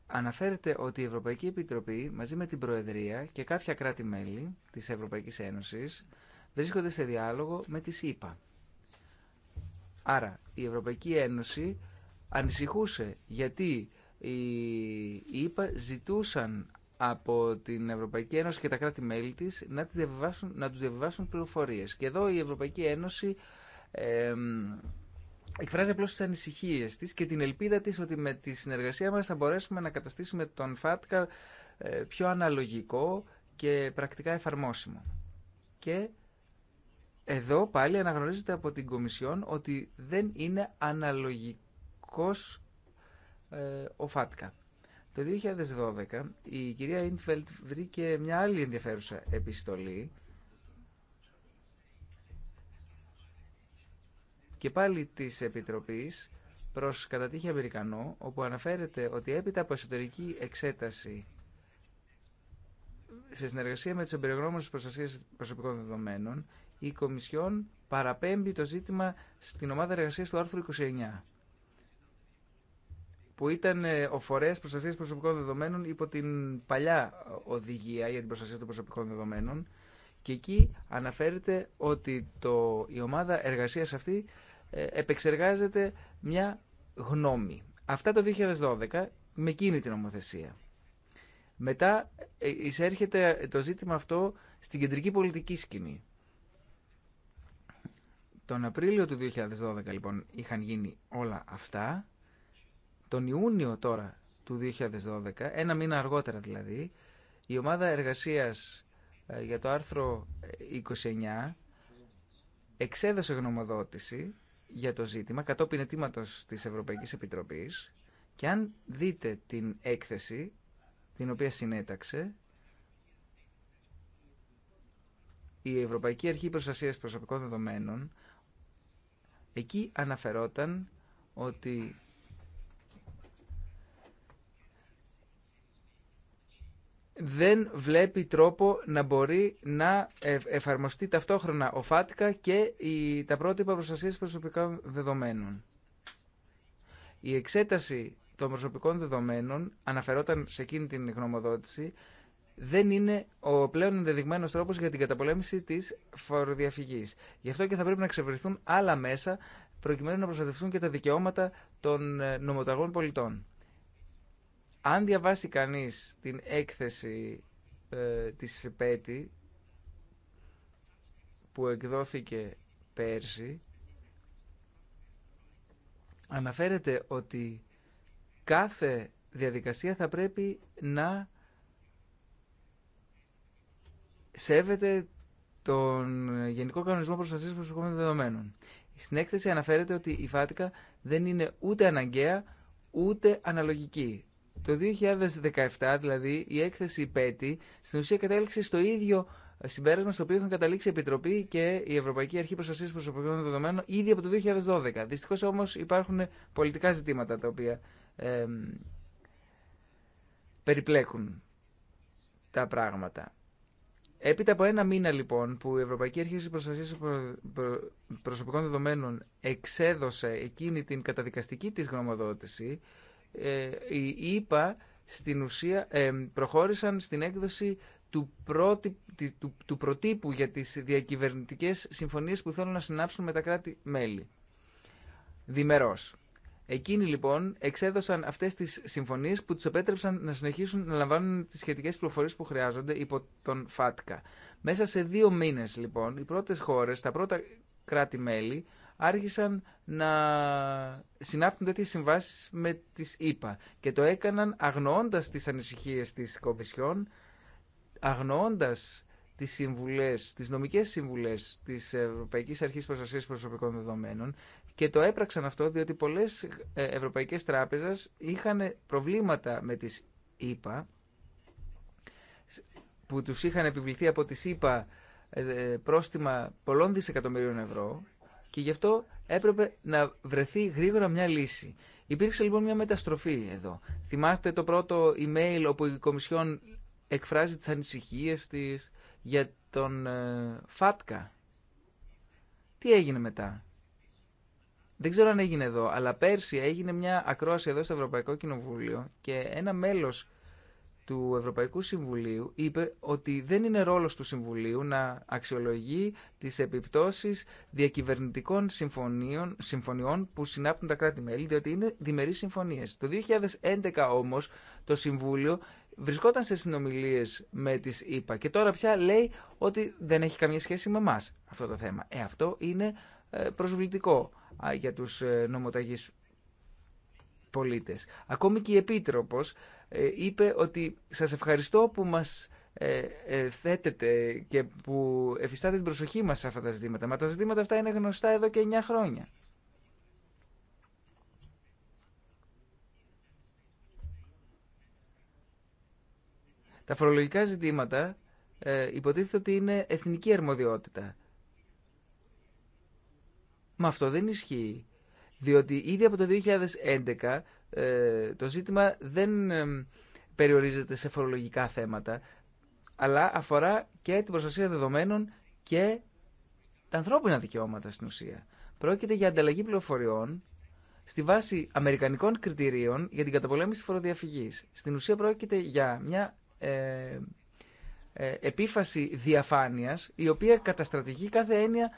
αναφέρεται ότι η Ευρωπαϊκή Επιτροπή μαζί με την Προεδρία και κάποια κράτη-μέλη της Ευρωπαϊκής Ένωσης βρίσκονται σε διάλογο με τις ΗΠΑ. Άρα η Ευρωπαϊκή Ένωση ανησυχούσε γιατί οι ΗΠΑ ζητούσαν από την Ευρωπαϊκή Ένωση και τα κράτη-μέλη της να, να τους διαβιβάσουν πληροφορίες. Και εδώ η Ευρωπαϊκή Ένωση εκφράζει απλώ τι ανησυχίε τη και την ελπίδα τη ότι με τη συνεργασία μα θα μπορέσουμε να καταστήσουμε τον ΦΑΤΚΑ ε, πιο αναλογικό και πρακτικά εφαρμόσιμο. Και εδώ πάλι αναγνωρίζεται από την Κομισιόν ότι δεν είναι αναλογικός ε, ο ΦΑΤΚΑ. Το 2012 η κυρία Ιντφελτ βρήκε μια άλλη ενδιαφέρουσα επιστολή και πάλι τη επίτροπή προς κατατύχη Αμερικανό, όπου αναφέρεται ότι έπειτα από εσωτερική εξέταση σε συνεργασία με τους τη προστασία προσωπικών δεδομένων, η Κομισιόν παραπέμπει το ζήτημα στην ομάδα εργασίας του άρθρου 29 που ήταν ε, ο φορέας προστασίας προσωπικών δεδομένων υπό την παλιά οδηγία για την προστασία των προσωπικών δεδομένων και εκεί αναφέρεται ότι το, η ομάδα εργασίας αυτή ε, επεξεργάζεται μια γνώμη. Αυτά το 2012 με εκείνη την νομοθεσία. Μετά ε, εισέρχεται το ζήτημα αυτό στην κεντρική πολιτική σκηνή. Τον Απρίλιο του 2012 λοιπόν είχαν γίνει όλα αυτά. Τον Ιούνιο τώρα του 2012, ένα μήνα αργότερα δηλαδή, η ομάδα εργασίας ε, για το άρθρο 29 εξέδωσε γνωμοδότηση για το ζήτημα κατόπιν αιτήματο τη Ευρωπαϊκή Επιτροπή και αν δείτε την έκθεση την οποία συνέταξε η Ευρωπαϊκή Αρχή Προστασίας Προσωπικών Δεδομένων εκεί αναφερόταν ότι δεν βλέπει τρόπο να μπορεί να εφαρμοστεί ταυτόχρονα ο ΦΑΤΚΑ και τα πρότυπα προστασίας προσωπικών δεδομένων. Η εξέταση των προσωπικών δεδομένων, αναφερόταν σε εκείνη την γνωμοδότηση, δεν είναι ο πλέον ενδεδειγμένο τρόπο για την καταπολέμηση τη φοροδιαφυγή. Γι' αυτό και θα πρέπει να ξεβρεθούν άλλα μέσα προκειμένου να προστατευτούν και τα δικαιώματα των ε, νομοταγών πολιτών. Αν διαβάσει κανείς την έκθεση ε, της ΕΠΕΤΗ που εκδόθηκε πέρσι, αναφέρεται ότι κάθε διαδικασία θα πρέπει να σέβεται τον Γενικό Κανονισμό Προστασίας Προσωπικών Δεδομένων. Στην έκθεση αναφέρεται ότι η Βάτικα δεν είναι ούτε αναγκαία ούτε αναλογική. Το 2017 δηλαδή η έκθεση ΠΕΤΗ στην ουσία κατέληξε στο ίδιο συμπέρασμα στο οποίο είχαν καταλήξει η Επιτροπή και η Ευρωπαϊκή Αρχή Προστασία Προσωπικών Δεδομένων ήδη από το 2012. Δυστυχώ όμω υπάρχουν πολιτικά ζητήματα τα οποία ε, περιπλέκουν τα πράγματα. Έπειτα από ένα μήνα λοιπόν που η Ευρωπαϊκή Αρχή Προστασία Προσωπικών Δεδομένων εξέδωσε εκείνη την καταδικαστική της γνωμοδότηση, ε, οι ΙΠΑ στην ουσία ε, προχώρησαν στην έκδοση του, πρώτη, του, του προτύπου για τις διακυβερνητικές συμφωνίες που θέλουν να συνάψουν με τα κράτη-μέλη. Διμερός. Εκείνοι λοιπόν εξέδωσαν αυτέ τι συμφωνίε που του επέτρεψαν να συνεχίσουν να λαμβάνουν τι σχετικέ πληροφορίε που χρειάζονται υπό τον ΦΑΤΚΑ. Μέσα σε δύο μήνε λοιπόν, οι πρώτε χώρε, τα πρώτα κράτη-μέλη, άρχισαν να συνάπτουν τέτοιες συμβάσει με τις ΗΠΑ και το έκαναν αγνοώντας τις ανησυχίες της Κομισιόν, αγνοώντας τις συμβουλές, τις νομικές συμβουλές της Ευρωπαϊκής Αρχής Προστασίας Προσωπικών Δεδομένων και το έπραξαν αυτό διότι πολλές ε, ευρωπαϊκές τράπεζες είχαν προβλήματα με τις ΗΠΑ που τους είχαν επιβληθεί από τις ΗΠΑ ε, πρόστιμα πολλών δισεκατομμυρίων ευρώ και γι' αυτό έπρεπε να βρεθεί γρήγορα μια λύση. Υπήρξε λοιπόν μια μεταστροφή εδώ. Θυμάστε το πρώτο email όπου η Κομισιόν εκφράζει τις ανησυχίες της για τον ε, ΦΑΤΚΑ. Τι έγινε μετά. Δεν ξέρω αν έγινε εδώ, αλλά πέρσι έγινε μια ακρόαση εδώ στο Ευρωπαϊκό Κοινοβούλιο και ένα μέλος του Ευρωπαϊκού Συμβουλίου είπε ότι δεν είναι ρόλος του Συμβουλίου να αξιολογεί τις επιπτώσεις διακυβερνητικών συμφωνίων, συμφωνιών που συνάπτουν τα κράτη-μέλη, διότι είναι διμερείς συμφωνίες. Το 2011 όμως το Συμβούλιο βρισκόταν σε συνομιλίες με τις ΗΠΑ και τώρα πια λέει ότι δεν έχει καμία σχέση με εμά αυτό το θέμα. Ε, αυτό είναι ε, προσβλητικό για τους ε, νομοταγείς πολίτες. Ακόμη και η Επίτροπος ε, είπε ότι σας ευχαριστώ που μας ε, ε, θέτετε και που εφιστάτε την προσοχή μας σε αυτά τα ζητήματα. Μα τα ζητήματα αυτά είναι γνωστά εδώ και 9 χρόνια. Τα φορολογικά ζητήματα ε, υποτίθεται ότι είναι εθνική αρμοδιότητα. Μα αυτό δεν ισχύει διότι ήδη από το 2011 ε, το ζήτημα δεν ε, περιορίζεται σε φορολογικά θέματα, αλλά αφορά και την προστασία δεδομένων και τα ανθρώπινα δικαιώματα στην ουσία. Πρόκειται για ανταλλαγή πληροφοριών στη βάση αμερικανικών κριτηρίων για την καταπολέμηση φοροδιαφυγής. Στην ουσία πρόκειται για μια ε, επίφαση διαφάνειας η οποία καταστρατηγεί κάθε έννοια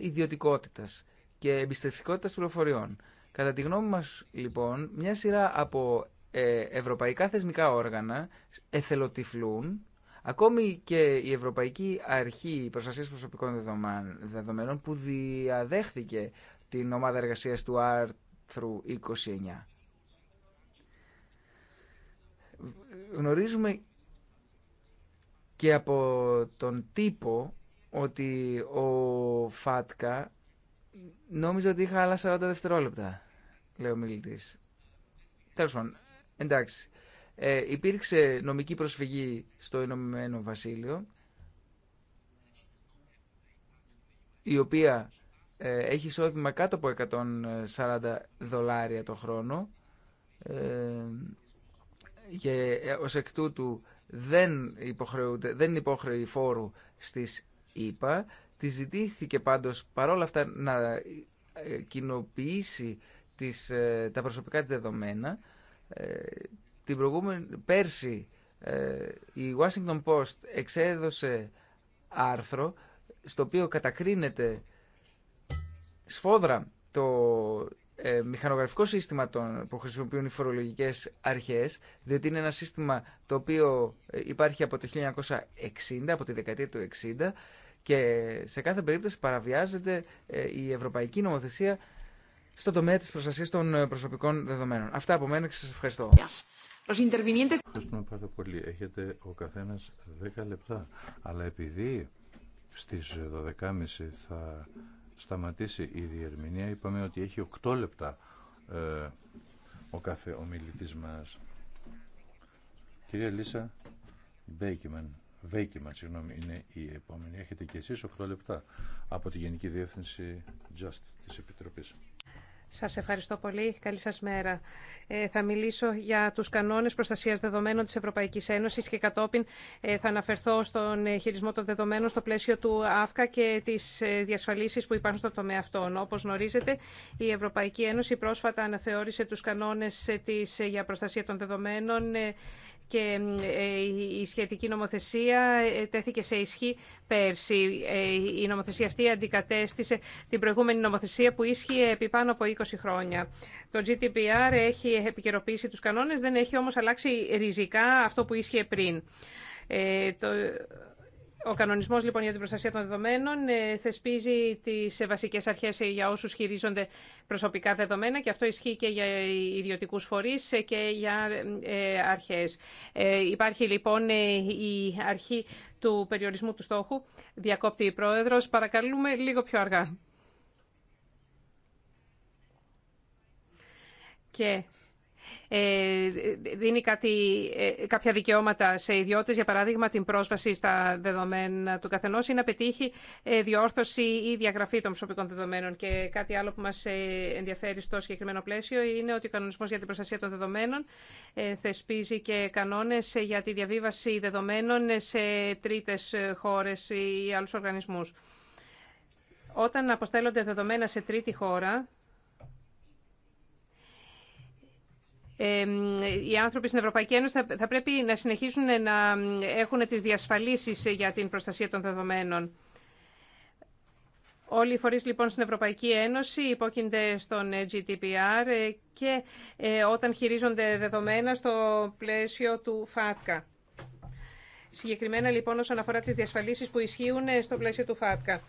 ιδιωτικότητας και εμπιστευτικότητα πληροφοριών. Κατά τη γνώμη μας, λοιπόν, μια σειρά από ε, ευρωπαϊκά θεσμικά όργανα εθελοτυφλούν Ακόμη και η Ευρωπαϊκή Αρχή Προστασία Προσωπικών Δεδομένων που διαδέχθηκε την ομάδα εργασίας του άρθρου 29. Γνωρίζουμε και από τον τύπο ότι ο ΦΑΤΚΑ Νόμιζα ότι είχα άλλα 40 δευτερόλεπτα, λέει ο μιλητή. Τέλο πάντων, εντάξει. Ε, υπήρξε νομική προσφυγή στο Ηνωμένο Βασίλειο, η οποία ε, έχει εισόδημα κάτω από 140 δολάρια το χρόνο ε, και ε, ως εκ τούτου δεν, δεν είναι φόρου στις ΗΠΑ Τη ζητήθηκε πάντως παρόλα αυτά να ε, κοινοποιήσει τις, ε, τα προσωπικά της δεδομένα. Ε, την προηγούμενη, πέρσι η Washington Post εξέδωσε άρθρο στο οποίο κατακρίνεται σφόδρα το μηχανογραφικό σύστημα των, που χρησιμοποιούν οι φορολογικές αρχές, διότι είναι ένα σύστημα το οποίο υπάρχει από το 1960, από τη δεκαετία του 1960 και σε κάθε περίπτωση παραβιάζεται ε, η ευρωπαϊκή νομοθεσία στον τομέα της προστασίας των ε, προσωπικών δεδομένων. Αυτά από μένα και σας ευχαριστώ. Ευχαριστούμε πάρα πολύ. Έχετε ο καθένας 10 λεπτά. Αλλά επειδή στις 12.30 θα σταματήσει η διερμηνία, είπαμε ότι έχει 8 λεπτά ε, ο κάθε ομιλητή μας. Κυρία Λίσσα Μπέικιμαν. Βέικιμαν, συγγνώμη, είναι η επόμενη. Έχετε και εσείς 8 λεπτά από τη Γενική Διεύθυνση Just της Επιτροπής. Σας ευχαριστώ πολύ. Καλή σας μέρα. Ε, θα μιλήσω για τους κανόνες προστασίας δεδομένων της Ευρωπαϊκής Ένωσης και κατόπιν ε, θα αναφερθώ στον ε, χειρισμό των δεδομένων στο πλαίσιο του ΑΦΚΑ και τι ε, διασφαλίσεις που υπάρχουν στο τομέα αυτών. Όπως γνωρίζετε, η Ευρωπαϊκή Ένωση πρόσφατα αναθεώρησε τους κανόνες της για προστασία των δεδομένων και ε, η σχετική νομοθεσία ε, τέθηκε σε ισχύ πέρσι. Ε, η νομοθεσία αυτή αντικατέστησε την προηγούμενη νομοθεσία που ίσχυε επί πάνω από 20 χρόνια. Το GDPR έχει επικαιροποιήσει τους κανόνες, δεν έχει όμως αλλάξει ριζικά αυτό που ίσχυε πριν. Το ο κανονισμό λοιπόν για την προστασία των δεδομένων ε, θεσπίζει τι ε, βασικέ αρχέ ε, για όσου χειρίζονται προσωπικά δεδομένα και αυτό ισχύει και για ιδιωτικού φορεί και για αρχέ. Υπάρχει λοιπόν η αρχή του περιορισμού του στόχου. Διακόπτη η πρόεδρο. Παρακαλούμε λίγο πιο αργά. Και ε, δίνει κάτι, ε, κάποια δικαιώματα σε ιδιώτες, για παράδειγμα την πρόσβαση στα δεδομένα του καθενός ή να πετύχει ε, διόρθωση ή διαγραφή των προσωπικών δεδομένων. Και κάτι άλλο που μας ενδιαφέρει στο συγκεκριμένο πλαίσιο είναι ότι ο κανονισμός για την προστασία των δεδομένων θεσπίζει και κανόνες για τη διαβίβαση δεδομένων σε τρίτες χώρες ή άλλους οργανισμούς. Όταν αποστέλλονται δεδομένα σε τρίτη χώρα, οι άνθρωποι στην Ευρωπαϊκή Ένωση θα πρέπει να συνεχίσουν να έχουν τις διασφαλίσεις για την προστασία των δεδομένων. Όλοι οι φορείς λοιπόν στην Ευρωπαϊκή Ένωση υπόκεινται στον GDPR και ε, όταν χειρίζονται δεδομένα στο πλαίσιο του ΦΑΤΚΑ. Συγκεκριμένα λοιπόν όσον αφορά τις διασφαλίσεις που ισχύουν στο πλαίσιο του ΦΑΤΚΑ.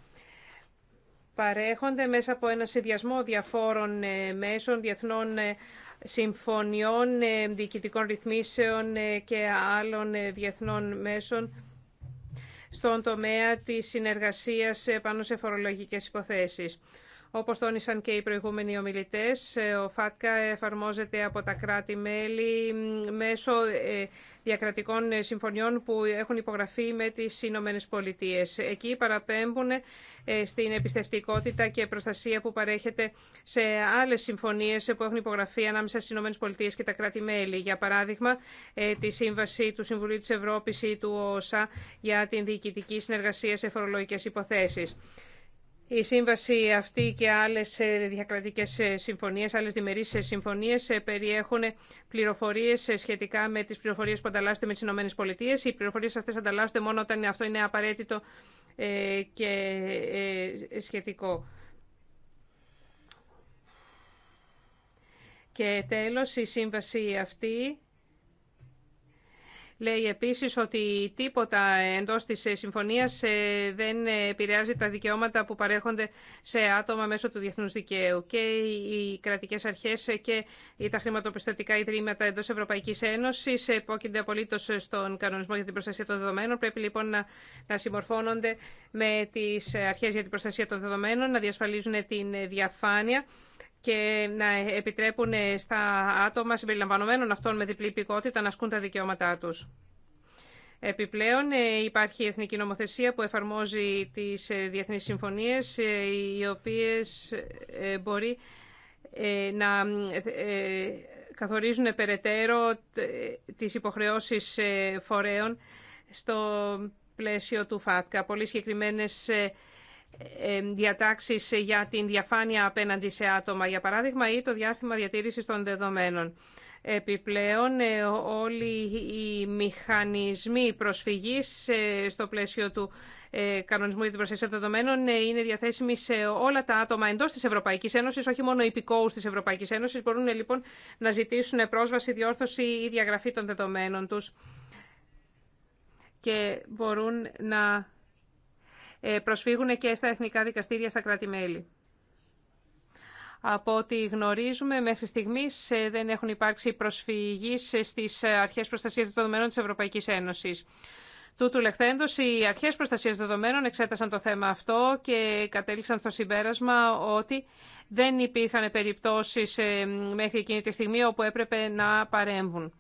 Παρέχονται μέσα από ένα συνδυασμό διαφόρων ε, μέσων, διεθνών ε, συμφωνιών, ε, διοικητικών ρυθμίσεων ε, και άλλων ε, διεθνών μέσων στον τομέα της συνεργασίας πάνω σε φορολογικές υποθέσεις. Όπως τόνισαν και οι προηγούμενοι ομιλητές, ε, ο ΦΑΤΚΑ εφαρμόζεται από τα κράτη-μέλη μέσω ε, διακρατικών ε, συμφωνιών που έχουν υπογραφεί με τις Ηνωμένε Πολιτείε. Εκεί παραπέμπουν στην επιστευτικότητα και προστασία που παρέχεται σε άλλες συμφωνίες που έχουν υπογραφεί ανάμεσα στις Ηνωμένε Πολιτείε και τα κράτη-μέλη. Για παράδειγμα, τη Σύμβαση του Συμβουλίου της Ευρώπης ή του ΟΣΑ για την διοικητική συνεργασία σε φορολογικές υποθέσεις. Η σύμβαση αυτή και άλλες ε, διακρατικέ ε, συμφωνίε, άλλες διμερεί ε, συμφωνίε περιέχουν πληροφορίες σχετικά με τις πληροφορίε που ανταλλάσσονται με τι ΗΠΑ. Οι πληροφορίε αυτές ανταλλάσσονται μόνο όταν αυτό είναι απαραίτητο και σχετικό. Και τέλος, η σύμβαση αυτή Λέει επίσης ότι τίποτα εντός της ε, συμφωνίας ε, δεν επηρεάζει τα δικαιώματα που παρέχονται σε άτομα μέσω του διεθνούς δικαίου. Και οι κρατικές αρχές και τα χρηματοπιστωτικά ιδρύματα εντός Ευρωπαϊκής Ένωσης επόκεινται απολύτω στον κανονισμό για την προστασία των δεδομένων. Πρέπει λοιπόν να, να συμμορφώνονται με τις αρχές για την προστασία των δεδομένων, να διασφαλίζουν την διαφάνεια και να επιτρέπουν ε, στα άτομα συμπεριλαμβανομένων αυτών με διπλή υπηκότητα να ασκούν τα δικαιώματά τους. Επιπλέον ε, υπάρχει η Εθνική Νομοθεσία που εφαρμόζει τις ε, διεθνείς συμφωνίες οι οποίες μπορεί να καθορίζουν περαιτέρω τις υποχρεώσεις φορέων στο πλαίσιο του ΦΑΤΚΑ. Πολύ συγκεκριμένες διατάξεις για την διαφάνεια απέναντι σε άτομα, για παράδειγμα, ή το διάστημα διατήρησης των δεδομένων. Επιπλέον, ε, όλοι οι μηχανισμοί προσφυγής ε, στο πλαίσιο του ε, κανονισμού για την προστασία των δεδομένων είναι διαθέσιμοι σε όλα τα άτομα εντός της Ευρωπαϊκής Ένωσης, όχι μόνο υπηκόους της Ευρωπαϊκής Ένωσης. Μπορούν λοιπόν να ζητήσουν πρόσβαση, διόρθωση ή διαγραφή των δεδομένων τους και μπορούν να ε, προσφύγουν και στα εθνικά δικαστήρια στα κράτη-μέλη. Από ό,τι γνωρίζουμε, μέχρι στιγμή ε, δεν έχουν υπάρξει προσφυγή ε, στι αρχές προστασίας δεδομένων της ευρωπαϊκή Ένωσης. Τούτου λεχθέντος, οι αρχές προστασίας δεδομένων εξέτασαν το θέμα αυτό και κατέληξαν στο συμπέρασμα ότι δεν υπήρχαν περιπτώσει μέχρι εκείνη τη στιγμή όπου έπρεπε να παρέμβουν.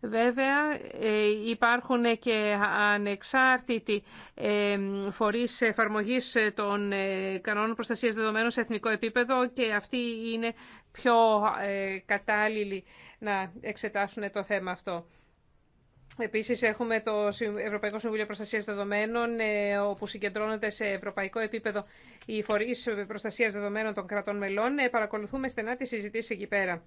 Βέβαια ε, υπάρχουν και ανεξάρτητοι ε, φορείς εφαρμογής ε, των κανόνων προστασίας δεδομένων σε εθνικό επίπεδο και αυτοί είναι πιο κατάλληλοι να εξετάσουν το θέμα αυτό. Επίσης έχουμε το Ευρωπαϊκό Συμβούλιο Προστασίας Δεδομένων, όπου συγκεντρώνονται σε ευρωπαϊκό επίπεδο οι φορείς προστασίας δεδομένων των κρατών μελών. Παρακολουθούμε στενά τις συζητήσεις εκεί πέρα.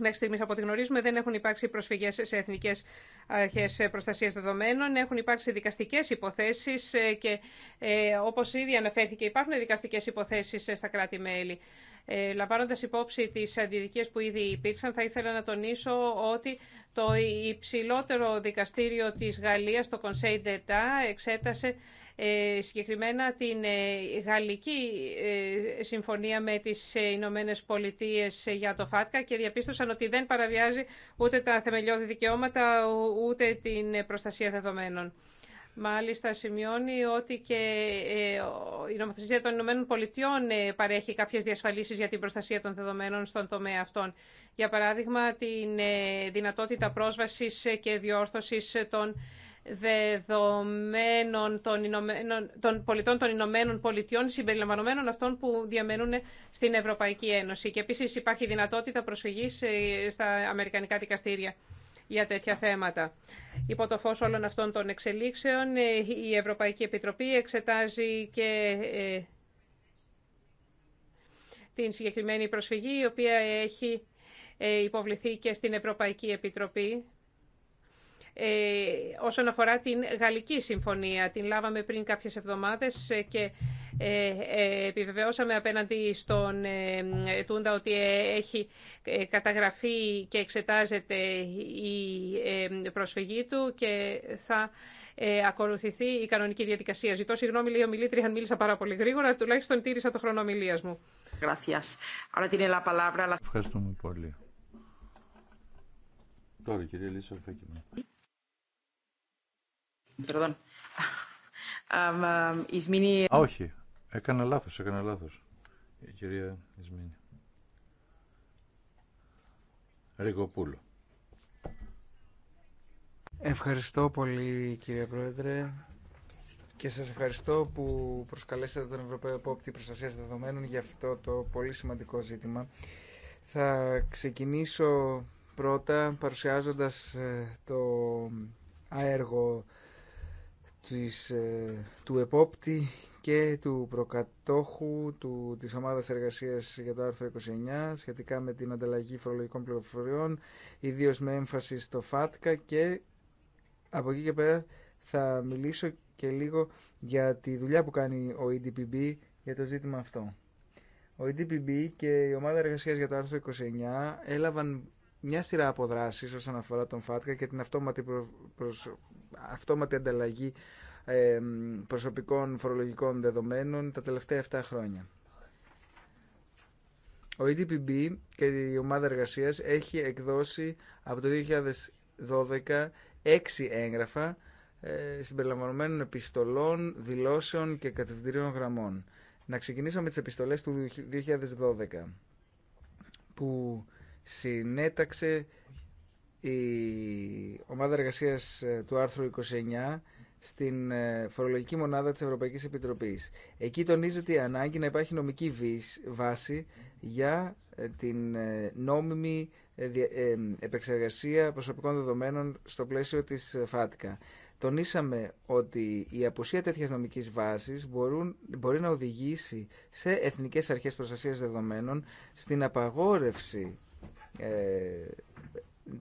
Μέχρι στιγμή, από ό,τι γνωρίζουμε δεν έχουν υπάρξει προσφυγές σε εθνικές αρχέ προστασία δεδομένων, έχουν υπάρξει δικαστικές υποθέσεις ε, και ε, όπως ήδη αναφέρθηκε υπάρχουν δικαστικές υποθέσεις ε, στα κράτη-μέλη. Ε, λαμβάνοντας υπόψη τις αντιδικίες που ήδη υπήρξαν, θα ήθελα να τονίσω ότι το υψηλότερο δικαστήριο τη Γαλλία, το Conseil d'État, εξέτασε ε, συγκεκριμένα την ε, Γαλλική ε, Συμφωνία με τις Ηνωμένε Πολιτείε για το ΦΑΤΚΑ και διαπίστωσαν ότι δεν παραβιάζει ούτε τα θεμελιώδη δικαιώματα ούτε την προστασία δεδομένων. Μάλιστα, σημειώνει ότι και η νομοθεσία των Ηνωμένων Πολιτειών παρέχει κάποιες διασφαλίσεις για την προστασία των δεδομένων στον τομέα αυτών. Για παράδειγμα, την δυνατότητα πρόσβασης και διόρθωσης των δεδομένων των, των πολιτών των Ηνωμένων Πολιτειών συμπεριλαμβανομένων αυτών που διαμένουν στην Ευρωπαϊκή Ένωση. Και επίσης υπάρχει δυνατότητα προσφυγής ε, στα Αμερικανικά δικαστήρια για τέτοια θέματα. Υπό το φως όλων αυτών των εξελίξεων, ε, η Ευρωπαϊκή Επιτροπή εξετάζει και ε, την συγκεκριμένη προσφυγή, η οποία έχει υποβληθεί και στην Ευρωπαϊκή Επιτροπή ε, όσον αφορά την Γαλλική Συμφωνία. Την λάβαμε πριν κάποιες εβδομάδες ε, και ε, επιβεβαιώσαμε απέναντι στον Τούντα ότι έχει καταγραφεί και εξετάζεται η προσφυγή του και θα ακολουθηθεί η κανονική διαδικασία. Ζητώ συγγνώμη, λέει ο μιλήτρη, αν μίλησα πάρα πολύ γρήγορα, τουλάχιστον τήρησα το χρόνο ομιλίας μου. Ευχαριστούμε πολύ. Τώρα, κυρία Λίσσα, Α, όχι. Έκανα λάθος, έκανα λάθος. Η κυρία Ισμήνη. Ευχαριστώ πολύ κύριε Πρόεδρε και σας ευχαριστώ που προσκαλέσατε τον Ευρωπαϊκό Επόπτη Προστασίας Δεδομένων για αυτό το πολύ σημαντικό ζήτημα. Θα ξεκινήσω πρώτα παρουσιάζοντας ε, το έργο ε, του επόπτη και του προκατόχου του, της ομάδας εργασίας για το άρθρο 29 σχετικά με την ανταλλαγή φορολογικών πληροφοριών, ιδίως με έμφαση στο ΦΑΤΚΑ και από εκεί και πέρα θα μιλήσω και λίγο για τη δουλειά που κάνει ο EDPB για το ζήτημα αυτό. Ο EDPB και η ομάδα εργασίας για το άρθρο 29 έλαβαν μια σειρά αποδράσεις όσον αφορά τον ΦΑΤΚΑ και την αυτόματη αυτόματη ανταλλαγή προσωπικών φορολογικών δεδομένων τα τελευταία 7 χρόνια. Ο EDPB και η ομάδα εργασίας έχει εκδώσει από το 2012 έξι έγγραφα ε, συμπεριλαμβανομένων επιστολών, δηλώσεων και κατευθυντηρίων γραμμών. Να ξεκινήσω με τις επιστολές του 2012 που συνέταξε η ομάδα εργασίας ε, του άρθρου 29 στην ε, φορολογική μονάδα της Ευρωπαϊκής Επιτροπής. Εκεί τονίζεται η ανάγκη να υπάρχει νομική βάση για ε, την νόμιμη επεξεργασία προσωπικών δεδομένων στο πλαίσιο της ΦΑΤΚΑ. Τονίσαμε ότι η απουσία τέτοιας νομικής βάσης μπορεί να οδηγήσει σε εθνικές αρχές προστασίας δεδομένων στην απαγόρευση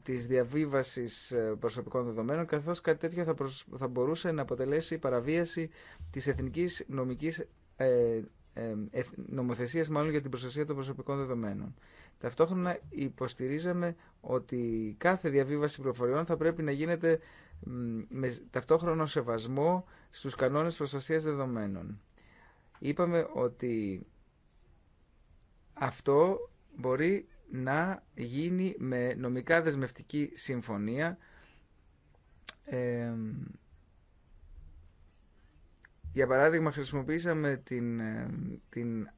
της διαβίβασης ε, προσωπικών δεδομένων, καθώς κάτι τέτοιο θα, θα μπορούσε να αποτελέσει παραβίαση της εθνικής νομικής ε, ε, νομοθεσίας μάλλον για την προστασία των προσωπικών δεδομένων. Ταυτόχρονα υποστηρίζαμε ότι κάθε διαβίβαση πληροφοριών θα πρέπει να γίνεται με ταυτόχρονο σεβασμό στους κανόνες προστασίας δεδομένων. Είπαμε ότι αυτό μπορεί να γίνει με νομικά δεσμευτική συμφωνία για παράδειγμα χρησιμοποίησαμε την, την ε,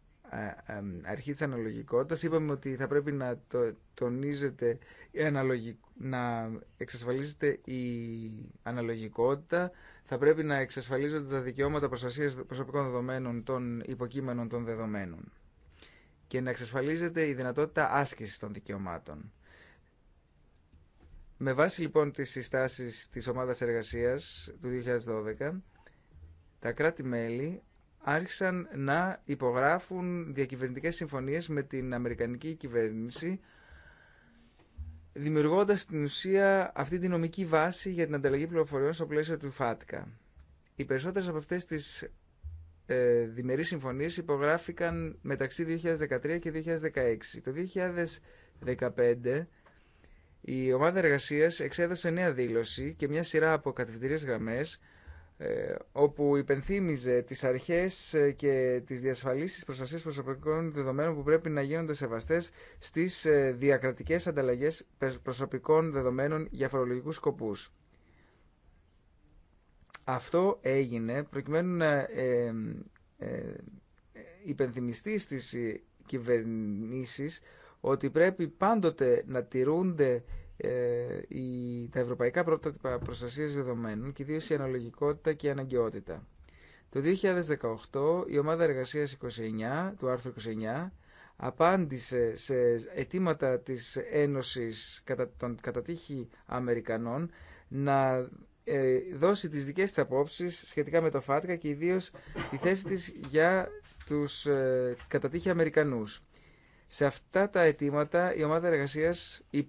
αρχή της αναλογικότητας είπαμε ότι θα πρέπει να το, τονίζεται η να εξασφαλίζεται η αναλογικότητα θα πρέπει να εξασφαλίζονται τα δικαιώματα προστασίας προσωπικών δεδομένων των υποκείμενων των δεδομένων και να εξασφαλίζεται η δυνατότητα άσκησης των δικαιωμάτων. Με βάση λοιπόν τις συστάσεις της ομάδας εργασίας του 2012, τα κράτη-μέλη άρχισαν να υπογράφουν διακυβερνητικές συμφωνίες με την Αμερικανική κυβέρνηση, δημιουργώντας στην ουσία αυτή τη νομική βάση για την ανταλλαγή πληροφοριών στο πλαίσιο του ΦΑΤΚΑ. Οι περισσότερες από αυτές τις ε, συμφωνίε συμφωνίες υπογράφηκαν μεταξύ 2013 και 2016. Το 2015 η ομάδα εργασία εξέδωσε νέα δήλωση και μια σειρά από κατευθυντήριες γραμμές ε, όπου υπενθύμιζε τις αρχές ε, και τις διασφαλίσει προστασία προσωπικών δεδομένων που πρέπει να γίνονται σεβαστές στις ε, διακρατικές ανταλλαγέ προσωπικών δεδομένων για φορολογικού σκοπού. Αυτό έγινε προκειμένου να ε, ε, ε, υπενθυμιστεί στις κυβερνήσεις ότι πρέπει πάντοτε να τηρούνται οι, τα ευρωπαϊκά πρότυπα προστασίας δεδομένων και ιδίως η αναλογικότητα και η αναγκαιότητα. Το 2018 η ομάδα εργασίας 29, του άρθρου 29 απάντησε σε αιτήματα της Ένωσης κατά των κατατύχη Αμερικανών να ε, δώσει τις δικές της απόψεις σχετικά με το ΦΑΤΚΑ και ιδίως τη θέση της για τους ε, κατατύχει Αμερικανούς. Σε αυτά τα αιτήματα η ομάδα εργασίας ε,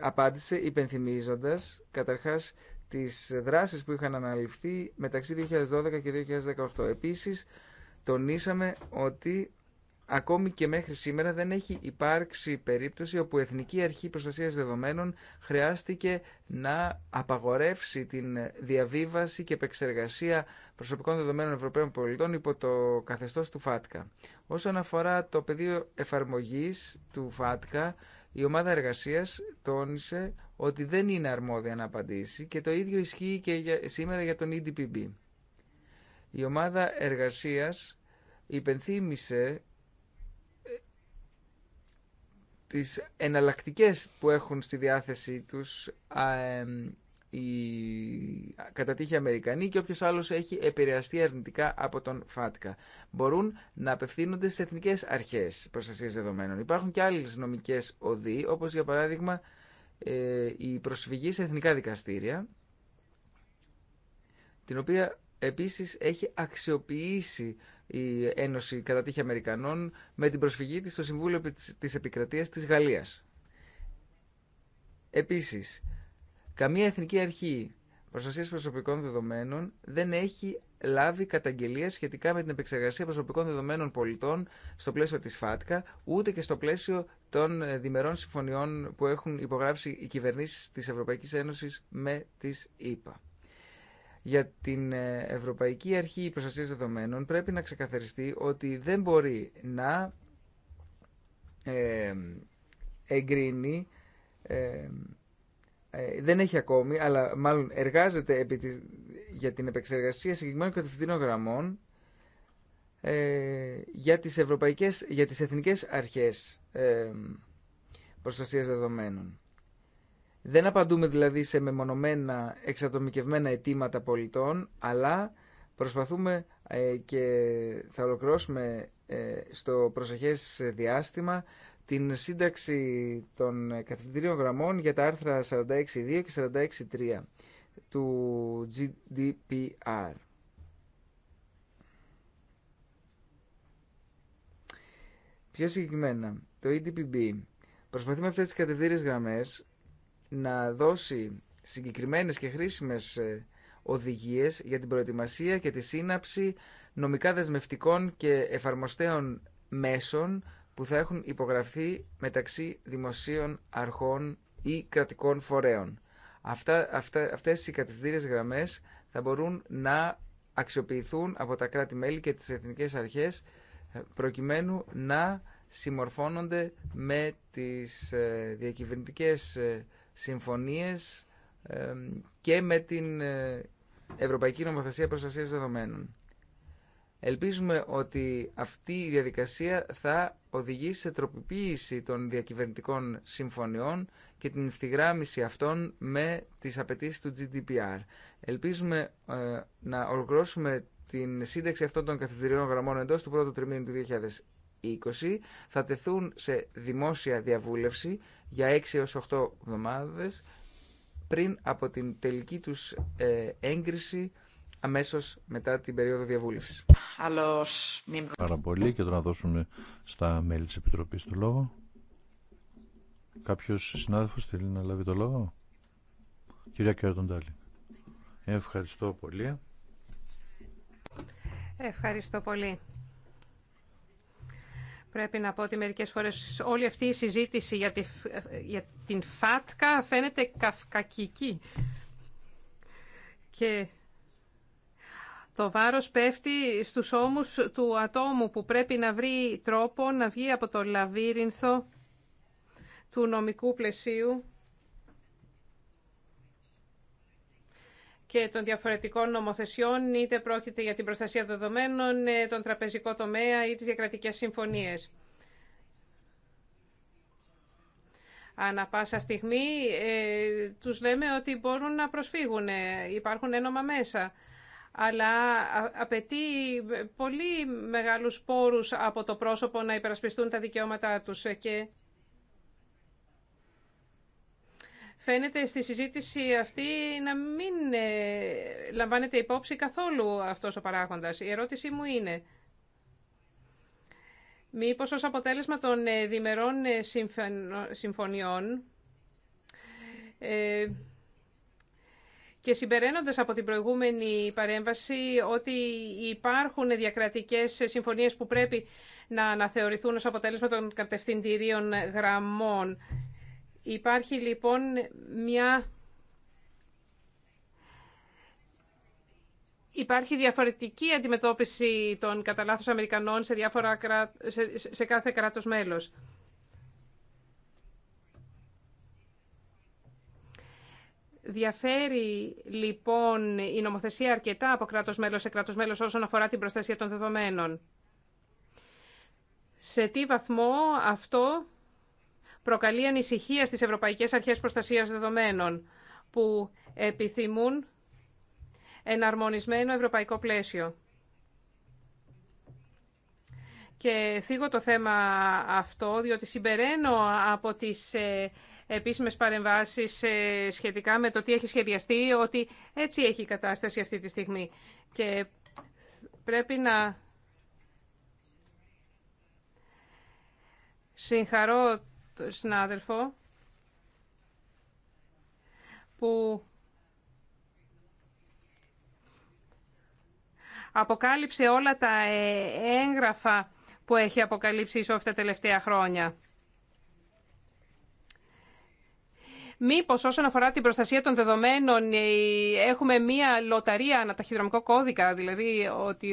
απάντησε υπενθυμίζοντας καταρχάς τις δράσεις που είχαν αναλυφθεί μεταξύ 2012 και 2018. Επίσης τονίσαμε ότι ακόμη και μέχρι σήμερα δεν έχει υπάρξει περίπτωση όπου η Εθνική Αρχή Προστασίας Δεδομένων χρειάστηκε να απαγορεύσει την διαβίβαση και επεξεργασία προσωπικών δεδομένων Ευρωπαίων πολιτών υπό το καθεστώς του ΦΑΤΚΑ. Όσον αφορά το πεδίο εφαρμογής του ΦΑΤΚΑ, η ομάδα εργασίας τόνισε ότι δεν είναι αρμόδια να απαντήσει και το ίδιο ισχύει και σήμερα για τον EDPB. Η ομάδα εργασίας υπενθύμησε τις εναλλακτικές που έχουν στη διάθεσή τους οι κατατύχει Αμερικανοί και όποιος άλλος έχει επηρεαστεί αρνητικά από τον ΦΑΤΚΑ. Μπορούν να απευθύνονται σε εθνικές αρχές προστασίας δεδομένων. Υπάρχουν και άλλες νομικές οδοί, όπως για παράδειγμα ε, η προσφυγή σε εθνικά δικαστήρια, την οποία επίσης έχει αξιοποιήσει η Ένωση κατά τύχη Αμερικανών με την προσφυγή της στο Συμβούλιο της Επικρατείας της Γαλλίας. Επίσης, καμία εθνική αρχή προστασίας προσωπικών δεδομένων δεν έχει λάβει καταγγελία σχετικά με την επεξεργασία προσωπικών δεδομένων πολιτών στο πλαίσιο της ΦΑΤΚΑ, ούτε και στο πλαίσιο των διμερών συμφωνιών που έχουν υπογράψει οι κυβερνήσεις της Ευρωπαϊκής Ένωσης με τις ΗΠΑ. Για την ε, Ευρωπαϊκή Αρχή Προστασίας Δεδομένων πρέπει να ξεκαθαριστεί ότι δεν μπορεί να ε, εγκρίνει ε, δεν έχει ακόμη, αλλά μάλλον εργάζεται επί της, για την επεξεργασία συγκεκριμένων κατευθυντήνων γραμμών ε, για, τις ευρωπαϊκές, για τις εθνικές αρχές ε, προστασίας δεδομένων. Δεν απαντούμε δηλαδή σε μεμονωμένα εξατομικευμένα αιτήματα πολιτών, αλλά προσπαθούμε ε, και θα ολοκληρώσουμε ε, στο προσεχές διάστημα την σύνταξη των καθηγητήριων γραμμών για τα άρθρα 46.2 και 46.3 του GDPR. Πιο συγκεκριμένα, το EDPB προσπαθεί με αυτές τις κατευθύνες γραμμές να δώσει συγκεκριμένες και χρήσιμες ε, οδηγίες για την προετοιμασία και τη σύναψη νομικά δεσμευτικών και εφαρμοστέων μέσων που θα έχουν υπογραφεί μεταξύ δημοσίων αρχών ή κρατικών φορέων. Αυτά, αυτές οι κατευθύνες γραμμές θα μπορούν να αξιοποιηθούν από τα κράτη-μέλη και τις εθνικές αρχές ε, προκειμένου να συμμορφώνονται με τις ε, διακυβερνητικές συμφωνίες και με την ε, Ευρωπαϊκή Νομοθεσία Προστασίας Δεδομένων. Ελπίζουμε ότι αυτή η διαδικασία θα οδηγήσει σε τροποποίηση των διακυβερνητικών συμφωνιών και την ευθυγράμμιση αυτών με τις απαιτήσει του GDPR. Ελπίζουμε ε, να ολοκληρώσουμε την σύνταξη αυτών των καθημερινών γραμμών εντός του πρώτου τριμήνου του 2020. Θα τεθούν σε δημόσια διαβούλευση για 6 έως 8 εβδομάδες πριν από την τελική τους ε, έγκριση αμέσως μετά την περίοδο διαβούλευσης. Πάρα πολύ και τώρα να δώσουμε στα μέλη της Επιτροπής το λόγο. Κάποιος συνάδελφος θέλει να λάβει το λόγο. Κυρία Κερδοντάλη. Ευχαριστώ πολύ. Ευχαριστώ πολύ. Πρέπει να πω ότι μερικές φορές όλη αυτή η συζήτηση για, τη, για την ΦΑΤΚΑ φαίνεται καυκακική. Και το βάρος πέφτει στους ώμους του ατόμου που πρέπει να βρει τρόπο να βγει από το λαβύρινθο του νομικού πλαισίου και των διαφορετικών νομοθεσιών, είτε πρόκειται για την προστασία δεδομένων, ε, τον τραπεζικό τομέα ή τις διακρατικές συμφωνίες. Ανά πάσα στιγμή ε, τους λέμε ότι μπορούν να προσφύγουν, ε, υπάρχουν ένομα μέσα. Αλλά απαιτεί πολύ μεγάλους πόρους από το πρόσωπο να υπερασπιστούν τα δικαιώματά τους ε, και Φαίνεται στη συζήτηση αυτή να μην ε, λαμβάνεται υπόψη καθόλου αυτός ο παράγοντας. Η ερώτησή μου είναι, μήπως ως αποτέλεσμα των ε, διμερών ε, συμφωνιών και συμπεραίνοντας από την προηγούμενη παρέμβαση ότι υπάρχουν διακρατικές συμφωνίες που πρέπει να αναθεωρηθούν ως αποτέλεσμα των κατευθυντηρίων γραμμών Υπάρχει λοιπόν μια... Υπάρχει διαφορετική αντιμετώπιση των κατά Αμερικανών σε, διάφορα, σε, σε κάθε κράτος μέλος. Διαφέρει λοιπόν η νομοθεσία αρκετά από κράτος μέλος σε κράτος μέλος όσον αφορά την προστασία των δεδομένων. Σε τι βαθμό αυτό προκαλεί ανησυχία στις Ευρωπαϊκές Αρχές Προστασίας Δεδομένων που επιθυμούν εναρμονισμένο ευρωπαϊκό πλαίσιο. Και θίγω το θέμα αυτό, διότι συμπεραίνω από τις ε, επίσημες παρεμβάσεις ε, σχετικά με το τι έχει σχεδιαστεί, ότι έτσι έχει η κατάσταση αυτή τη στιγμή. Και πρέπει να συγχαρώ το συνάδελφο που αποκάλυψε όλα τα ε, έγγραφα που έχει αποκαλύψει η αυτά τα τελευταία χρόνια. Μήπω, όσον αφορά την προστασία των δεδομένων ε, έχουμε μία λοταρία αναταχυδρομικό κώδικα, δηλαδή ότι,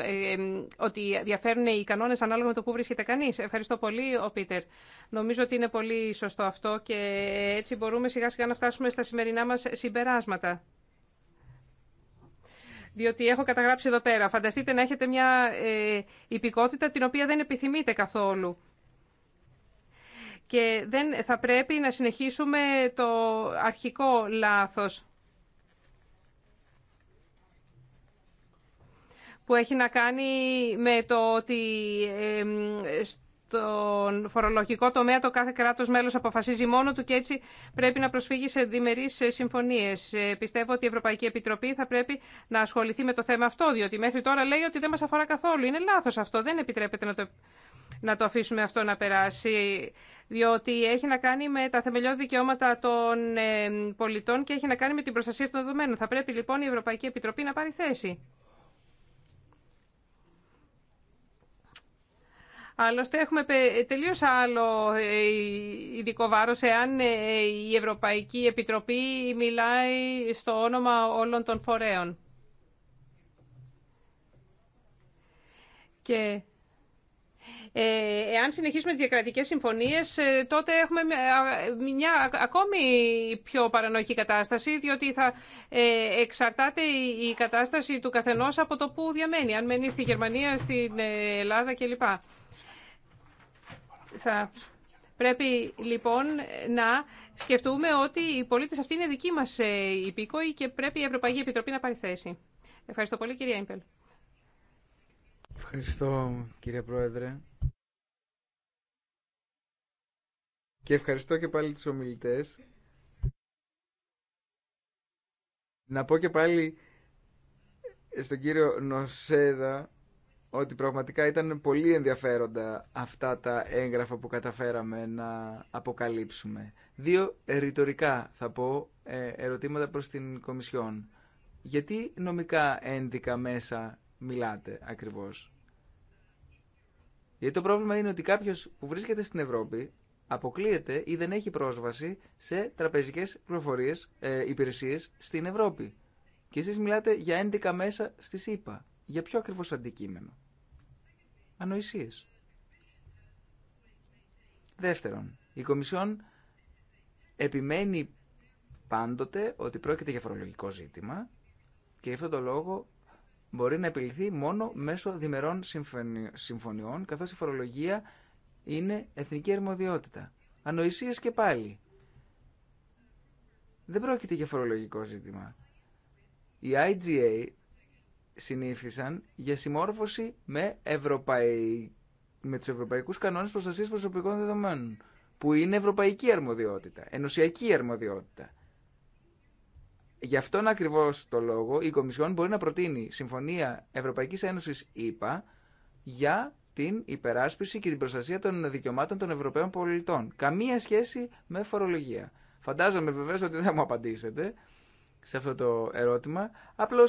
ε, ότι διαφέρουν οι κανόνε ανάλογα με το που βρίσκεται κανεί. Ευχαριστώ πολύ, ο Πίτερ. Νομίζω ότι είναι πολύ σωστό αυτό και έτσι μπορούμε σιγά σιγά να φτάσουμε στα σημερινά μα συμπεράσματα. Διότι έχω καταγράψει εδώ πέρα. Φανταστείτε να έχετε μια ε, υπηκότητα την οποία δεν επιθυμείτε καθόλου και δεν θα πρέπει να συνεχίσουμε το αρχικό λάθος που έχει να κάνει με το ότι στον φορολογικό τομέα το κάθε κράτος μέλος αποφασίζει μόνο του και έτσι πρέπει να προσφύγει σε διμερείς συμφωνίες. Ε, πιστεύω ότι η Ευρωπαϊκή Επιτροπή θα πρέπει να ασχοληθεί με το θέμα αυτό, διότι μέχρι τώρα λέει ότι δεν μας αφορά καθόλου. Είναι λάθος αυτό, δεν επιτρέπεται να το, να το αφήσουμε αυτό να περάσει, διότι έχει να κάνει με τα θεμελιώδη δικαιώματα των ε, πολιτών και έχει να κάνει με την προστασία των δεδομένων. Θα πρέπει λοιπόν η Ευρωπαϊκή Επιτροπή να πάρει θέση. Άλλωστε έχουμε τελείω άλλο ε, ειδικό βάρο εάν ε, η Ευρωπαϊκή Επιτροπή μιλάει στο όνομα όλων των φορέων. Και ε, εάν συνεχίσουμε τις διακρατικές συμφωνίες, τότε έχουμε μια ακόμη πιο παρανοϊκή κατάσταση, διότι θα εξαρτάται η κατάσταση του καθενός από το που διαμένει, αν μένει στη Γερμανία, στην Ελλάδα κλπ. Θα πρέπει λοιπόν να σκεφτούμε ότι οι πολίτες αυτοί είναι δικοί μας ε, υπήκοοι και πρέπει η Ευρωπαϊκή Επιτροπή να πάρει θέση. Ευχαριστώ πολύ κυρία Ιμπελ. Ευχαριστώ κύριε Πρόεδρε. Και ευχαριστώ και πάλι τους ομιλητές. Να πω και πάλι στον κύριο Νοσέδα ότι πραγματικά ήταν πολύ ενδιαφέροντα αυτά τα έγγραφα που καταφέραμε να αποκαλύψουμε. Δύο ρητορικά θα πω ε, ερωτήματα προς την Κομισιόν. Γιατί νομικά ένδικα μέσα μιλάτε ακριβώς. Γιατί το πρόβλημα είναι ότι κάποιος που βρίσκεται στην Ευρώπη αποκλείεται ή δεν έχει πρόσβαση σε τραπεζικές πληροφορίες, ε, υπηρεσίες στην Ευρώπη. Και εσείς μιλάτε για ένδικα μέσα στη ΣΥΠΑ. Για ποιο ακριβώς αντικείμενο. Ανοησίες. Δεύτερον, η Κομισιόν επιμένει πάντοτε ότι πρόκειται για φορολογικό ζήτημα και αυτό αυτόν τον λόγο μπορεί να επιληθεί μόνο μέσω διμερών συμφωνιών, καθώς η φορολογία είναι εθνική αρμοδιότητα. Ανοησίες και πάλι. Δεν πρόκειται για φορολογικό ζήτημα. Η IGA συνήθισαν για συμμόρφωση με, ευρωπαϊ... με τους ευρωπαϊκούς κανόνες προστασίας προσωπικών δεδομένων, που είναι ευρωπαϊκή αρμοδιότητα, ενωσιακή αρμοδιότητα. Γι' αυτόν ακριβώ το λόγο η Κομισιόν μπορεί να προτείνει Συμφωνία Ευρωπαϊκή Ένωση είπα, για την υπεράσπιση και την προστασία των δικαιωμάτων των Ευρωπαίων πολιτών. Καμία σχέση με φορολογία. Φαντάζομαι βεβαίω ότι δεν μου απαντήσετε σε αυτό το ερώτημα. Απλώ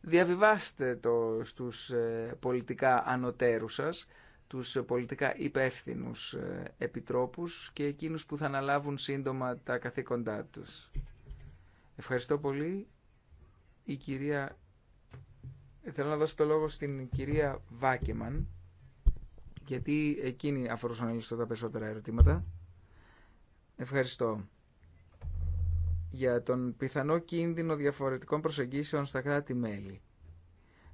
διαβιβάστε το στους ε, πολιτικά ανωτέρους σας, τους ε, πολιτικά υπεύθυνους ε, επιτρόπους και εκείνους που θα αναλάβουν σύντομα τα καθήκοντά τους. Ευχαριστώ πολύ. Η κυρία... Θέλω να δώσω το λόγο στην κυρία Βάκεμαν, γιατί εκείνη αφορούσαν λύσω τα περισσότερα ερωτήματα. Ευχαριστώ για τον πιθανό κίνδυνο διαφορετικών προσεγγίσεων στα κράτη-μέλη.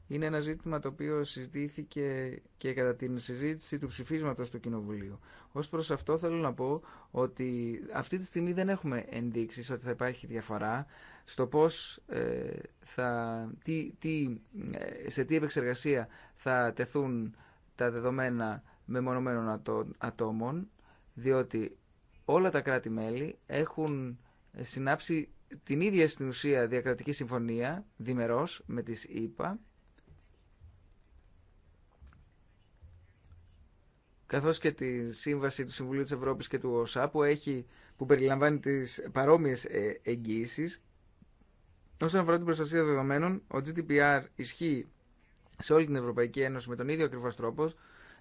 Είναι ένα ζήτημα το οποίο συζητήθηκε και κατά την συζήτηση του ψηφίσματος του Κοινοβουλίου. Ως προς αυτό θέλω να πω ότι αυτή τη στιγμή δεν έχουμε ενδείξεις ότι θα υπάρχει διαφορά στο πώς ε, θα, τι, τι, ε, σε τι επεξεργασία θα τεθούν τα δεδομένα μεμονωμένων ατόμων, διότι όλα τα κράτη-μέλη έχουν συνάψει την ίδια στην ουσία διακρατική συμφωνία διμερός με τις ΗΠΑ καθώς και τη σύμβαση του Συμβουλίου της Ευρώπης και του ΟΣΑ που, έχει, που περιλαμβάνει τις παρόμοιες ε, εγγύησεις. Όσον αφορά την προστασία δεδομένων, ο GDPR ισχύει σε όλη την Ευρωπαϊκή Ένωση με τον ίδιο ακριβώς τρόπο.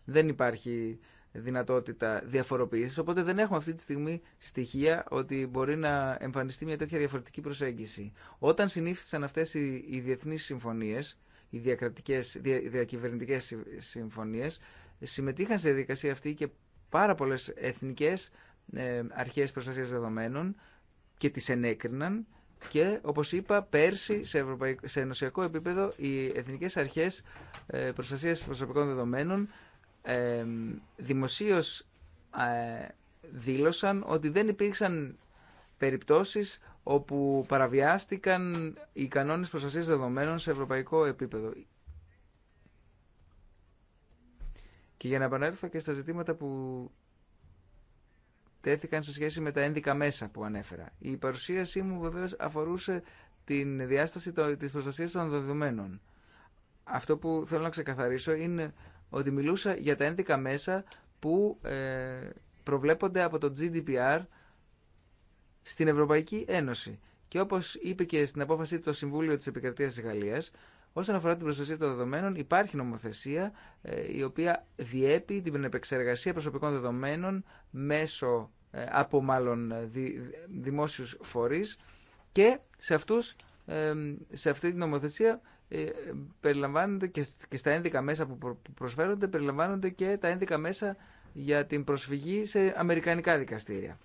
Δεν υπάρχει δυνατότητα διαφοροποίησης, οπότε δεν έχουμε αυτή τη στιγμή στοιχεία ότι μπορεί να εμφανιστεί μια τέτοια διαφορετική προσέγγιση. Όταν συνήθισαν αυτές οι, οι διεθνείς συμφωνίες, οι διακρατικές, δια, διακυβερνητικές συμφωνίες, συμμετείχαν στη διαδικασία αυτή και πάρα πολλέ εθνικές ε, αρχές προστασίας δεδομένων και τι ενέκριναν και όπω είπα πέρσι σε, σε ενωσιακό επίπεδο οι εθνικέ αρχέ ε, προστασία προσωπικών δεδομένων ε, δημοσίως δήλωσαν ότι δεν υπήρξαν περιπτώσεις όπου παραβιάστηκαν οι κανόνες προστασίας δεδομένων σε ευρωπαϊκό επίπεδο. Και για να επανέλθω και στα ζητήματα που τέθηκαν σε σχέση με τα ένδικα μέσα που ανέφερα. Η παρουσίασή μου βεβαίως αφορούσε την διάσταση της προστασίας των δεδομένων. Αυτό που θέλω να ξεκαθαρίσω είναι ότι μιλούσα για τα ένδικα μέσα που ε, προβλέπονται από το GDPR στην Ευρωπαϊκή Ένωση. Και όπως είπε και στην απόφαση του Συμβούλιο της Επικρατείας της Γαλλίας, Όσον αφορά την προστασία των δεδομένων, υπάρχει νομοθεσία ε, η οποία διέπει την επεξεργασία προσωπικών δεδομένων μέσω ε, από μάλλον δημόσιους φορείς και σε, αυτούς, σε αυτή την νομοθεσία ε, περιλαμβάνονται και στα ένδικα μέσα που προσφέρονται περιλαμβάνονται και τα ένδικα μέσα για την προσφυγή σε αμερικανικά δικαστήρια.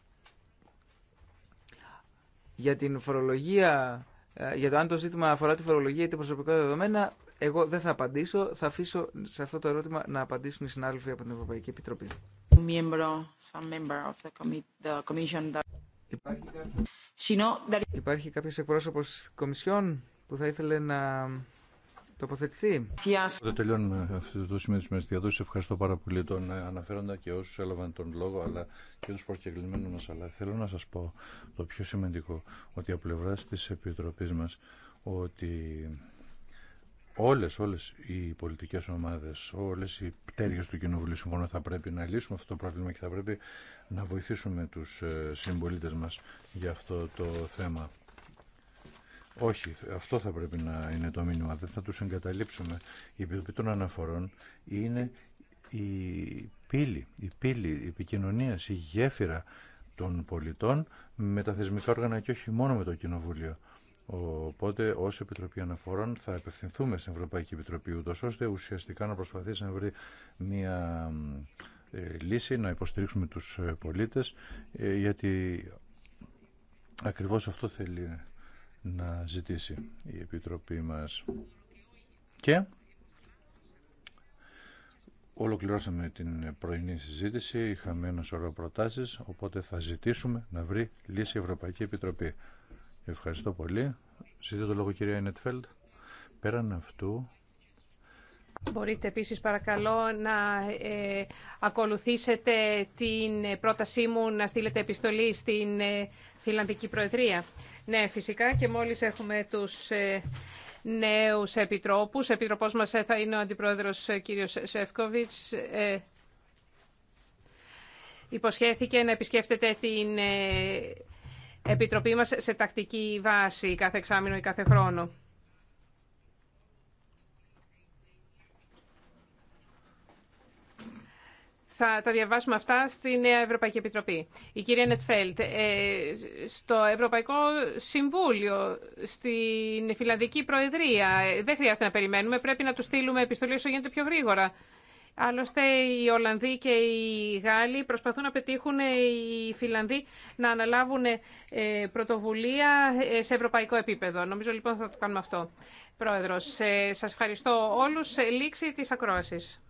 Για την φορολογία, ε, για το αν το ζήτημα αφορά τη φορολογία ή την προσωπικά δεδομένα, εγώ δεν θα απαντήσω. Θα αφήσω σε αυτό το ερώτημα να απαντήσουν οι συνάδελφοι από την Ευρωπαϊκή Επιτροπή. Υπάρχει κάποιος εκπρόσωπος Κομισιόν που θα ήθελε να τοποθετηθεί. τελειώνουμε αυτό το σημείο της ευχαριστώ πάρα πολύ τον ε, αναφέροντα και όσου έλαβαν τον λόγο αλλά και τους προσκεκλημένους μας. Αλλά θέλω να σας πω το πιο σημαντικό, ότι από πλευρά της Επιτροπής μας, ότι όλες, όλες οι πολιτικές ομάδες, όλες οι πτέρυγες του Κοινοβουλίου συμφωνώ θα πρέπει να λύσουμε αυτό το πρόβλημα και θα πρέπει να βοηθήσουμε τους ε, συμπολίτες μας για αυτό το θέμα. Όχι, αυτό θα πρέπει να είναι το μήνυμα. Δεν θα τους εγκαταλείψουμε. Η Επιτροπή των Αναφορών είναι η πύλη, η πύλη η επικοινωνία, η γέφυρα των πολιτών με τα θεσμικά όργανα και όχι μόνο με το Κοινοβούλιο. Οπότε, ω Επιτροπή Αναφορών, θα απευθυνθούμε στην Ευρωπαϊκή Επιτροπή, ούτω ώστε ουσιαστικά να προσπαθήσει να βρει μια ε, λύση, να υποστηρίξουμε του ε, πολίτε, ε, γιατί ακριβώ αυτό θέλει να ζητήσει η Επιτροπή μας. Και ολοκληρώσαμε την πρωινή συζήτηση, είχαμε ένα σωρό προτάσεις, οπότε θα ζητήσουμε να βρει λύση η Ευρωπαϊκή Επιτροπή. Ευχαριστώ πολύ. Ζητώ το λόγο κυρία Ενετφέλντ. Πέραν αυτού... Μπορείτε επίσης παρακαλώ να ε, ακολουθήσετε την πρότασή μου να στείλετε επιστολή στην ε, Φιλανδική Προεδρία. Ναι, φυσικά και μόλις έχουμε τους ε, νέους επιτρόπους. Επιτροπός μας ε, θα είναι ο Αντιπρόεδρος ε, κύριος Σεύκοβιτς. Υποσχέθηκε να επισκέφτεται την Επιτροπή μας σε τακτική βάση κάθε εξάμεινο ή κάθε χρόνο. θα τα διαβάσουμε αυτά στη Νέα Ευρωπαϊκή Επιτροπή. Η κυρία Νετφέλτ, ε, στο Ευρωπαϊκό Συμβούλιο, στην Φιλανδική Προεδρία, ε, δεν χρειάζεται να περιμένουμε, πρέπει να του στείλουμε επιστολή όσο γίνεται πιο γρήγορα. Άλλωστε, οι Ολλανδοί και οι Γάλλοι προσπαθούν να πετύχουν ε, οι Φιλανδοί να αναλάβουν πρωτοβουλία σε ευρωπαϊκό επίπεδο. Νομίζω λοιπόν θα το κάνουμε αυτό. Πρόεδρος, σας ευχαριστώ όλους. Λήξη της ακρόασης.